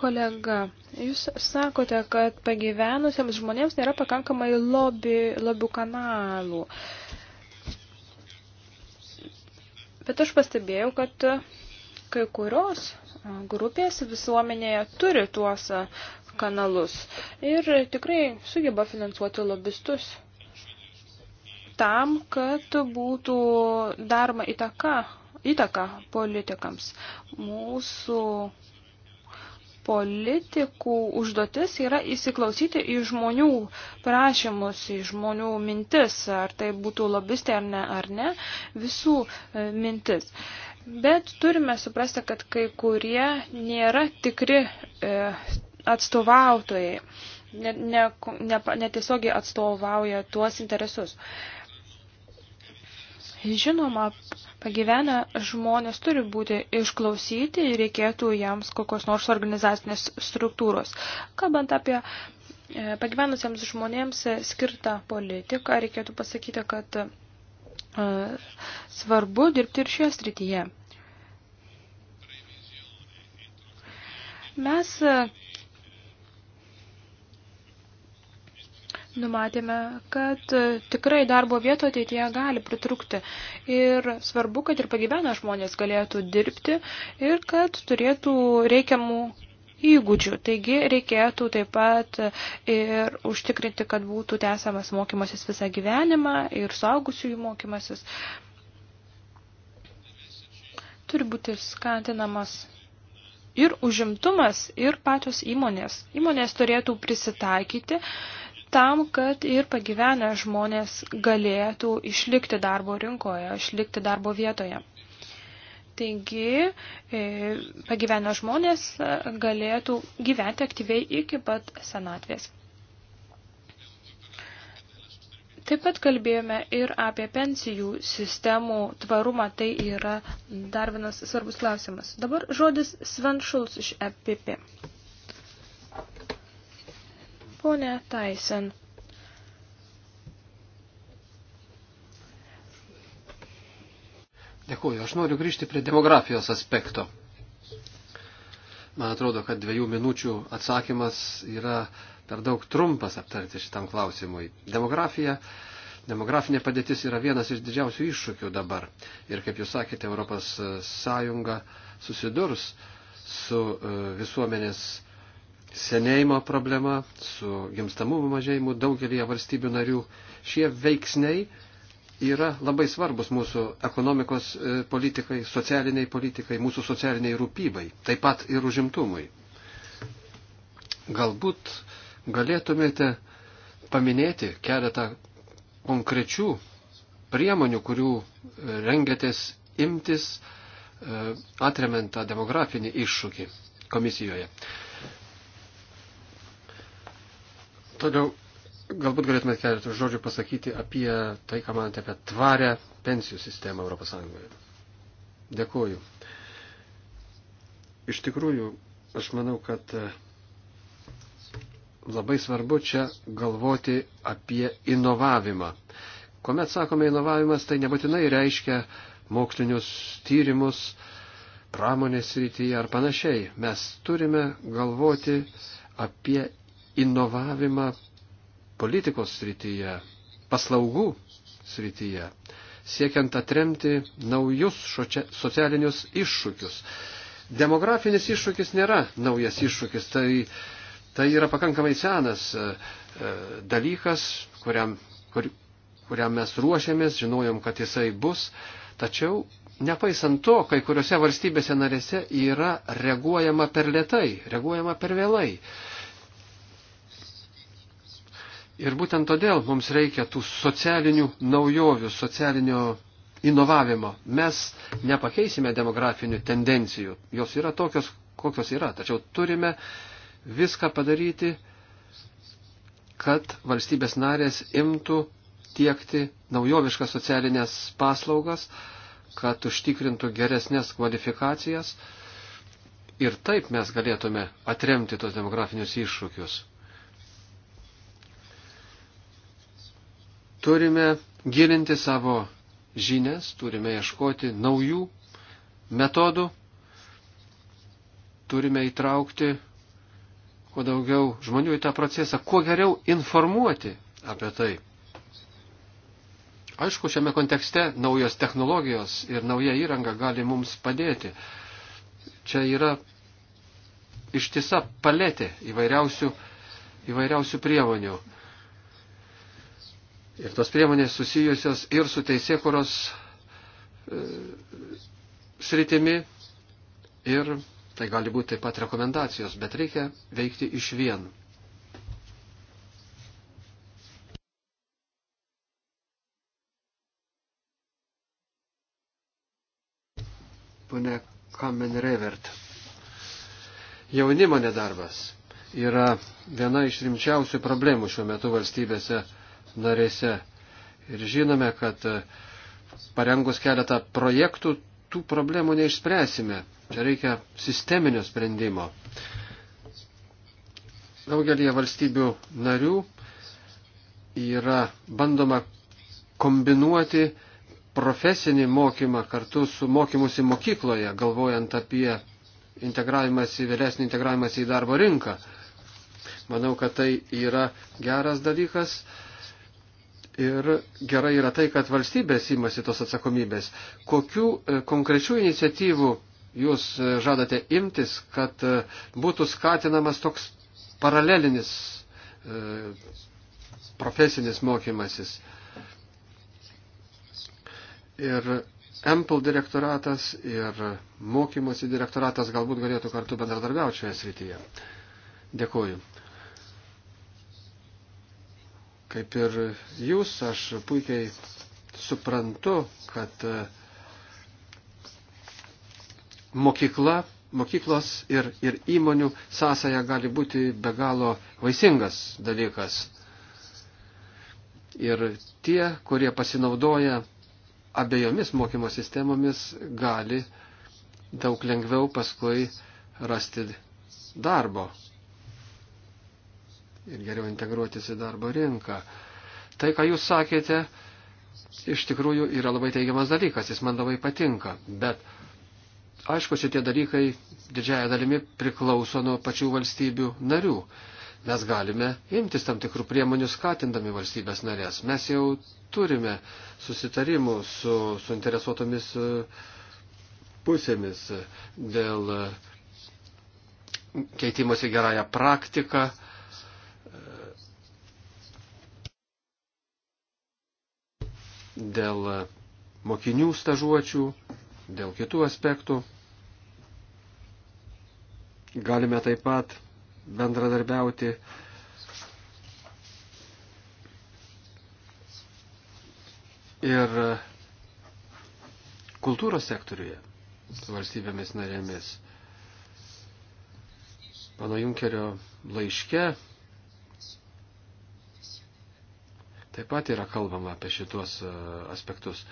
kolega, jūs sakote, kad pagyvenusiems žmonėms nėra pakankamai lobby, lobių kanalų. Bet aš pastebėjau, kad kai kurios grupės visuomenėje turi tuos kanalus ir tikrai sugeba finansuoti lobistus tam, kad būtų daroma įtaka, įtaka politikams. Mūsų politikų užduotis yra įsiklausyti į žmonių prašymus, į žmonių mintis, ar tai būtų lobistė ar ne, ar ne, visų e, mintis. Bet turime suprasti, kad kai kurie nėra tikri e, atstovautojai, netiesiogiai ne, ne, ne atstovauja tuos interesus. Žinoma, pagyvenę žmonės turi būti išklausyti ir reikėtų jiems kokios nors organizacinės struktūros. Kalbant apie e, pagyvenusiems žmonėms e, skirtą politiką, reikėtų pasakyti, kad e, svarbu dirbti ir šioje srityje. Mes numatėme, kad e, tikrai darbo vieto ateityje gali pritrūkti. Ir svarbu, kad ir pagyvenę žmonės galėtų dirbti ir kad turėtų reikiamų įgūdžių. Taigi reikėtų taip pat ir užtikrinti, kad būtų tęsiamas mokymasis visą gyvenimą ir suaugusiųjų mokymasis. Turi būti skatinamas ir užimtumas, ir pačios įmonės. Įmonės turėtų prisitaikyti uh, tam, kad ir pagyvenę žmonės galėtų išlikti darbo rinkoje, išlikti darbo vietoje. Taigi, e, pagyvenę žmonės galėtų gyventi aktyviai iki pat senatvės. Taip pat kalbėjome ir apie pensijų sistemų tvarumą, tai yra dar vienas svarbus klausimas. Dabar žodis Sven Schulz iš EPP. Pone Taisen. Dėkuoju, aš noriu grįžti prie demografijos aspekto. Man atrodo, kad dviejų minučių atsakymas yra per daug trumpas aptarti šitam klausimui. Demografija, demografinė padėtis yra vienas iš didžiausių iššūkių dabar. Ir kaip jūs sakėte, Europos Sąjunga susidurs su e, visuomenės senėjimo problema, su gimstamumo mažėjimu daugelį valstybių narių. Šie veiksniai yra labai svarbus mūsų ekonomikos e, politikai, socialiniai politikai, mūsų socialiniai rūpybai, taip pat ir užimtumui. Galbūt galėtumėte paminėti keletą konkrečių priemonių, kurių e, rengiatės imtis e, atremiant tą demografinį iššūkį komisijoje. Toliau galbūt galėtumėt keletą žodžių pasakyti apie tai, ką manote apie tvarę pensijų sistemą Europos Sąjungoje. Dėkuoju. Iš tikrųjų, aš manau, kad e, labai svarbu čia galvoti apie inovavimą. Komet sakome inovavimas, tai nebūtinai reiškia mokslinius tyrimus, pramonės rytyje ar panašiai. Mes turime galvoti apie inovavimą politikos srityje, paslaugų srityje, siekiant atremti naujus socialinius iššūkius. Demografinis iššūkis nėra naujas iššūkis, tai, tai yra pakankamai senas e, e, dalykas, kuriam, kur, kuriam mes ruošiamės, žinojom, kad jisai bus, tačiau nepaisant to, kai kuriuose valstybėse narėse yra reaguojama per lietai, reaguojama per vėlai. Ir būtent todėl mums reikia tų socialinių naujovių, socialinio inovavimo. Mes nepakeisime demografinių tendencijų. Jos yra tokios, kokios yra. Tačiau turime viską padaryti, kad valstybės narės imtų tiekti naujoviškas socialinės paslaugas, kad užtikrintų geresnės kvalifikacijas. Ir taip mes galėtume atremti tos demografinius iššūkius. Turime gilinti savo žinias, turime ieškoti naujų metodų, turime įtraukti kuo daugiau žmonių į tą procesą, kuo geriau informuoti apie tai. Aišku, šiame kontekste naujos technologijos ir nauja įranga gali mums padėti. Čia yra ištisa paletė įvairiausių, įvairiausių priemonių. Ir tos priemonės susijusios ir su teisėkuros e, sritimi, ir tai gali būti taip pat rekomendacijos, bet reikia veikti iš vien. Pone Kamenrevert. Jaunimo nedarbas yra viena iš rimčiausių problemų šiuo metu valstybėse narėse. Ir žinome, kad e, parengus keletą projektų tų problemų neišspręsime. Čia reikia sisteminio sprendimo. Daugelie valstybių narių yra bandoma kombinuoti profesinį mokymą kartu su mokymusi mokykloje, galvojant apie integravimąsi, vėlesnį integravimąsi į darbo rinką. Manau, kad tai yra geras dalykas. Ir gerai yra tai, kad valstybės imasi tos atsakomybės. Kokių e, konkrečių iniciatyvų jūs e, žadate imtis, kad e, būtų skatinamas toks paralelinis profesinis mokymasis? Ir Ample direktoratas ir mokymosi direktoratas galbūt galėtų kartu bendradarbiauti šioje srityje. Dėkuoju kaip ir jūs, aš puikiai suprantu, kad e, mokykla, mokyklos ir, ir įmonių sąsaja gali būti be galo vaisingas dalykas. Ir tie, kurie pasinaudoja abiejomis mokymo sistemomis, gali daug lengviau paskui rasti darbo ir geriau integruotis į darbo rinką. Tai, ką jūs sakėte, iš tikrųjų yra labai teigiamas dalykas, jis man labai patinka, bet aišku, šitie dalykai didžiaja dalimi priklauso nuo pačių valstybių narių. Mes galime imtis tam tikrų priemonių skatindami valstybės narės. Mes jau turime susitarimų su suinteresuotomis e, pusėmis e, dėl e, keitimosi gerąją praktiką, dėl mokinių stažuočių, dėl kitų aspektų. Galime taip pat bendradarbiauti ir kultūros sektoriuje su valstybėmis narėmis. Pano Junkerio laiške taip pat yra kalbama apie šitos e, aspektus.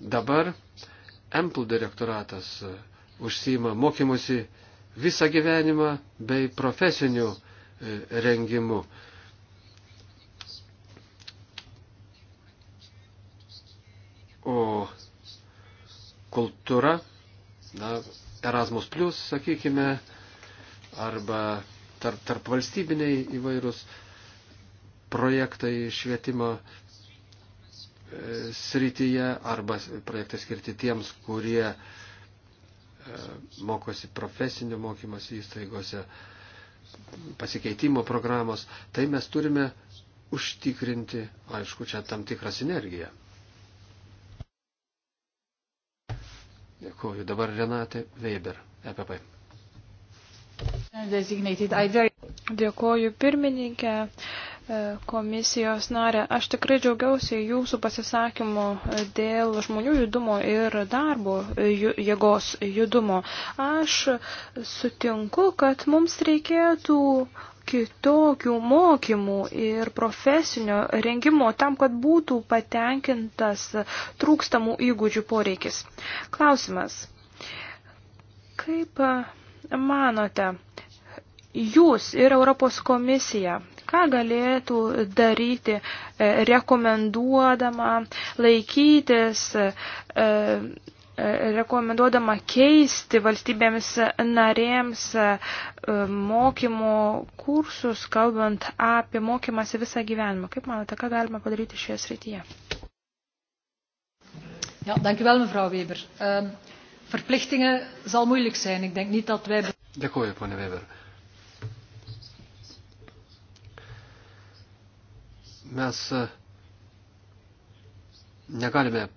Dabar Ample direktoratas e, užsima mokymusi visą gyvenimą bei profesinių e, rengimų. kultūra, na, Erasmus, sakykime, arba tarp, tarp valstybiniai įvairūs projektai švietimo e, srityje arba projektai skirti tiems, kurie e, mokosi profesinio mokymas įstaigose, pasikeitimo programos, tai mes turime užtikrinti, aišku, čia tam tikrą sinergiją. Dėkuoju. Dabar Renate Weber, EPP. Dėkuoju pirmininkė e, komisijos narė. Aš tikrai džiaugiausi jūsų pasisakymu e, dėl žmonių judumo ir darbo e, jėgos judumo. Aš sutinku, kad mums reikėtų kitokių mokymų ir profesinio rengimo tam, kad būtų patenkintas trūkstamų įgūdžių poreikis. Klausimas. Kaip e, manote, jūs ir Europos komisija, ką galėtų daryti e, rekomenduodama laikytis e, rekomenduodama keisti valstybėms narėms e, mokymų kursus, kalbant apie mokymąsi visą gyvenimą. Kaip manote, ką galima padaryti šioje srityje? Ja, dankjewel mevrouw Weber. Um, verplichtingen zal moeilijk zijn. Ik denk niet dat wij... Dėkuoju, ponė Weber. Mes eh, negalime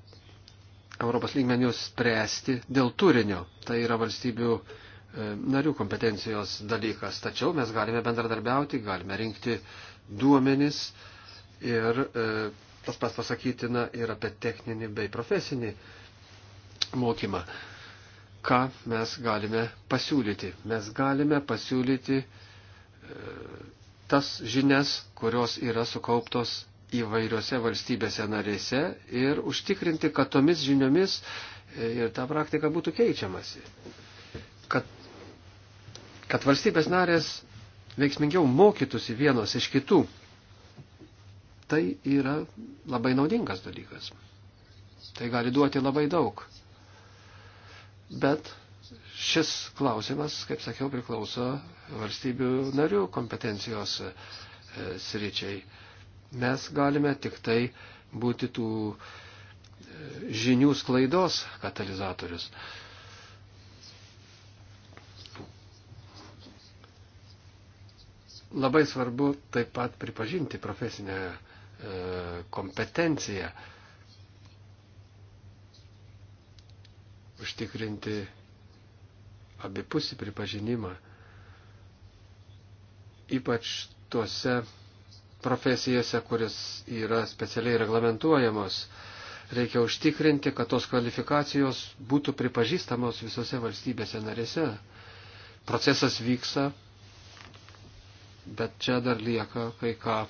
Europos lygmenių spręsti dėl turinio. Tai yra valstybių e, narių kompetencijos dalykas. Tačiau mes galime bendradarbiauti, galime rinkti duomenis ir e, tas pats pasakytina ir apie techninį bei profesinį mokymą. Ką mes galime pasiūlyti? Mes galime pasiūlyti e, tas žinias, kurios yra sukauptos įvairiose valstybėse narėse ir užtikrinti, kad tomis žiniomis e, ir tą praktiką būtų keičiamasi. Kad, kad valstybės narės veiksmingiau mokytųsi vienos iš kitų. Tai yra labai naudingas dalykas. Tai gali duoti labai daug. Bet šis klausimas, kaip sakiau, priklauso valstybių narių kompetencijos e, sričiai. E, Mes galime tik tai būti tų e, žinių sklaidos katalizatorius. Labai svarbu taip pat pripažinti profesinę e, kompetenciją, užtikrinti abipusį pripažinimą, ypač tuose profesijose, kuris yra specialiai reglamentuojamos. Reikia užtikrinti, kad tos kvalifikacijos būtų pripažįstamos visose valstybėse narėse. Procesas vyksta, bet čia dar lieka kai ką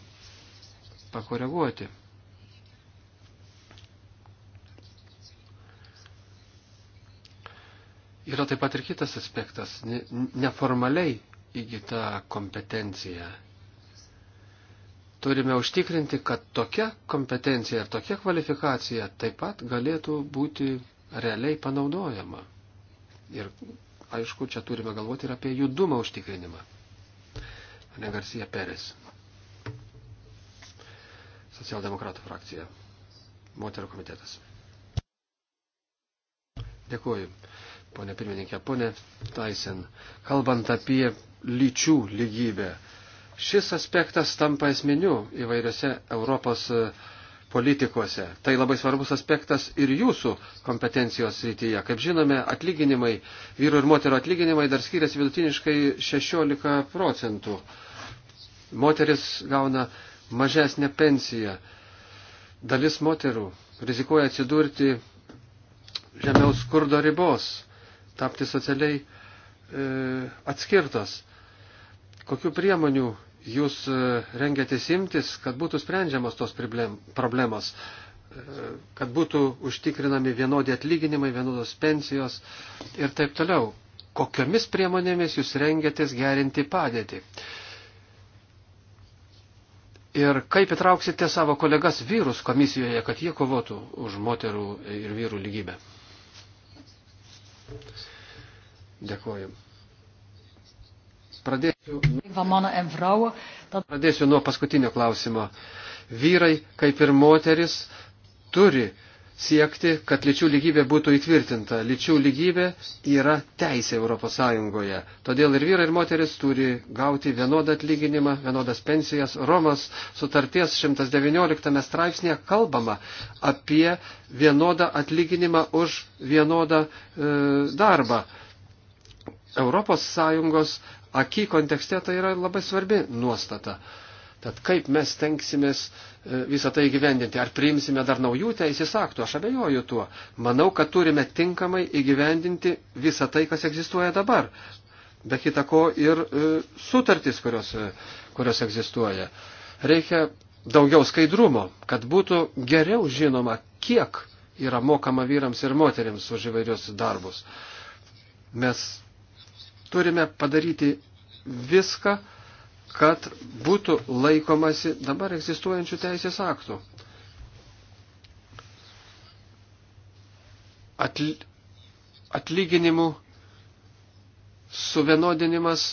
pakoreguoti. Yra taip pat ir kitas aspektas - neformaliai įgyta kompetencija turime užtikrinti, kad tokia kompetencija ir tokia kvalifikacija taip pat galėtų būti realiai panaudojama. Ir aišku, čia turime galvoti ir apie judumą užtikrinimą. Ne Garcia Peres. Socialdemokratų frakcija. Moterų komitetas. Dėkuoju, ponė pirmininkė, ponė Taisen. Kalbant apie lyčių lygybę, Šis aspektas tampa esminiu įvairiose Europos e, politikose. Tai labai svarbus aspektas ir jūsų kompetencijos rytyje. Kaip žinome, atlyginimai, vyru ir moterų atlyginimai dar skiriasi vidutiniškai 16 procentų. Moteris gauna mažesnę pensiją. Dalis moterų rizikuoja atsidurti žemiaus skurdo ribos, tapti socialiai e, atskirtos. Kokiu priemonių jūs e, rengiatės imtis, kad būtų sprendžiamos tos problemos, e, kad būtų užtikrinami vienodi atlyginimai, vienodos pensijos ir taip toliau. Kokiomis priemonėmis jūs rengiatės gerinti padėtį? Ir kaip įtrauksite savo kolegas vyrus komisijoje, kad jie kovotų už moterų ir vyrų lygybę? Dėkuoju. Pradėsiu, pradėsiu nuo paskutinio klausimo. Vyrai, kaip ir moteris, turi siekti, kad lyčių lygybė būtų įtvirtinta. Lyčių lygybė yra teisė Europos Sąjungoje. Todėl ir vyrai, ir moteris turi gauti vienodą atlyginimą, vienodas pensijas. Romos sutarties 119 straipsnėje kalbama apie vienodą atlyginimą už vienodą e, darbą. Europos Sąjungos Aki kontekste tai yra labai svarbi nuostata. Tad kaip mes tenksimės e, visą tai gyvendinti? Ar priimsime dar naujų teisės aktų? Aš abejoju tuo. Manau, kad turime tinkamai įgyvendinti visą tai, kas egzistuoja dabar. Be kita ko ir e, sutartys, kurios, e, kurios egzistuoja. Reikia daugiau skaidrumo, kad būtų geriau žinoma, kiek yra mokama vyrams ir moteriams už įvairius darbus. Mes turime padaryti viską, kad būtų laikomasi dabar egzistuojančių teisės aktų. Atl atlyginimų suvienodinimas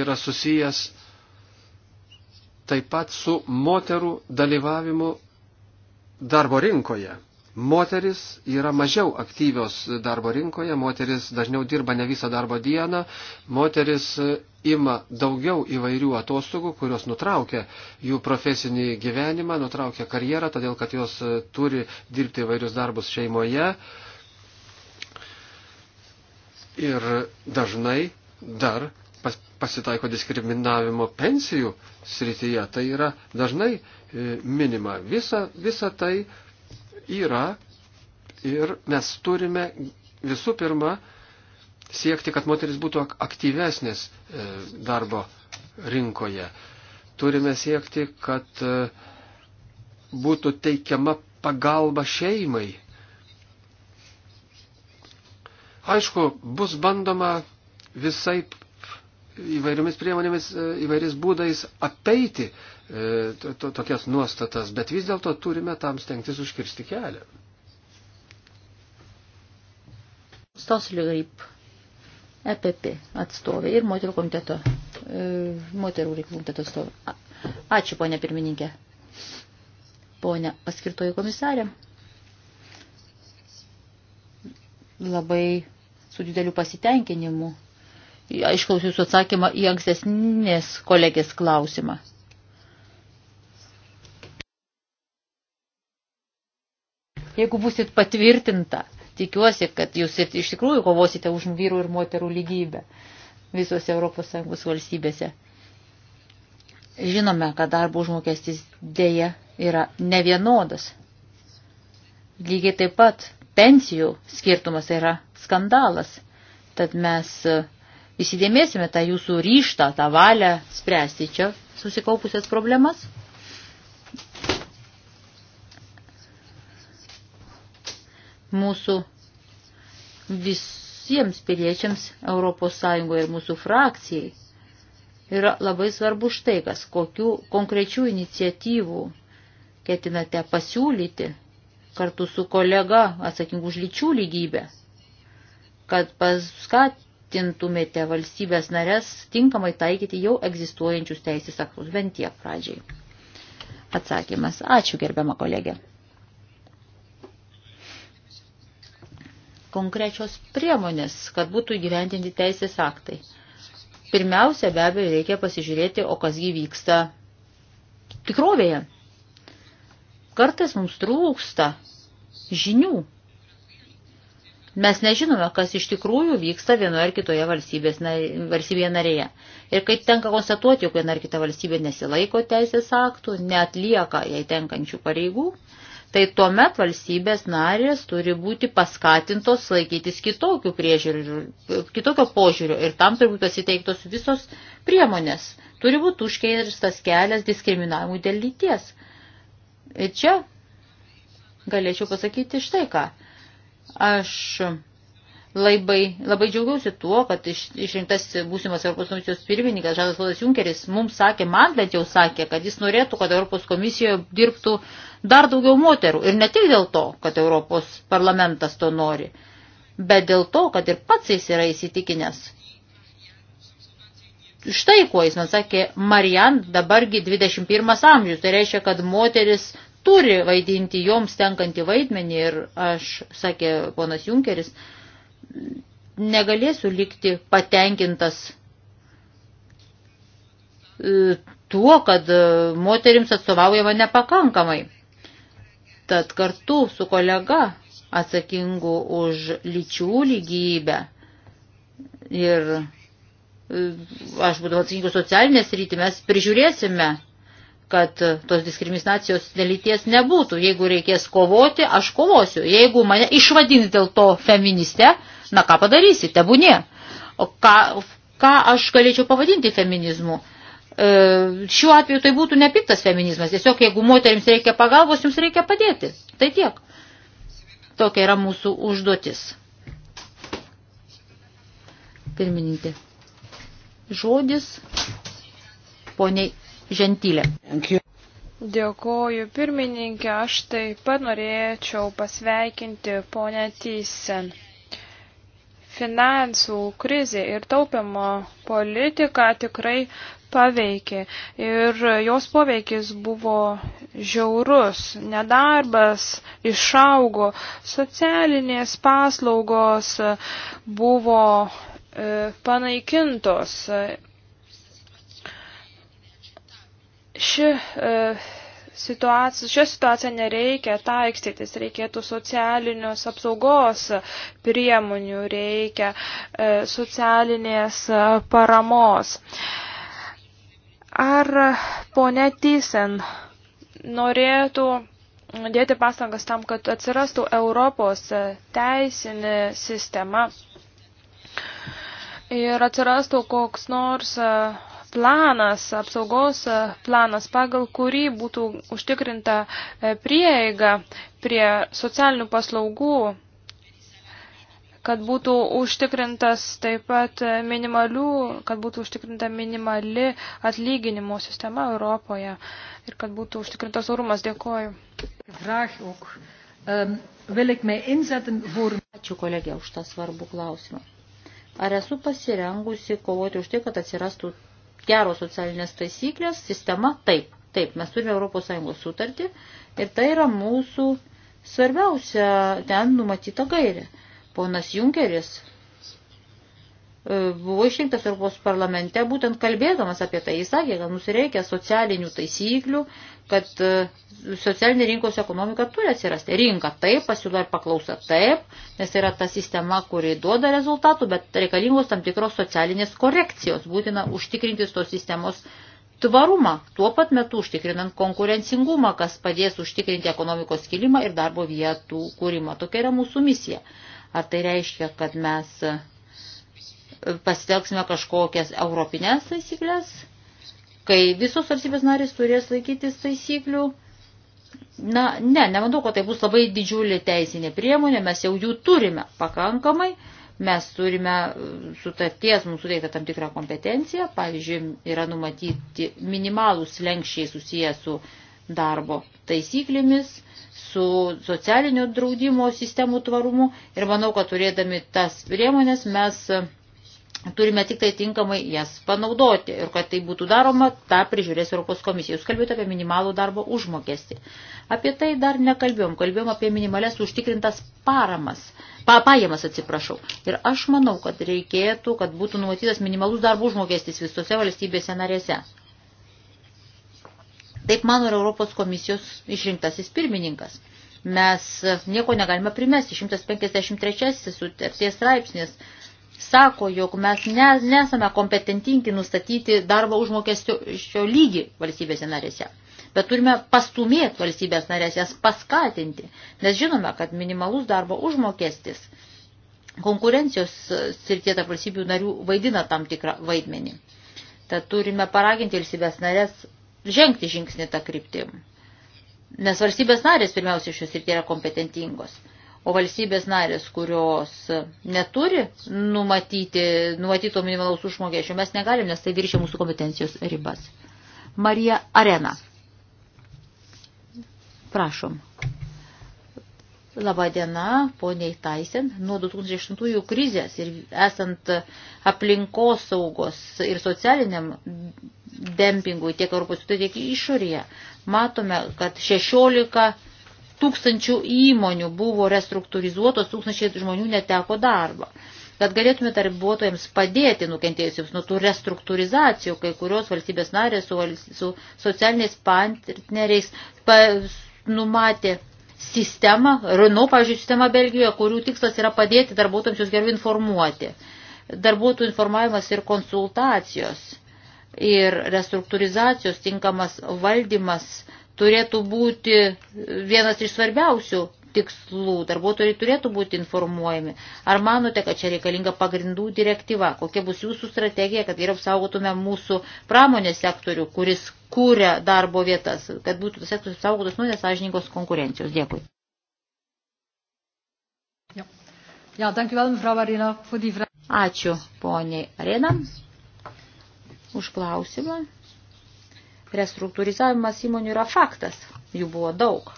yra susijęs taip pat su moterų dalyvavimu darbo rinkoje. Moteris yra mažiau aktyvios darbo rinkoje, moteris dažniau dirba ne visą darbo dieną, moteris ima daugiau įvairių atostogų, kurios nutraukia jų profesinį gyvenimą, nutraukia karjerą, todėl kad jos e, turi dirbti įvairius darbus šeimoje. Ir dažnai dar pas, pasitaiko diskriminavimo pensijų srityje. Tai yra dažnai e, minima. Visa, visa tai yra ir mes turime visų pirma siekti, kad moteris būtų aktyvesnės e, darbo rinkoje. Turime siekti, kad e, būtų teikiama pagalba šeimai. Aišku, bus bandoma visai įvairiomis priemonėmis, e, įvairiais būdais apeiti E, to, to, tokias nuostatas, bet vis dėlto turime tam stengtis užkirsti kelią. Stosliu kaip EPP atstovė ir moterų komiteto, e, moterų reikalų komiteto atstovė. Ačiū, ponė pirmininkė. Ponė paskirtoji komisarė. Labai su dideliu pasitenkinimu išklausiu jūsų atsakymą į ankstesnės kolegės klausimą. jeigu busit patvirtinta, tikiuosi, kad jūs ir iš tikrųjų kovosite už vyrų ir moterų lygybę visose ES valstybėse. Žinome, kad darbo užmokestis dėja yra nevienodas. Lygiai taip pat pensijų skirtumas yra skandalas. Tad mes e, įsidėmėsime tą jūsų ryštą, tą valią spręsti čia susikaupusias problemas. mūsų visiems piliečiams ES ir mūsų frakcijai yra labai svarbu štai kas, kokių konkrečių iniciatyvų ketinate pasiūlyti kartu su kolega atsakingu už lyčių lygybę, kad paskatintumėte valstybės narės tinkamai taikyti jau egzistuojančius teisės aktus, bent tiek pradžiai. Atsakymas. Ačiū, gerbiama kolegė. konkrečios priemonės, kad būtų įgyvendinti teisės aktai. Pirmiausia, be abejo, reikia pasižiūrėti, o kas gyvyksta tikrovėje. Kartais mums trūksta žinių. Mes nežinome, kas iš tikrųjų vyksta vienoje ar kitoje valstybėje narėje. Ir kai tenka konstatuoti, jog viena ar kita valstybė nesilaiko teisės aktų, neatlieka jai tenkančių pareigų, tai tuomet valstybės narės turi būti paskatintos laikytis kitokių priežiūrių, kitokio požiūrio ir tam turi būti pasiteiktos visos priemonės. Turi būti užkeirstas kelias diskriminavimui dėl lyties. Ir čia galėčiau pasakyti štai ką. Aš labai, labai džiaugiausi tuo, kad iš, išrinktas būsimas Europos komisijos pirmininkas Žadas Klaudas Junkeris mums sakė, man bent jau sakė, kad jis norėtų, kad Europos komisijoje dirbtų dar daugiau moterų. Ir ne tik dėl to, kad Europos parlamentas to nori, bet dėl to, kad ir pats jis yra įsitikinęs. Štai kuo jis man sakė, Marian, dabargi 21 amžius, tai reiškia, kad moteris turi vaidinti joms tenkantį vaidmenį ir aš, sakė ponas Junkeris, uh, negalėsiu likti patenkintas e, tuo, kad e, moterims atstovaujama nepakankamai. Tad kartu su kolega atsakingu už lyčių lygybę ir e, aš būdavau atsakingu socialinės rytį, mes prižiūrėsime, kad tos diskriminacijos nelyties nebūtų. Jeigu reikės kovoti, aš kovosiu. Jeigu mane išvadins dėl to feministe, Na ką padarysi, tebūnie. O ką, ką aš galėčiau pavadinti feminizmu? E, šiuo atveju tai būtų nepiktas feminizmas. Tiesiog jeigu moterims reikia pagalbos, jums reikia padėti. Tai tiek. Tokia yra mūsų užduotis. Pirmininkė. Žodis poniai Žentylė. Dėkoju pirmininkė, aš taip pat norėčiau pasveikinti ponę Tysen finansų krizė ir taupimo politika tikrai paveikė. Ir jos poveikis buvo žiaurus. Nedarbas išaugo, socialinės paslaugos buvo e, panaikintos. Ši e, situaciją, šią situaciją nereikia taikstytis, reikėtų socialinius apsaugos priemonių, reikia e, socialinės e, paramos. Ar ponė Tysen norėtų dėti pastangas tam, kad atsirastų Europos teisinė sistema ir atsirastų koks nors e, planas, apsaugos e, planas, pagal kurį būtų užtikrinta e, prieiga prie socialinių paslaugų, kad būtų užtikrintas taip pat e, minimalių, kad būtų užtikrinta minimali atlyginimo sistema Europoje ir kad būtų užtikrintas orumas. Dėkoju. Ehm, Ačiū kolegė už tą svarbų klausimą. Ar esu pasirengusi kovoti už tai, kad atsirastų geros socialinės taisyklės, sistema taip. Taip, mes turime ES sutartį ir tai yra mūsų svarbiausia ten numatyta gairė. Ponas Junkeris e, buvo išrinktas Europos parlamente, būtent kalbėdamas apie tai, jis sakė, kad mums reikia socialinių taisyklių, kad e, socialinė rinkos ekonomika turi atsirasti. Rinka taip, pasiūla ir paklausa taip, nes tai yra ta sistema, kuri duoda rezultatų, bet reikalingos tam tikros socialinės korekcijos. Būtina užtikrinti tos sistemos tvarumą, tuo pat metu užtikrinant konkurencingumą, kas padės užtikrinti ekonomikos kilimą ir darbo vietų kūrimą. Tokia yra mūsų misija. Ar tai reiškia, kad mes e, pasitelksime kažkokias europinės taisyklės? kai visos valstybės narės turės laikytis taisyklių. Na, ne, nemanau, kad tai bus labai didžiulė teisinė priemonė, mes jau jų turime pakankamai, mes turime e, sutarties mums suteiktą tam tikrą kompetenciją, pavyzdžiui, yra numatyti minimalūs lenkščiai susiję su darbo taisyklėmis, su socialinio draudimo sistemų tvarumu ir manau, kad turėdami tas priemonės mes Turime tik tai tinkamai jas panaudoti ir kad tai būtų daroma, tą prižiūrės Europos komisija. Jūs kalbėjote apie minimalų darbo užmokestį. Apie tai dar nekalbėjom, kalbėjom apie minimales užtikrintas paramas, pa, pajamas atsiprašau. Ir aš manau, kad reikėtų, kad būtų numatytas minimalus darbo užmokestis visose valstybėse narėse. Taip mano ir Europos komisijos išrinktasis pirmininkas mes nieko negalime primesti. 153 sutarties straipsnis sako, jog mes ne, nesame kompetentingi nustatyti darbo užmokesčio šio lygį valstybėse narėse. Bet turime pastumėti valstybės narės, jas paskatinti, nes žinome, kad minimalus darbo užmokestis konkurencijos srityje tarp valstybių narių vaidina tam tikrą vaidmenį. Tad turime paraginti valstybės narės žengti žingsnį tą kryptim. Nes valstybės narės pirmiausia šios srityje yra kompetentingos. O valstybės narės, kurios neturi numatyti, numatyto minimalaus užmokesčio, mes negalim, nes tai viršia mūsų kompetencijos ribas. Marija Arena. Prašom. Labą dieną, poniai Taisen. Nuo 2008 krizės ir esant aplinkos saugos ir socialiniam dempingui tiek Europos, tiek išorėje, matome, kad 16 tūkstančių įmonių buvo restruktūrizuotos, tūkstančiai žmonių neteko darbą. Kad galėtume darbuotojams padėti nukentėjusiems nuo tų restruktūrizacijų, kai kurios valstybės narės su, su socialiniais partneriais pa, numatė sistemą, Renault, pavyzdžiui, sistema Belgijoje, kurių tikslas yra padėti darbuotojams jūs geriau informuoti. Darbuotojų informavimas ir konsultacijos ir restruktūrizacijos tinkamas valdymas turėtų būti vienas iš svarbiausių tikslų. Darbuotojai turėtų būti informuojami. Ar manote, kad čia reikalinga pagrindų direktyva? Kokia bus jūsų strategija, kad geriau saugotume mūsų pramonės sektorių, kuris kūrė darbo vietas, kad būtų tas sektorius saugotas nuo nesažininkos konkurencijos? Dėkui. Ja, dank u wel, mevrouw Arena, voor die vraag. Ačiū, poniai Arena, už klausimą. Restruktūrizavimas įmonių yra faktas, jų buvo daug.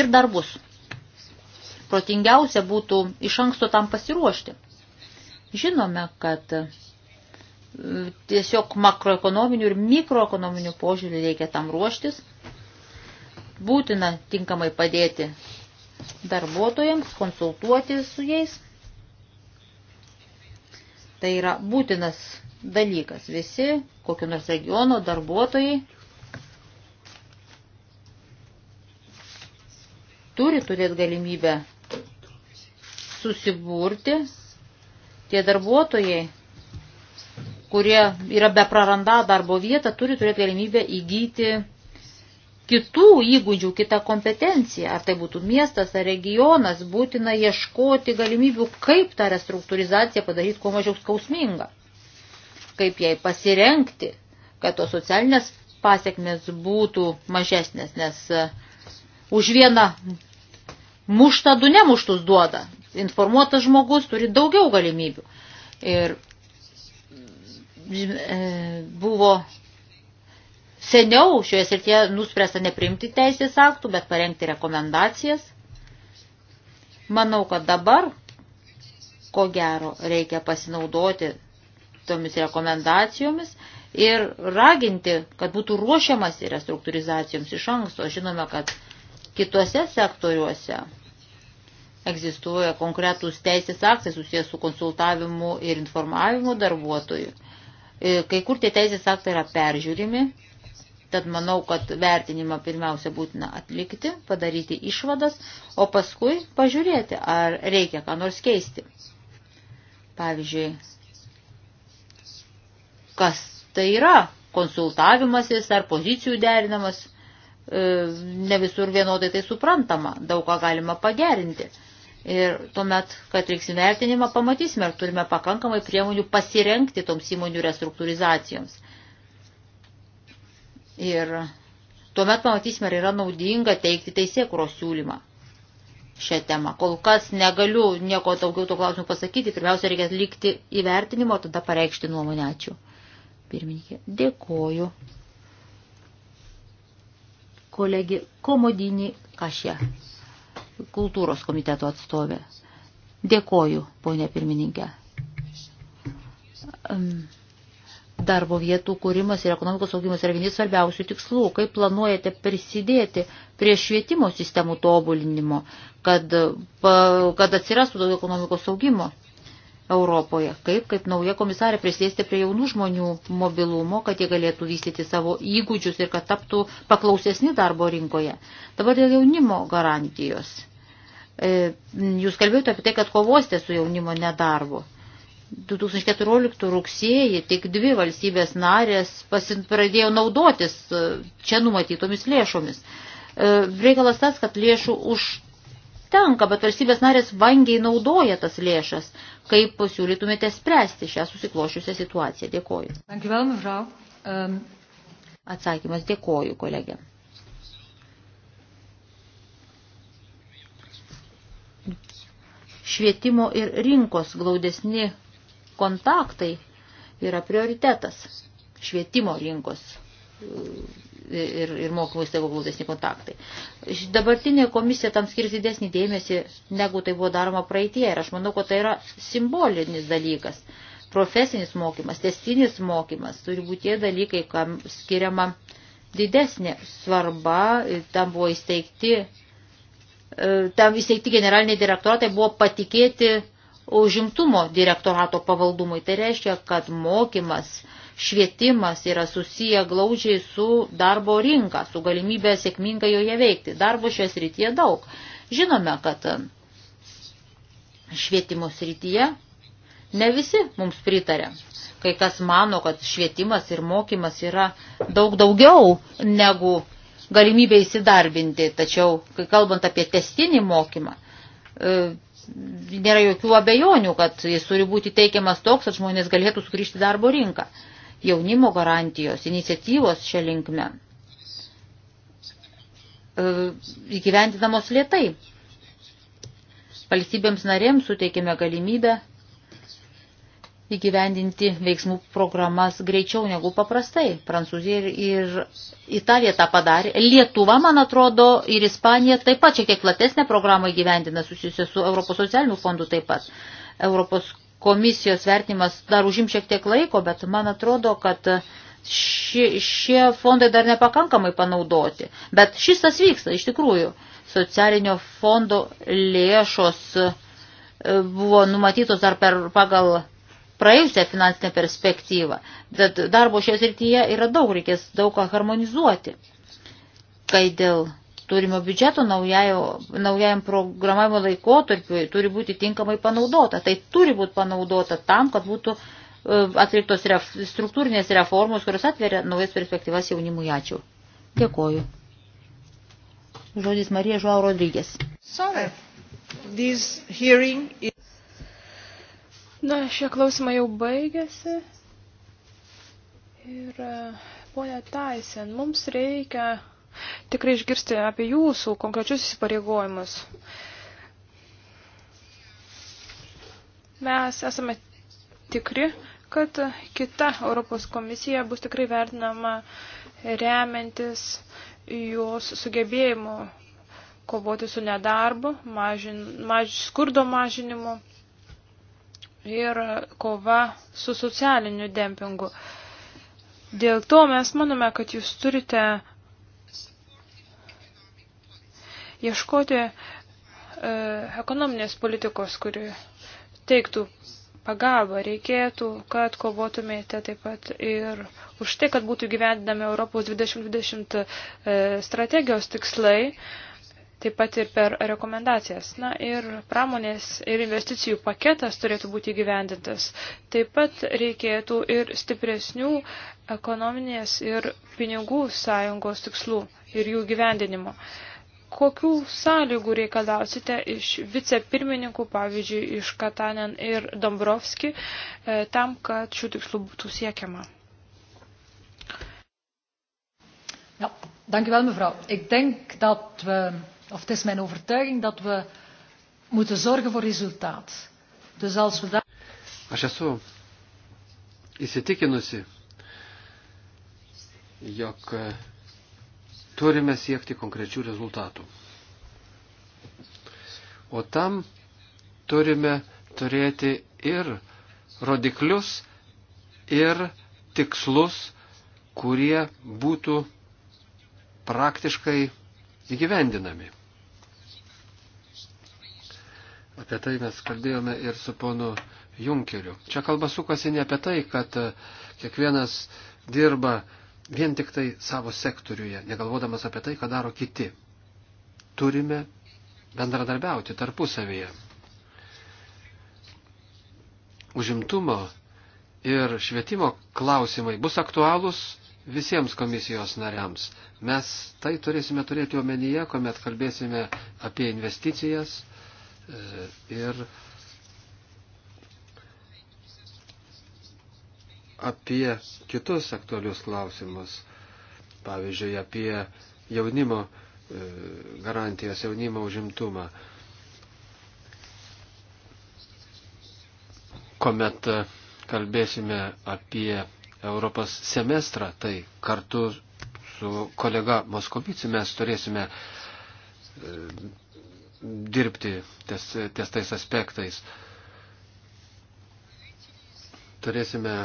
Ir dar bus. Protingiausia būtų iš anksto tam pasiruošti. Žinome, kad e, tiesiog makroekonominių ir mikroekonominių požiūrių reikia tam ruoštis. Būtina tinkamai padėti darbuotojams, konsultuoti su jais. Tai yra būtinas dalykas. Visi kokio nors regiono darbuotojai turi turėti galimybę susiburti. Tie darbuotojai, kurie yra be prarandą darbo vietą, turi turėti galimybę įgyti kitų įgūdžių, kitą kompetenciją, ar tai būtų miestas ar regionas, būtina ieškoti galimybių, kaip tą restruktūrizaciją padaryti kuo mažiau skausmingą, kaip jai pasirenkti, kad tos socialinės pasiekmes būtų mažesnės, nes e, už vieną muštą du nemuštus duoda. Informuotas žmogus turi daugiau galimybių. Ir e, buvo Seniau šioje srityje nuspręsta neprimti teisės aktų, bet parengti rekomendacijas. Manau, kad dabar, ko gero, reikia pasinaudoti tomis rekomendacijomis ir raginti, kad būtų ruošiamas restruktūrizacijoms iš anksto. Žinome, kad kitose sektoriuose egzistuoja konkretūs teisės aktai susijęs su konsultavimu ir informavimu darbuotojų. E, kai kur tie teisės aktai yra peržiūrimi Tad manau, kad vertinimą pirmiausia būtina atlikti, padaryti išvadas, o paskui pažiūrėti, ar reikia ką nors keisti. Pavyzdžiui, kas tai yra konsultavimasis ar pozicijų derinamas, e, ne visur vienodai tai suprantama, daug ką galima pagerinti. Ir tuomet, kad reiksim vertinimą, pamatysime, ar turime pakankamai priemonių pasirenkti toms įmonių restruktūrizacijoms. Ir tuomet pamatysime, ar yra naudinga teikti teisėkuros siūlymą šią temą. Kol kas negaliu nieko daugiau to klausimų pasakyti. Pirmiausia, reikia atlikti įvertinimo, tada pareikšti nuomonę. Ačiū. Pirmininkė, dėkoju. Kolegi Komodinį Kašė, kultūros komiteto atstovė. Dėkoju, ponė pirmininkė. Um. Darbo vietų kūrimas ir ekonomikos augimas yra vienas svarbiausių tikslų. Kaip planuojate prisidėti prie švietimo sistemų tobulinimo, kad, kad atsirastų daugiau ekonomikos augimo Europoje? Kaip, kaip nauja komisarė, prisidėsite prie jaunų žmonių mobilumo, kad jie galėtų vystyti savo įgūdžius ir kad taptų paklausesni darbo rinkoje? Dabar dėl jaunimo garantijos. E, jūs kalbėjote apie tai, kad kovosite su jaunimo nedarbu. 2014 rugsėjį tik dvi valstybės narės pradėjo naudotis e, čia numatytomis lėšomis. E, reikalas tas, kad lėšų užtenka, bet valstybės narės vangiai naudoja tas lėšas. Kaip pasiūlytumėte spręsti šią susiklošiusią situaciją? Dėkoju. Um, Atsakymas dėkoju, kolegė. Švietimo ir rinkos glaudesni kontaktai yra prioritetas švietimo rinkos e, ir, ir mokymų įstaigų glaudesni kontaktai. Dabartinė komisija tam skirs didesnį dėmesį, negu tai buvo daroma praeitie. Ir aš manau, kad tai yra simbolinis dalykas. Profesinis mokymas, testinis mokymas turi būti tie dalykai, kam skiriama didesnė svarba. Tam buvo įsteigti, e, tam įsteigti generaliniai direktoratai buvo patikėti užimtumo direktorato pavaldumui. Tai reiškia, kad mokymas, švietimas yra susiję glaudžiai su darbo rinka, su galimybė sėkmingai joje veikti. Darbo šioje srityje daug. Žinome, kad švietimo srityje ne visi mums pritarė. Kai kas mano, kad švietimas ir mokymas yra daug daugiau negu galimybė įsidarbinti. Tačiau, kai kalbant apie testinį mokymą, e, nėra jokių abejonių, kad jis turi būti teikiamas toks, kad žmonės galėtų sugrįžti darbo rinką. Jaunimo garantijos, iniciatyvos šią linkme e, įgyvendinamos lietai. Valstybėms narėms suteikime galimybę įgyvendinti veiksmų programas greičiau negu paprastai. Prancūzija ir, ir Italija tą padarė. Lietuva, man atrodo, ir Ispanija taip pat šiek tiek platesnę programą įgyvendina susijusią su Europos socialiniu fondu taip pat. Europos komisijos vertinimas dar užim šiek tiek laiko, bet man atrodo, kad ši, šie fondai dar nepakankamai panaudoti. Bet šis tas vyksta, iš tikrųjų. Socialinio fondo lėšos e, buvo numatytos dar per, pagal praėjusią finansinę perspektyvą. Tad darbo šios rytyje yra daug, reikės daug ką harmonizuoti. Kai dėl turimo biudžeto naujajo, naujajam programavimo laikotarpiu turi būti tinkamai panaudota. Tai turi būti panaudota tam, kad būtų e, atliktos ref, struktūrinės reformos, kurios atveria naujas perspektyvas jaunimui. Ačiū. Dėkoju. Žodis Marija Žuau Rodrygės. Sorry. This hearing is... Na, šie klausimai jau baigėsi. Ir, e, ponia Taisen, mums reikia tikrai išgirsti apie jūsų konkrečius įsipareigojimus. Mes esame tikri, kad kita Europos komisija bus tikrai vertinama remiantis jos sugebėjimu kovoti su nedarbu, mažin, maž, skurdo mažinimu ir kova su socialiniu dempingu. Dėl to mes manome, kad jūs turite ieškoti e, ekonominės politikos, kuri teiktų pagalbą. Reikėtų, kad kovotumėte taip pat ir už tai, kad būtų gyvendinami Europos 2020 e, strategijos tikslai. E, taip pat ir per rekomendacijas. Na ir pramonės ir investicijų paketas turėtų būti gyvendintas. Taip pat reikėtų ir stipresnių ekonominės ir pinigų sąjungos tikslų ir jų gyvendinimo. Kokių sąlygų reikalausite iš vicepirmininkų, pavyzdžiui, iš Katanen ir Dombrovski, e, tam, kad šių tikslų būtų siekiama? Ja, dank u wel mevrouw. Ik denk dat we of het is mijn overtuiging dat we moeten zorgen voor resultaat. Dus als we daar... Aš esu įsitikinusi, jog e, turime siekti konkrečių rezultatų. O tam turime turėti ir rodiklius, ir tikslus, kurie būtų praktiškai įgyvendinami. Apie tai mes kalbėjome ir su ponu Junkeriu. Čia kalba sukasi ne apie tai, kad e, kiekvienas dirba vien tik tai savo sektoriuje, negalvodamas apie tai, ką daro kiti. Turime bendradarbiauti tarpusavėje. Užimtumo ir švietimo klausimai bus aktualūs visiems komisijos nariams. Mes tai turėsime turėti omenyje, kuomet kalbėsime apie investicijas e, ir apie kitus aktualius klausimus. Pavyzdžiui, apie jaunimo e, garantijas, jaunimo užimtumą. Komet e, kalbėsime apie Europos semestrą, tai kartu su kolega Moskoviciu mes turėsime e, dirbti ties, ties tais aspektais. Turėsime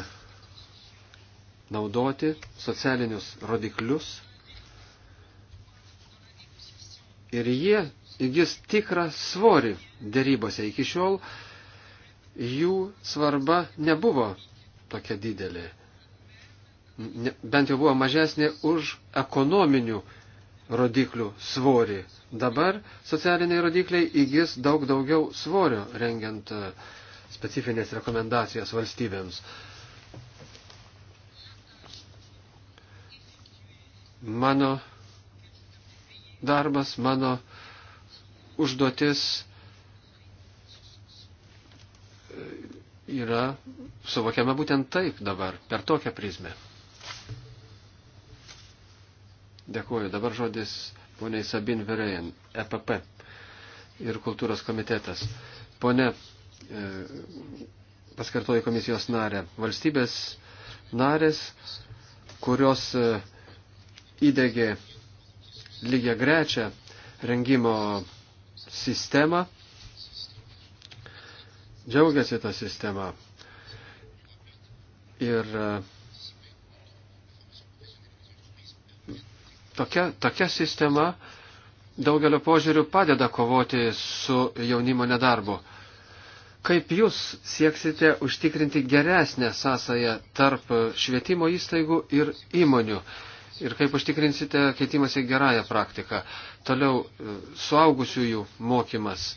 naudoti socialinius rodiklius ir jie įgis tikrą svorį dėrybose. Iki šiol jų svarba nebuvo tokia didelė bent jau buvo mažesnė už ekonominių rodiklių svorį. Dabar socialiniai rodikliai įgis daug daugiau svorio rengiant e, specifinės rekomendacijas valstybėms. Mano darbas, mano užduotis e, yra suvokiama būtent taip dabar, per tokią prizmę. Dėkuoju. Dabar žodis poniai Sabin Verejan, EPP ir kultūros komitetas. Pone, e, paskartoju komisijos narę, valstybės narės, kurios e, įdėgė lygia grečią rengimo sistemą, džiaugiasi tą sistemą. Ir uh, tokia, tokia sistema daugelio požiūrių padeda kovoti su jaunimo nedarbu. Kaip jūs sieksite užtikrinti geresnę sąsąją tarp švietimo įstaigų ir įmonių? Ir kaip užtikrinsite keitimąsi gerąją praktiką? Toliau e, suaugusiųjų mokymas.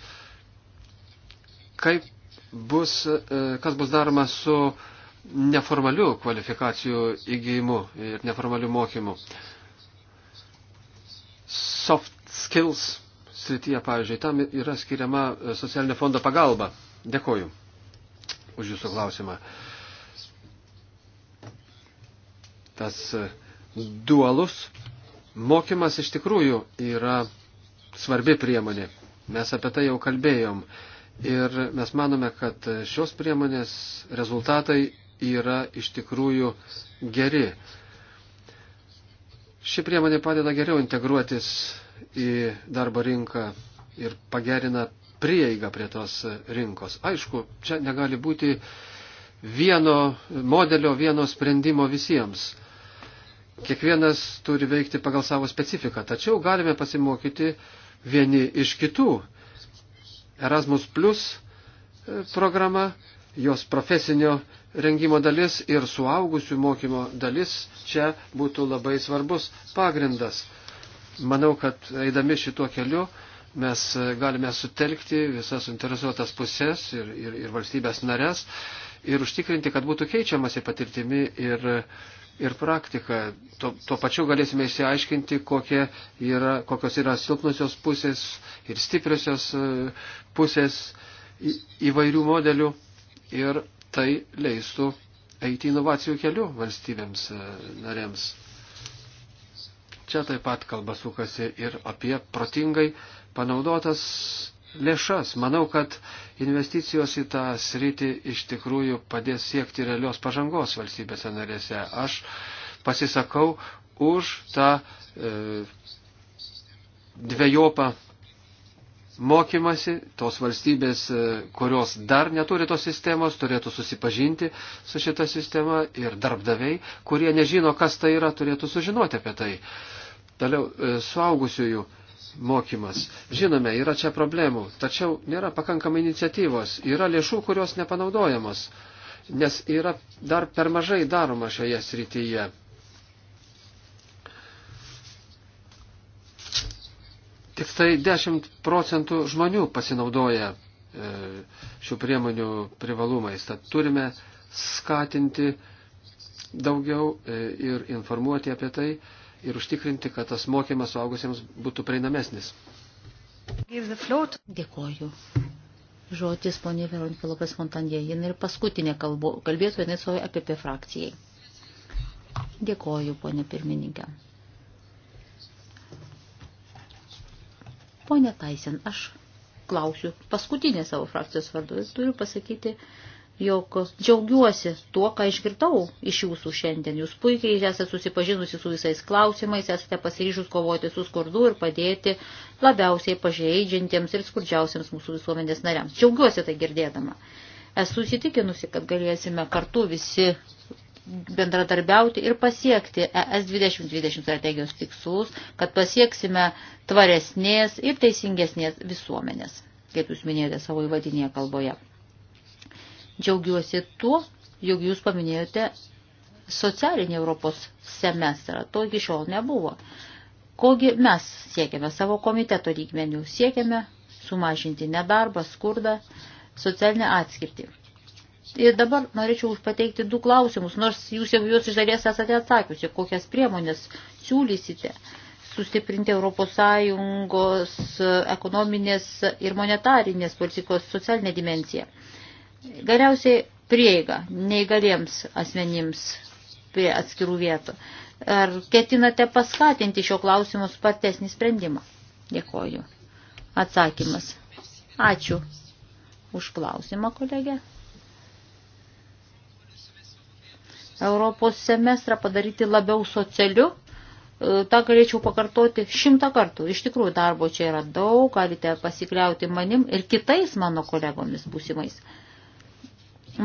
Kaip bus, e, kas bus daroma su neformaliu kvalifikacijų įgyjimu ir neformaliu mokymu? soft skills srityje, pavyzdžiui, tam yra skiriama e, socialinio fondo pagalba. Dėkoju už Jūsų klausimą. Tas e, dualus mokymas iš tikrųjų yra svarbi priemonė. Mes apie tai jau kalbėjom. Ir mes manome, kad šios priemonės rezultatai yra iš tikrųjų geri. Ši priemonė padeda geriau integruotis į darbo rinką ir pagerina prieigą prie tos rinkos. Aišku, čia negali būti vieno modelio, vieno sprendimo visiems. Kiekvienas turi veikti pagal savo specifiką, tačiau galime pasimokyti vieni iš kitų. Erasmus Plus programa, jos profesinio rengimo dalis ir suaugusių mokymo dalis čia būtų labai svarbus pagrindas. Manau, kad eidami šituo keliu mes galime sutelkti visas interesuotas pusės ir, ir, ir valstybės narės ir užtikrinti, kad būtų keičiamasi patirtimi ir, ir praktika. Tuo, tuo pačiu galėsime išsiaiškinti, kokie yra, kokios yra silpnusios pusės ir stipriosios e, pusės įvairių modelių ir tai leistų eiti inovacijų keliu valstybėms e, narėms. Čia taip pat kalba sukasi ir apie protingai panaudotas lėšas. Manau, kad investicijos į tą sritį iš tikrųjų padės siekti realios pažangos valstybėse narėse. Aš pasisakau už tą e, dviejopą mokymasi, tos valstybės, e, kurios dar neturi tos sistemos, turėtų susipažinti su šita sistema ir darbdaviai, kurie nežino, kas tai yra, turėtų sužinoti apie tai. Toliau, e, suaugusiųjų mokymas. Žinome, yra čia problemų, tačiau nėra pakankamai iniciatyvos, yra lėšų, kurios nepanaudojamos, nes yra dar per mažai daroma šioje srityje. Tik tai 10 procentų žmonių pasinaudoja e, šių priemonių privalumais. Tad turime skatinti daugiau e, ir informuoti apie tai ir užtikrinti, kad tas mokymas suaugusiems būtų prieinamesnis. Dėkoju. Žodis ponė Veronika Lopes Fontandė. Jin ir paskutinė kalbėtoja, jinai savo apie, apie frakcijai. Dėkoju, ponė pirmininkė. Pone Taisen, aš klausiu paskutinį savo frakcijos vardu ir turiu pasakyti, jog džiaugiuosi tuo, ką išgirdau iš jūsų šiandien. Jūs puikiai esate susipažinusi su visais klausimais, esate pasiryžus kovoti su skurdu ir padėti labiausiai pažeidžiantiems ir skurdžiausiams mūsų visuomenės nariams. Džiaugiuosi tai girdėdama. Esu įsitikinusi, kad galėsime kartu visi bendradarbiauti ir pasiekti ES 2020 strategijos tikslus, kad pasieksime tvaresnės ir teisingesnės visuomenės, kaip jūs minėjote savo įvadinėje kalboje. Džiaugiuosi tuo, jog jūs paminėjote socialinį Europos semestrą. To iki šiol nebuvo. Kogi mes siekiame savo komiteto lygmenių? Siekiame sumažinti nedarbą, skurdą, socialinę atskirtį. Ir dabar norėčiau pateikti du klausimus, nors jūs jau juos iš dalies esate atsakiusi, kokias priemonės siūlysite sustiprinti ES ekonominės ir monetarinės politikos socialinę dimenciją. Galiausiai prieiga neįgaliems asmenims prie atskirų vietų. Ar ketinate paskatinti šio klausimo spartesnį sprendimą? Dėkoju. Atsakymas. Ačiū už klausimą, kolegė. Europos semestrą padaryti labiau socialiu. E, Ta galėčiau pakartoti šimtą kartų. Iš tikrųjų, darbo čia yra daug, galite pasikliauti manim ir kitais mano kolegomis būsimais.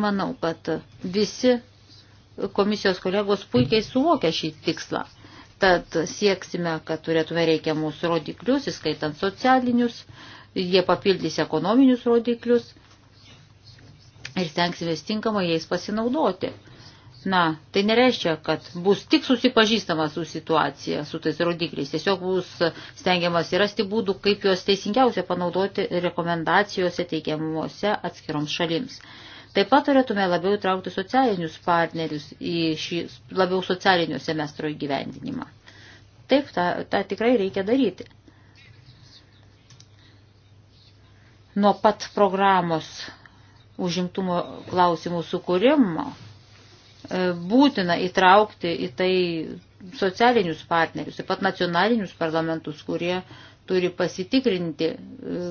Manau, kad visi komisijos kolegos puikiai suvokia šį tikslą. Tad sieksime, kad turėtume reikiamus rodiklius, įskaitant socialinius, jie papildys ekonominius rodiklius ir stengsime tinkamai jais pasinaudoti Na, tai nereiškia, kad bus tik susipažįstama su situacija, su tais rodikliais. Tiesiog bus stengiamas rasti būdų, kaip juos teisingiausia panaudoti rekomendacijose teikiamuose atskiroms šalims. Taip pat turėtume labiau traukti socialinius partnerius į šį labiau socialinio semestro įgyvendinimą. Taip, tą, tą tikrai reikia daryti. Nuo pat programos užimtumo klausimų sukūrimo E, būtina įtraukti į tai socialinius partnerius, taip pat nacionalinius parlamentus, kurie turi pasitikrinti, e,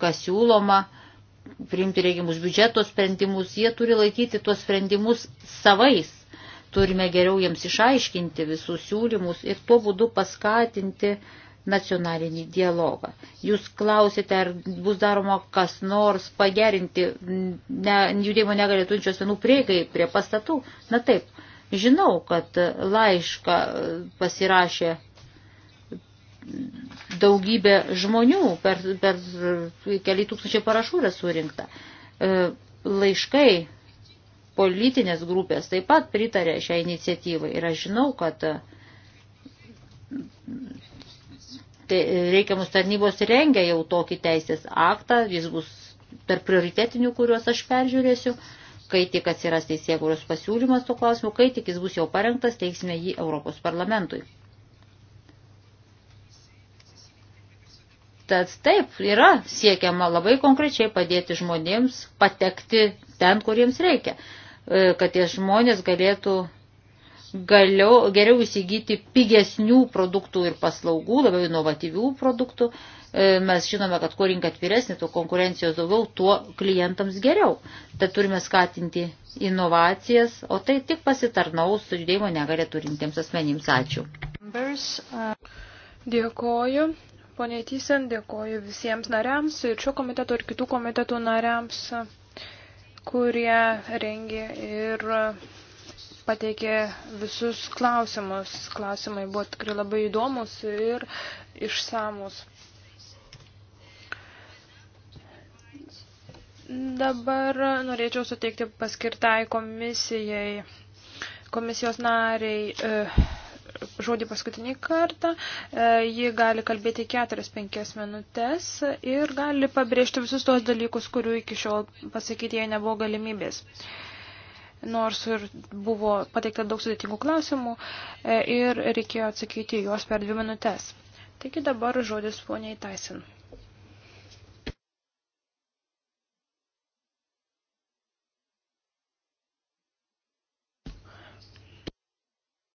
kas siūloma, priimti reikiamus biudžeto sprendimus, jie turi laikyti tuos sprendimus savais. Turime geriau jiems išaiškinti visus siūlymus ir tuo būdu paskatinti uh, nacionalinį dialogą. Jūs klausite, ar bus daroma kas nors pagerinti ne, judėjimo negalėtųjų asmenų prieigai prie pastatų. Na taip, žinau, kad laišką pasirašė daugybė žmonių, per, per keli tūkstančiai parašų yra surinkta. E, laiškai politinės grupės taip pat pritarė šią iniciatyvą ir aš žinau, kad reikiamus tarnybos rengia jau tokį teisės aktą, jis bus tarp prioritetinių, kuriuos aš peržiūrėsiu, kai tik atsiras teisėkūros pasiūlymas to klausimu, kai tik jis bus jau parengtas, teiksime jį Europos parlamentui. Tad taip, yra siekiama labai konkrečiai padėti žmonėms patekti ten, kuriems reikia, e, kad tie žmonės galėtų galiau, geriau įsigyti pigesnių produktų ir paslaugų, labiau inovatyvių produktų. E, mes žinome, kad kuo rinka atviresnė, tuo konkurencijos daugiau, tuo klientams geriau. Tad turime skatinti inovacijas, o tai tik pasitarnaus su judėjimo negalė turintiems asmenims. Ačiū. Uh, dėkoju. Pone Tysen, dėkoju visiems nariams ir šio komiteto ir kitų komitetų nariams, kurie rengė ir pateikė visus klausimus. Klausimai buvo tikrai labai įdomus ir išsamus. Dabar norėčiau suteikti paskirtai komisijai, komisijos nariai e, žodį paskutinį kartą. E, ji gali kalbėti 4-5 minutės ir gali pabrėžti visus tos dalykus, kurių iki šiol pasakyti jai nebuvo galimybės nors ir buvo pateikta daug sudėtingų klausimų e, ir reikėjo atsakyti juos per dvi minutės. Taigi dabar žodis poniai Tyson.